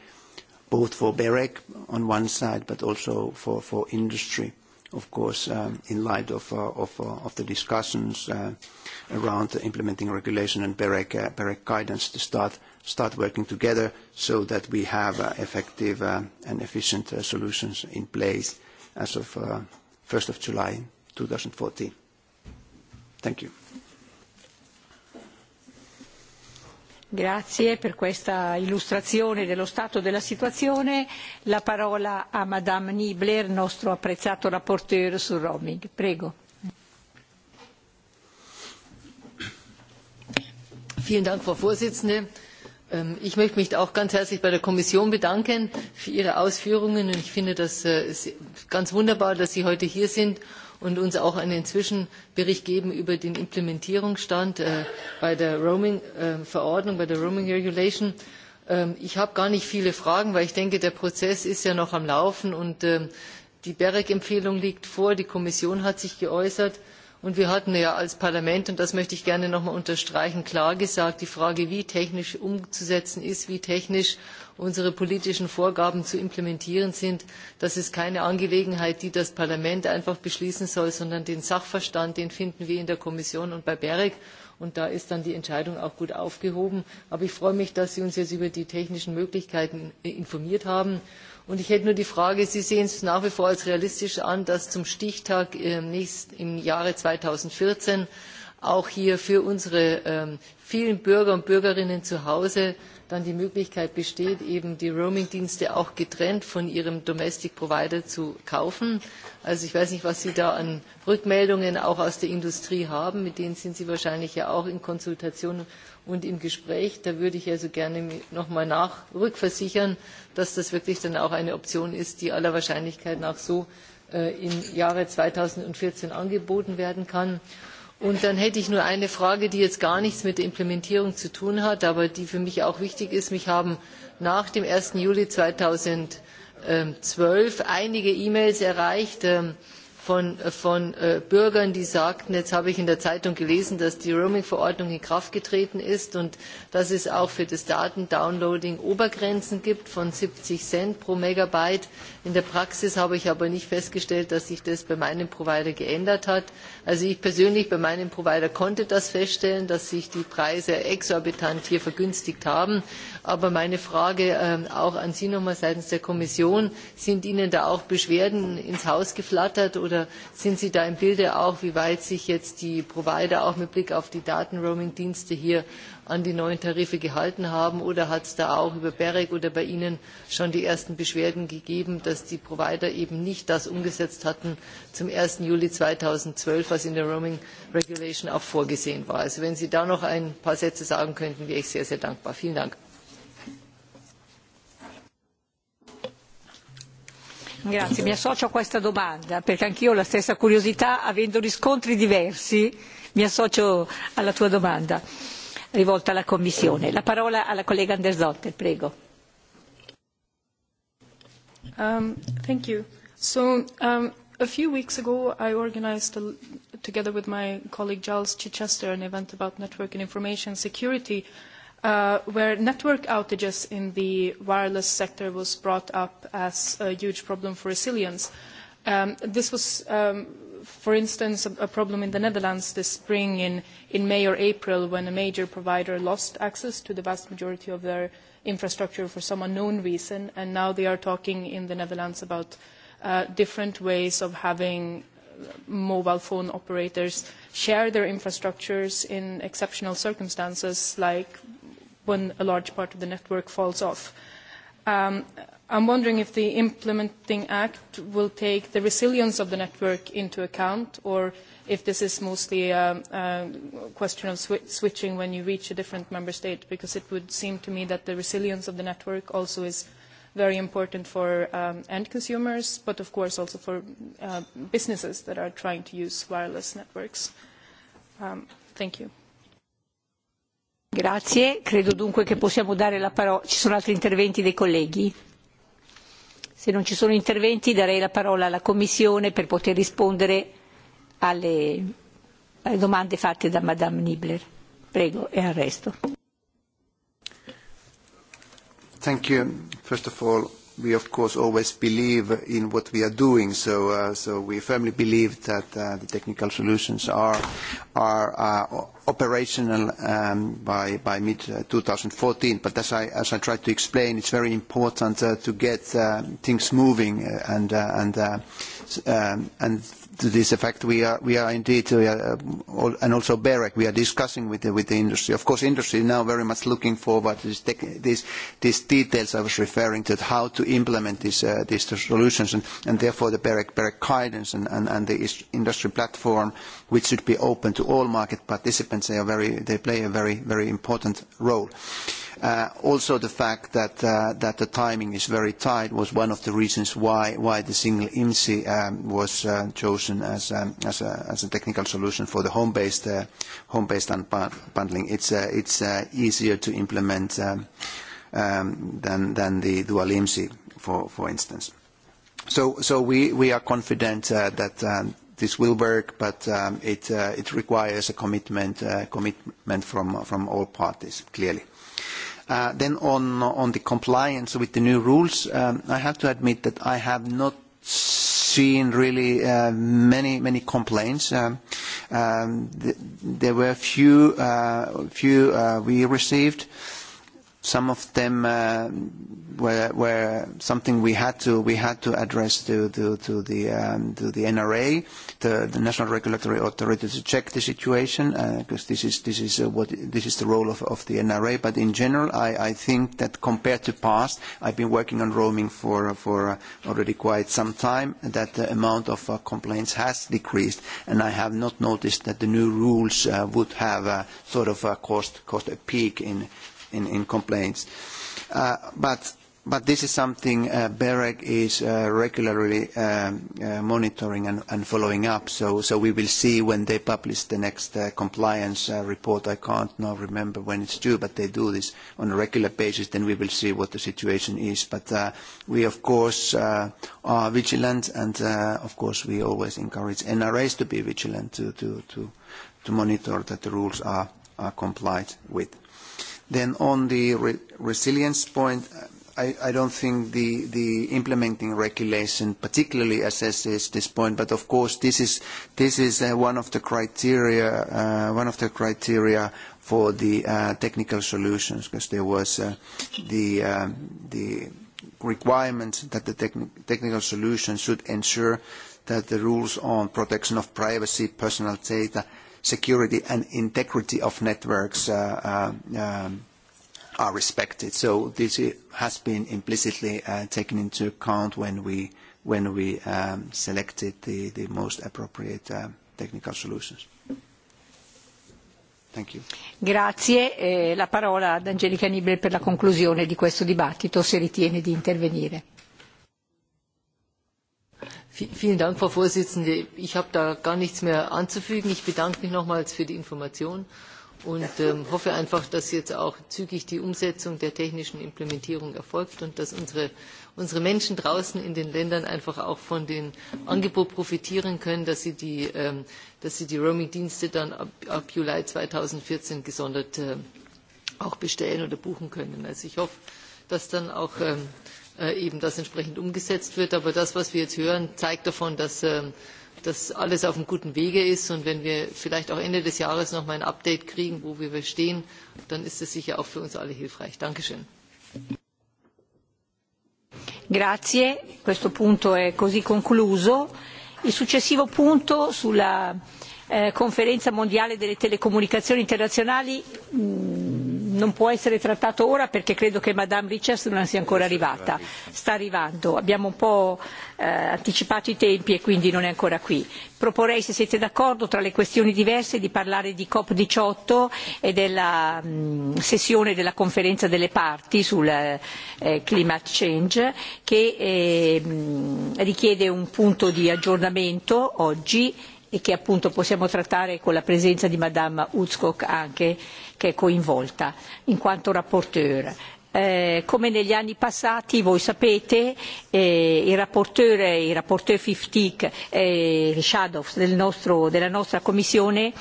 Speaker 20: both for BEREC on one side, but also for, for industry, of course, um, in light of, uh, of, uh, of the discussions uh, around the implementing regulation and BEREC, uh, BEREC guidance to start, start working together so that we have uh, effective uh, and efficient uh, solutions in place as of uh, 1st of July 2014. Thank you.
Speaker 21: Grazie per questa illustrazione dello stato della situazione. La parola a Madame Nibler, nostro apprezzato rapporteur sul roaming. Prego.
Speaker 22: Vielen Dank, Frau Vorsitzende. Ähm, ich möchte mich auch ganz herzlich bei der Kommission bedanken für Ihre Ausführungen. Und ich finde das äh, ganz wunderbar, dass Sie heute hier sind und uns auch einen Zwischenbericht geben über den Implementierungsstand äh, bei der Roaming-Verordnung, äh, bei der Roaming-Regulation. Ähm, ich habe gar nicht viele Fragen, weil ich denke, der Prozess ist ja noch am Laufen und ähm, die BEREC-Empfehlung liegt vor, die Kommission hat sich geäußert. Und wir hatten ja als Parlament, und das möchte ich gerne nochmal unterstreichen, klar gesagt, die Frage, wie technisch umzusetzen ist, wie technisch unsere politischen Vorgaben zu implementieren sind, das ist keine Angelegenheit, die das Parlament einfach beschließen soll, sondern den Sachverstand, den finden wir in der Kommission und bei BEREC und da ist dann die Entscheidung auch gut aufgehoben. Aber ich freue mich, dass Sie uns jetzt über die technischen Möglichkeiten informiert haben. Und ich hätte nur die Frage, Sie sehen es nach wie vor als realistisch an, dass zum Stichtag im, ähm, nächsten, im Jahre 2014 auch hier für unsere ähm, vielen Bürger und Bürgerinnen zu Hause dann die Möglichkeit besteht, eben die Roaming-Dienste auch getrennt von ihrem Domestic Provider zu kaufen. Also ich weiß nicht, was Sie da an Rückmeldungen auch aus der Industrie haben. Mit denen sind Sie wahrscheinlich ja auch in Konsultation und im Gespräch. Da würde ich also gerne nochmal nachrückversichern, dass das wirklich dann auch eine Option ist, die aller Wahrscheinlichkeit nach so äh, im Jahre 2014 angeboten werden kann. Und dann hätte ich nur eine Frage, die jetzt gar nichts mit der Implementierung zu tun hat, aber die für mich auch wichtig ist. Mich haben nach dem 1. Juli 2012 einige E-Mails erreicht ähm, von, äh, von äh, Bürgern, die sagten, jetzt habe ich in der Zeitung gelesen, dass die Roaming-Verordnung in Kraft getreten ist und dass es auch für das Datendownloading Obergrenzen gibt von 70 Cent pro Megabyte. In der Praxis habe ich aber nicht festgestellt, dass sich das bei meinem Provider geändert hat. Also ich persönlich bei meinem Provider konnte das feststellen, dass sich die Preise exorbitant hier vergünstigt haben. Aber meine Frage äh, auch an Sie nochmal seitens der Kommission, sind Ihnen da auch Beschwerden ins Haus geflattert oder sind Sie da im Bilde auch, wie weit sich jetzt die Provider auch mit Blick auf die Datenroaming-Dienste hier an die neuen Tarife gehalten haben? Oder hat es da auch über BEREC oder bei Ihnen schon die ersten Beschwerden gegeben, dass die Provider eben nicht das umgesetzt hatten zum 1. Juli 2012, was in der Roaming Regulation auch vorgesehen war? Also wenn Sie da noch ein paar Sätze sagen könnten, wäre ich sehr, sehr dankbar. Vielen Dank.
Speaker 21: Grazie. mi associo a questa domanda perché anch'io ho la stessa curiosità avendo riscontri diversi mi associo alla tua domanda rivolta alla Commissione. La parola alla collega Andersotte, prego.
Speaker 23: Um, thank you. So, um, a few weeks ago, I organized, a, together with my colleague Giles Chichester, an event about network and information security, uh, where network outages in the wireless sector was brought up as a huge problem for resilience. Um, this was um, for instance, a, a problem in the Netherlands this spring in, in May or April when a major provider lost access to the vast majority of their infrastructure for some unknown reason, and now they are talking in the Netherlands about uh, different ways of having mobile phone operators share their infrastructures in exceptional circumstances, like when a large part of the network falls off. Um, I'm wondering if the implementing act will take the resilience of the network into account, or if this is mostly a, a question of sw switching when you reach a different member state, because it would seem to me that the resilience of the network also is very important for um, end consumers, but of course also for uh, businesses that are trying to use wireless networks. Um, thank you.
Speaker 21: Grazie. Credo dunque che possiamo dare la parola. Ci sono altri interventi dei colleghi? Se non ci sono interventi darei la parola alla Commissione per poter rispondere alle, alle domande fatte da Madame Nibler. Prego e al resto.
Speaker 20: Thank you, first of all, we of course always believe in what we are doing. So, uh, so we firmly believe that uh, the technical solutions are, are uh, operational um, by, by mid-2014. But as I, as I tried to explain, it's very important uh, to get uh, things moving uh, and, and, um, and to this effect, we are, we are indeed, we are, uh, all, and also BEREC, we are discussing with the, with the industry. Of course, industry is now very much looking forward to this, this, these details I was referring to, how to implement this, uh, these solutions, and, and therefore the BEREC, BEREC guidance and, and, and the industry platform which should be open to all market participants. They, are very, they play a very, very important role. Uh, also, the fact that, uh, that the timing is very tight was one of the reasons why, why the single IMSI um, was uh, chosen as, um, as, a, as a technical solution for the home-based uh, home-based unbundling. It's, uh, it's uh, easier to implement um, um, than, than the dual IMSI, for, for instance. So, so we, we are confident uh, that um, this will work, but um, it, uh, it requires a commitment, uh, commitment from, from all parties, clearly. Uh, then on, on the compliance with the new rules, um, I have to admit that I have not seen really uh, many many complaints. Um, um, th there were few uh, few uh, we received. Some of them um, were, were something we had to we had to address to to, to the um, to the NRA, the, the National Regulatory Authority, to check the situation because uh, this is this is uh, what this is the role of, of the NRA. But in general, I, I think that compared to past, I've been working on roaming for for already quite some time. That the amount of uh, complaints has decreased, and I have not noticed that the new rules uh, would have uh, sort of uh, caused caused a peak in in, in complaints. Uh, but But this is something uh, BEREC is uh, regularly um, uh, monitoring and, and following up. So, so we will see when they publish the next uh, compliance uh, report. I can't now remember when it's due, but they do this on a regular basis. Then we will see what the situation is. But uh, we, of course, uh, are vigilant, and uh, of course, we always encourage NRAs to be vigilant to, to, to, to monitor that the rules are, are complied with. Then on the re resilience point, uh, I, I don't think the, the implementing regulation particularly assesses this point, but of course this is, this is uh, one of the criteria, uh, one of the criteria for the uh, technical solutions, because there was uh, the, um, the requirement that the techni technical solution should ensure that the rules on protection of privacy, personal data, security and integrity of networks uh, uh, um, um are respected. So this has been implicitly uh, taken into account when we, when we um, selected the, the most appropriate uh, technical solutions. Thank you.
Speaker 21: Grazie. Eh, la parola ad Angelica Nibel per la conclusione di questo dibattito, se ritiene di intervenire. Vielen Dank, Frau Vorsitzende.
Speaker 22: Ich habe da gar nichts mehr anzufügen. Ich bedanke mich nochmals für die Information. Äh, und ähm, hoffe einfach, dass jetzt auch zügig die Umsetzung der technischen Implementierung erfolgt und dass unsere, unsere Menschen draußen in den Ländern einfach auch von dem Angebot profitieren können, dass sie die, ähm, dass sie die Roaming-Dienste dann ab, ab Juli 2014 gesondert äh, auch bestellen oder buchen können. Also ich hoffe, dass dann auch ähm, äh, eben das entsprechend umgesetzt wird. Aber das, was wir jetzt hören, zeigt davon, dass ähm, dass alles auf einem guten Wege ist. Und wenn wir vielleicht auch Ende des Jahres noch mal ein Update kriegen, wo wir stehen, dann ist das sicher auch für uns alle hilfreich. Dankeschön.
Speaker 21: Grazie, questo punto è così concluso. Il successivo punto sulla eh, conferenza mondiale delle telecomunicazioni internazionali mh, mm, non può essere trattato ora perché credo che Madame Richards non sia ancora arrivata, sta arrivando, abbiamo un po' eh, anticipato i tempi e quindi non è ancora qui. Proporrei, se siete d'accordo, tra le questioni diverse di parlare di COP18 e della mh, mm, sessione della conferenza delle parti sul eh, eh climate change che eh, mh, richiede un punto di aggiornamento oggi e che appunto possiamo trattare con la presenza di Madame Utzkoch anche, che è coinvolta in quanto rapporteur. Eh, come negli anni passati voi sapete eh, i rapporteur e i rapporteur FIFTIC e eh, i shadows del nostro, della nostra commissione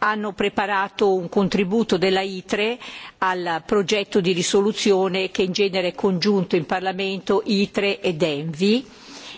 Speaker 21: hanno preparato un contributo della ITRE al progetto di risoluzione che in genere è congiunto in Parlamento ITRE ed ENVI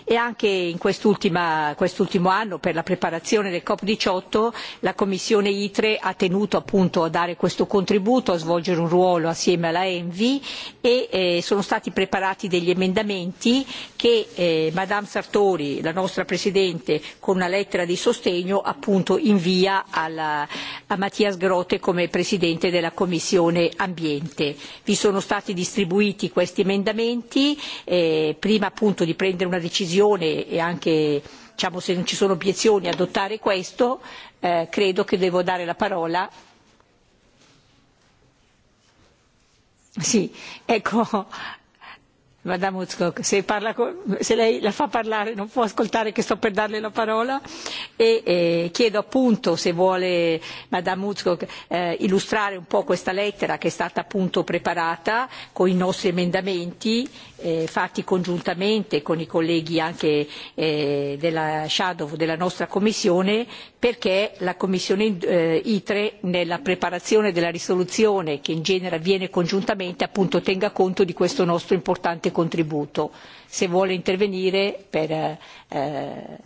Speaker 21: e anche in quest'ultima, quest'ultimo anno per la preparazione del COP18 la Commissione ITRE ha tenuto appunto a dare questo contributo, a svolgere un ruolo assieme alla ENVI e eh, sono stati preparati degli emendamenti che eh, Madame Sartori, la nostra Presidente, con una lettera di sostegno appunto invia alla, a Mattias Grote come Presidente della Commissione Ambiente. Vi sono stati distribuiti questi emendamenti, eh, prima appunto di prendere una decisione decisione e anche diciamo, se non ci sono obiezioni adottare questo, eh, credo che devo dare la parola Sì, ecco, Madame Utzkock, se, parla con, se lei la fa parlare non può ascoltare che sto per darle la parola e eh, chiedo appunto se vuole Madame Utzkock eh, illustrare un po' questa lettera che è stata appunto preparata con i nostri emendamenti eh, fatti congiuntamente con i colleghi anche eh, della Shadow della nostra Commissione perché la Commissione eh, ITRE nella preparazione della risoluzione che in genere avviene congiuntamente appunto tenga conto di questo nostro importante contributo. Se vuole intervenire per eh,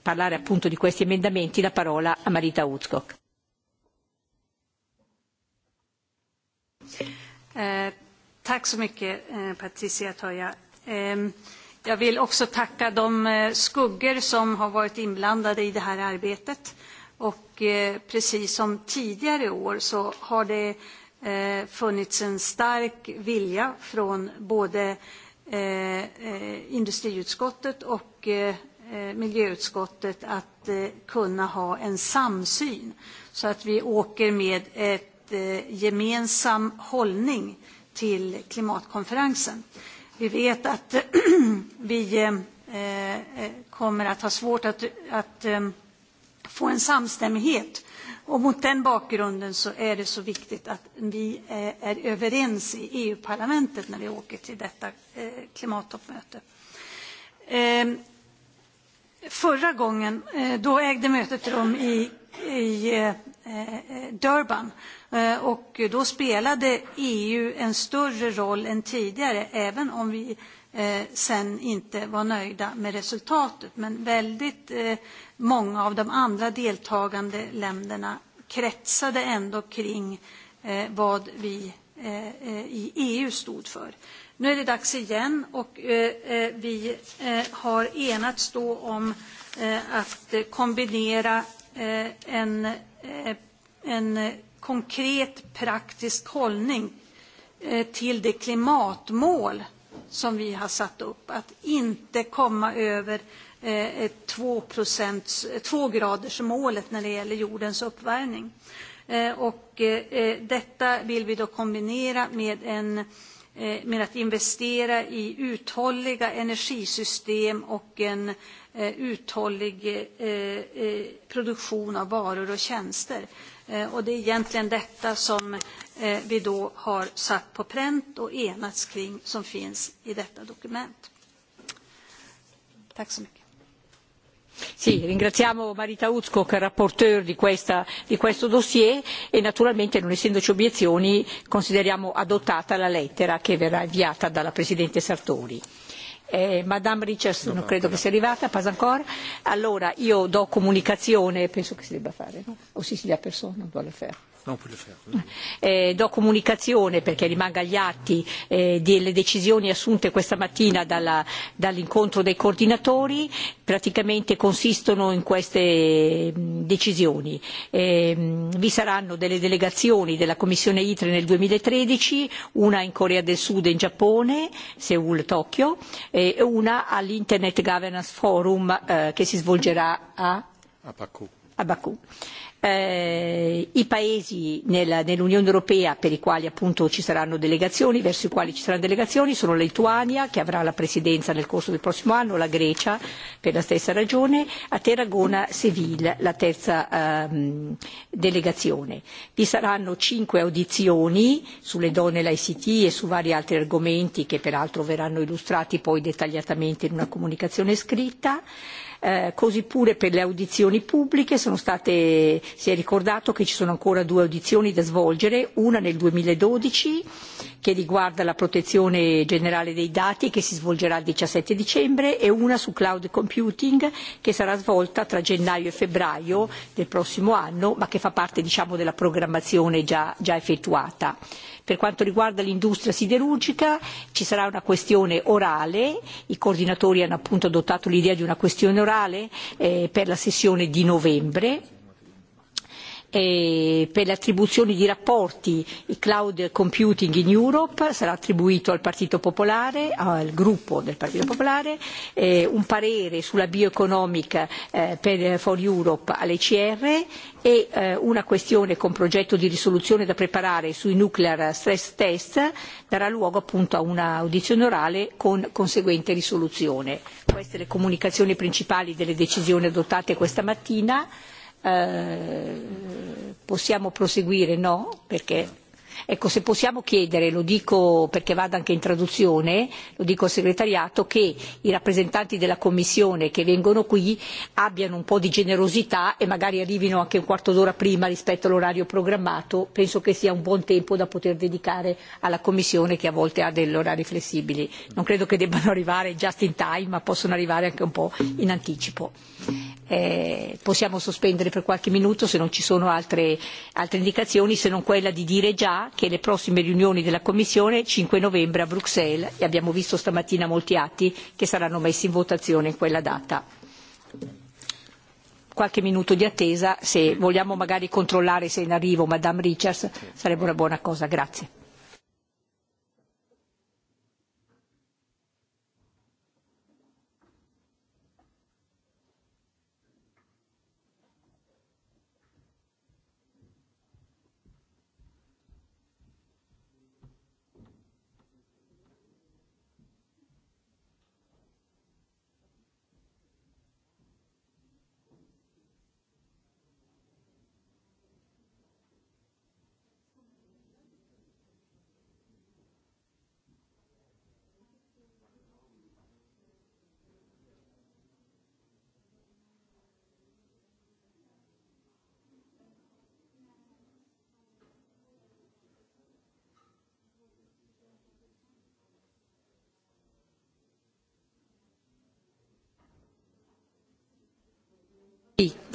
Speaker 21: parlare appunto di questi emendamenti, la parola a Marita Utzkock.
Speaker 24: Eh, tack så mycket eh, Patricia Toja. Eh, jag vill också tacka de eh, skuggor som har varit inblandade i det här arbetet. Och eh, precis som tidigare år så har det eh, funnits en stark vilja från både Eh, eh, industriutskottet och eh, miljöutskottet att kunna ha en samsyn så att vi åker med ett gemensam hållning till klimatkonferensen. Vi vet att (clears throat) vi kommer att ha svårt att, att få en samstämmighet Och mot den bakgrunden så är det så viktigt att vi eh, är överens i EU-parlamentet när vi åker till detta eh, klimattoppmöte. Ehm, förra gången eh, då ägde mötet rum i, i eh, Durban och då spelade EU en större roll än tidigare även om vi Eh, sen inte var nöjda med resultatet. Men väldigt eh, många av de andra deltagande länderna kretsade ändå kring eh, vad vi i EU stod för. Nu är det dags igen och vi har enats då om att kombinera en, en konkret praktisk hållning till det klimatmål som vi har satt upp. Att inte komma över eh, 2, 2 graders målet när det gäller jordens uppvärmning. Eh, och, eh, eh, detta vill vi då kombinera med, en, eh, med att investera i uthålliga energisystem och en eh, uthållig eh, eh, produktion av varor och tjänster. Eh, och det är egentligen detta som Eh, vi då har satt på pränt och enats kring som finns i detta dokument. Tack så mycket.
Speaker 21: Sì, ringraziamo Marita Uzzco che è rapporteur di, questa, di questo dossier e naturalmente non essendoci obiezioni consideriamo adottata la lettera che verrà inviata dalla Presidente Sartori. Eh, Madame Richardson no, credo no. che sia arrivata, passa ancora. Allora io do comunicazione, penso che si debba fare, no? O sì, si, si, la persona non vuole fare Non, eh, eh, do comunicazione perché rimanga agli atti eh, delle decisioni assunte questa mattina dalla, dall'incontro dei coordinatori praticamente consistono in queste mm, decisioni eh, vi saranno delle delegazioni della commissione ITRE nel 2013 una in Corea del Sud e in Giappone Seoul Tokyo e una all'Internet Governance Forum eh, che si svolgerà a, a Baku. A Baku eh, i paesi nella, nell'Unione Europea per i quali appunto ci saranno delegazioni, verso i quali ci saranno delegazioni, sono la Lituania che avrà la presidenza nel corso del prossimo anno, la Grecia per la stessa ragione, a Terragona Seville la terza ehm, delegazione. Vi saranno cinque audizioni sulle donne e l'ICT e su vari altri argomenti che peraltro verranno illustrati poi dettagliatamente in una comunicazione scritta. Eh, così pure per le audizioni pubbliche sono state, si è ricordato che ci sono ancora due audizioni da svolgere, una nel 2012 che riguarda la protezione generale dei dati che si svolgerà il 17 dicembre e una su cloud computing che sarà svolta tra gennaio e febbraio del prossimo anno ma che fa parte diciamo, della programmazione già, già effettuata. Per quanto riguarda l'industria siderurgica ci sarà una questione orale, i coordinatori hanno appunto adottato l'idea di una questione orale eh, per la sessione di novembre e per le attribuzioni di rapporti il cloud computing in Europe sarà attribuito al Partito Popolare, al gruppo del Partito Popolare, eh, un parere sulla bioeconomica eh, per, for Europe all'ECR e eh, una questione con progetto di risoluzione da preparare sui nuclear stress test darà luogo appunto a un'audizione orale con conseguente risoluzione. Queste le comunicazioni principali delle decisioni adottate questa mattina eh, possiamo proseguire, no? Perché Ecco, se possiamo chiedere, lo dico perché vada anche in traduzione, lo dico al segretariato, che i rappresentanti della Commissione che vengono qui abbiano un po' di generosità e magari arrivino anche un quarto d'ora prima rispetto all'orario programmato, penso che sia un buon tempo da poter dedicare alla Commissione che a volte ha degli orari flessibili. Non credo che debbano (laughs) arrivare just in time, ma possono arrivare anche un po' in anticipo eh, possiamo sospendere per qualche minuto se non ci sono altre, altre indicazioni, se non quella di dire già che le prossime riunioni della Commissione, 5 novembre a Bruxelles, e abbiamo visto stamattina molti atti che saranno messi in votazione in quella data. Qualche minuto di attesa, se vogliamo magari controllare se è in arrivo Madame Richards, sarebbe una buona cosa. Grazie.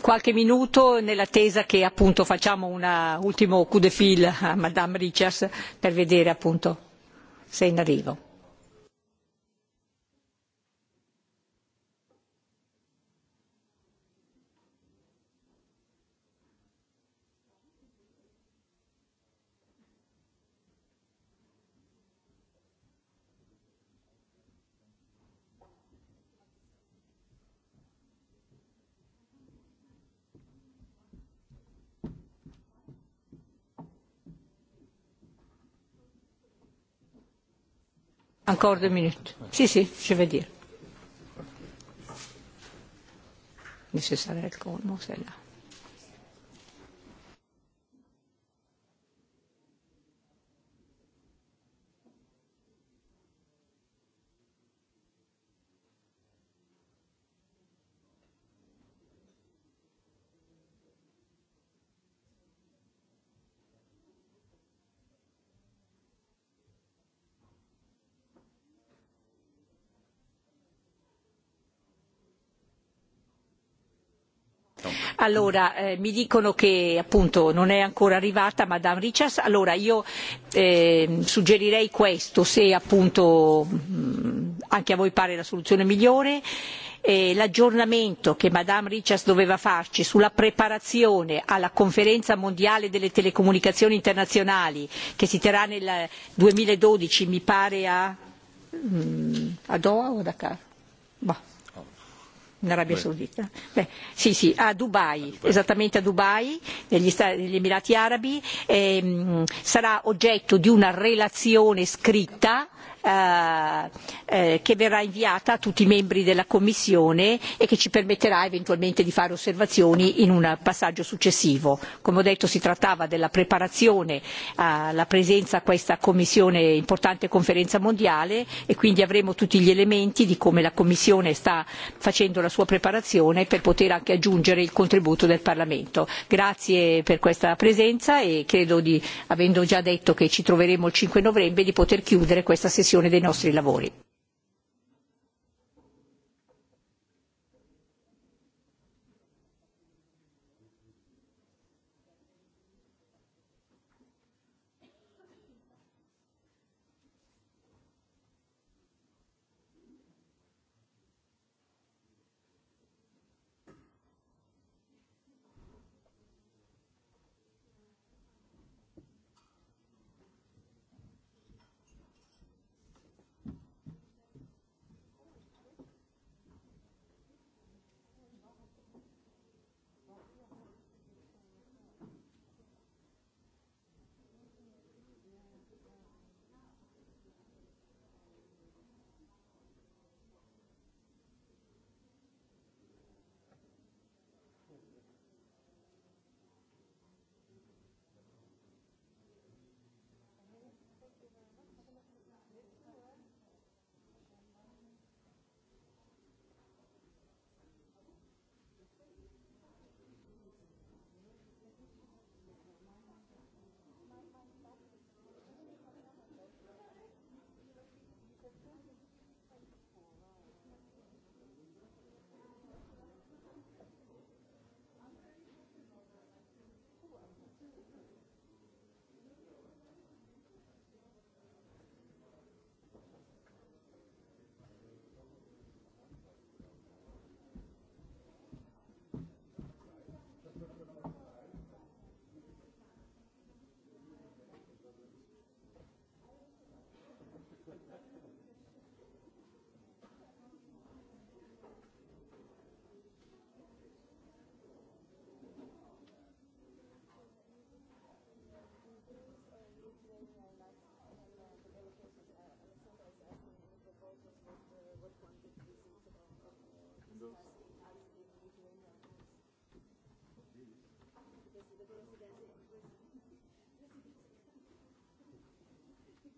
Speaker 21: qualche minuto nell'attesa che appunto facciamo un ultimo coup de fil a Madame Richards per vedere appunto se è in arrivo. encore deux minutes. Si, si, je vais dire. Monsieur Sarel, comment c'est là Allora, eh, mi dicono che appunto non è ancora arrivata Madame Richards, allora io eh, suggerirei questo, se appunto mh, mm, anche a voi pare la soluzione migliore eh, l'aggiornamento che Madame Richards doveva farci sulla preparazione alla conferenza mondiale delle telecomunicazioni internazionali che si terrà nel 2012 mi pare a, mh, mm, a Doha o a Dakar? Bah in Arabia Beh. Saudita? Beh, sì, sì, a Dubai, a Dubai. esattamente a Dubai, negli, Stati, negli Emirati Arabi, ehm, sarà oggetto di una relazione scritta eh, eh, che verrà inviata a tutti i membri della Commissione e che ci permetterà eventualmente di fare osservazioni in un passaggio successivo. Come ho detto si trattava della preparazione alla presenza a questa Commissione, importante conferenza mondiale e quindi avremo tutti gli elementi di come la Commissione sta facendo la sua preparazione per poter anche aggiungere il contributo del Parlamento. Grazie per questa presenza e credo di, avendo già detto che ci troveremo il 5 novembre, di poter chiudere questa sessione conclusione dei nostri lavori.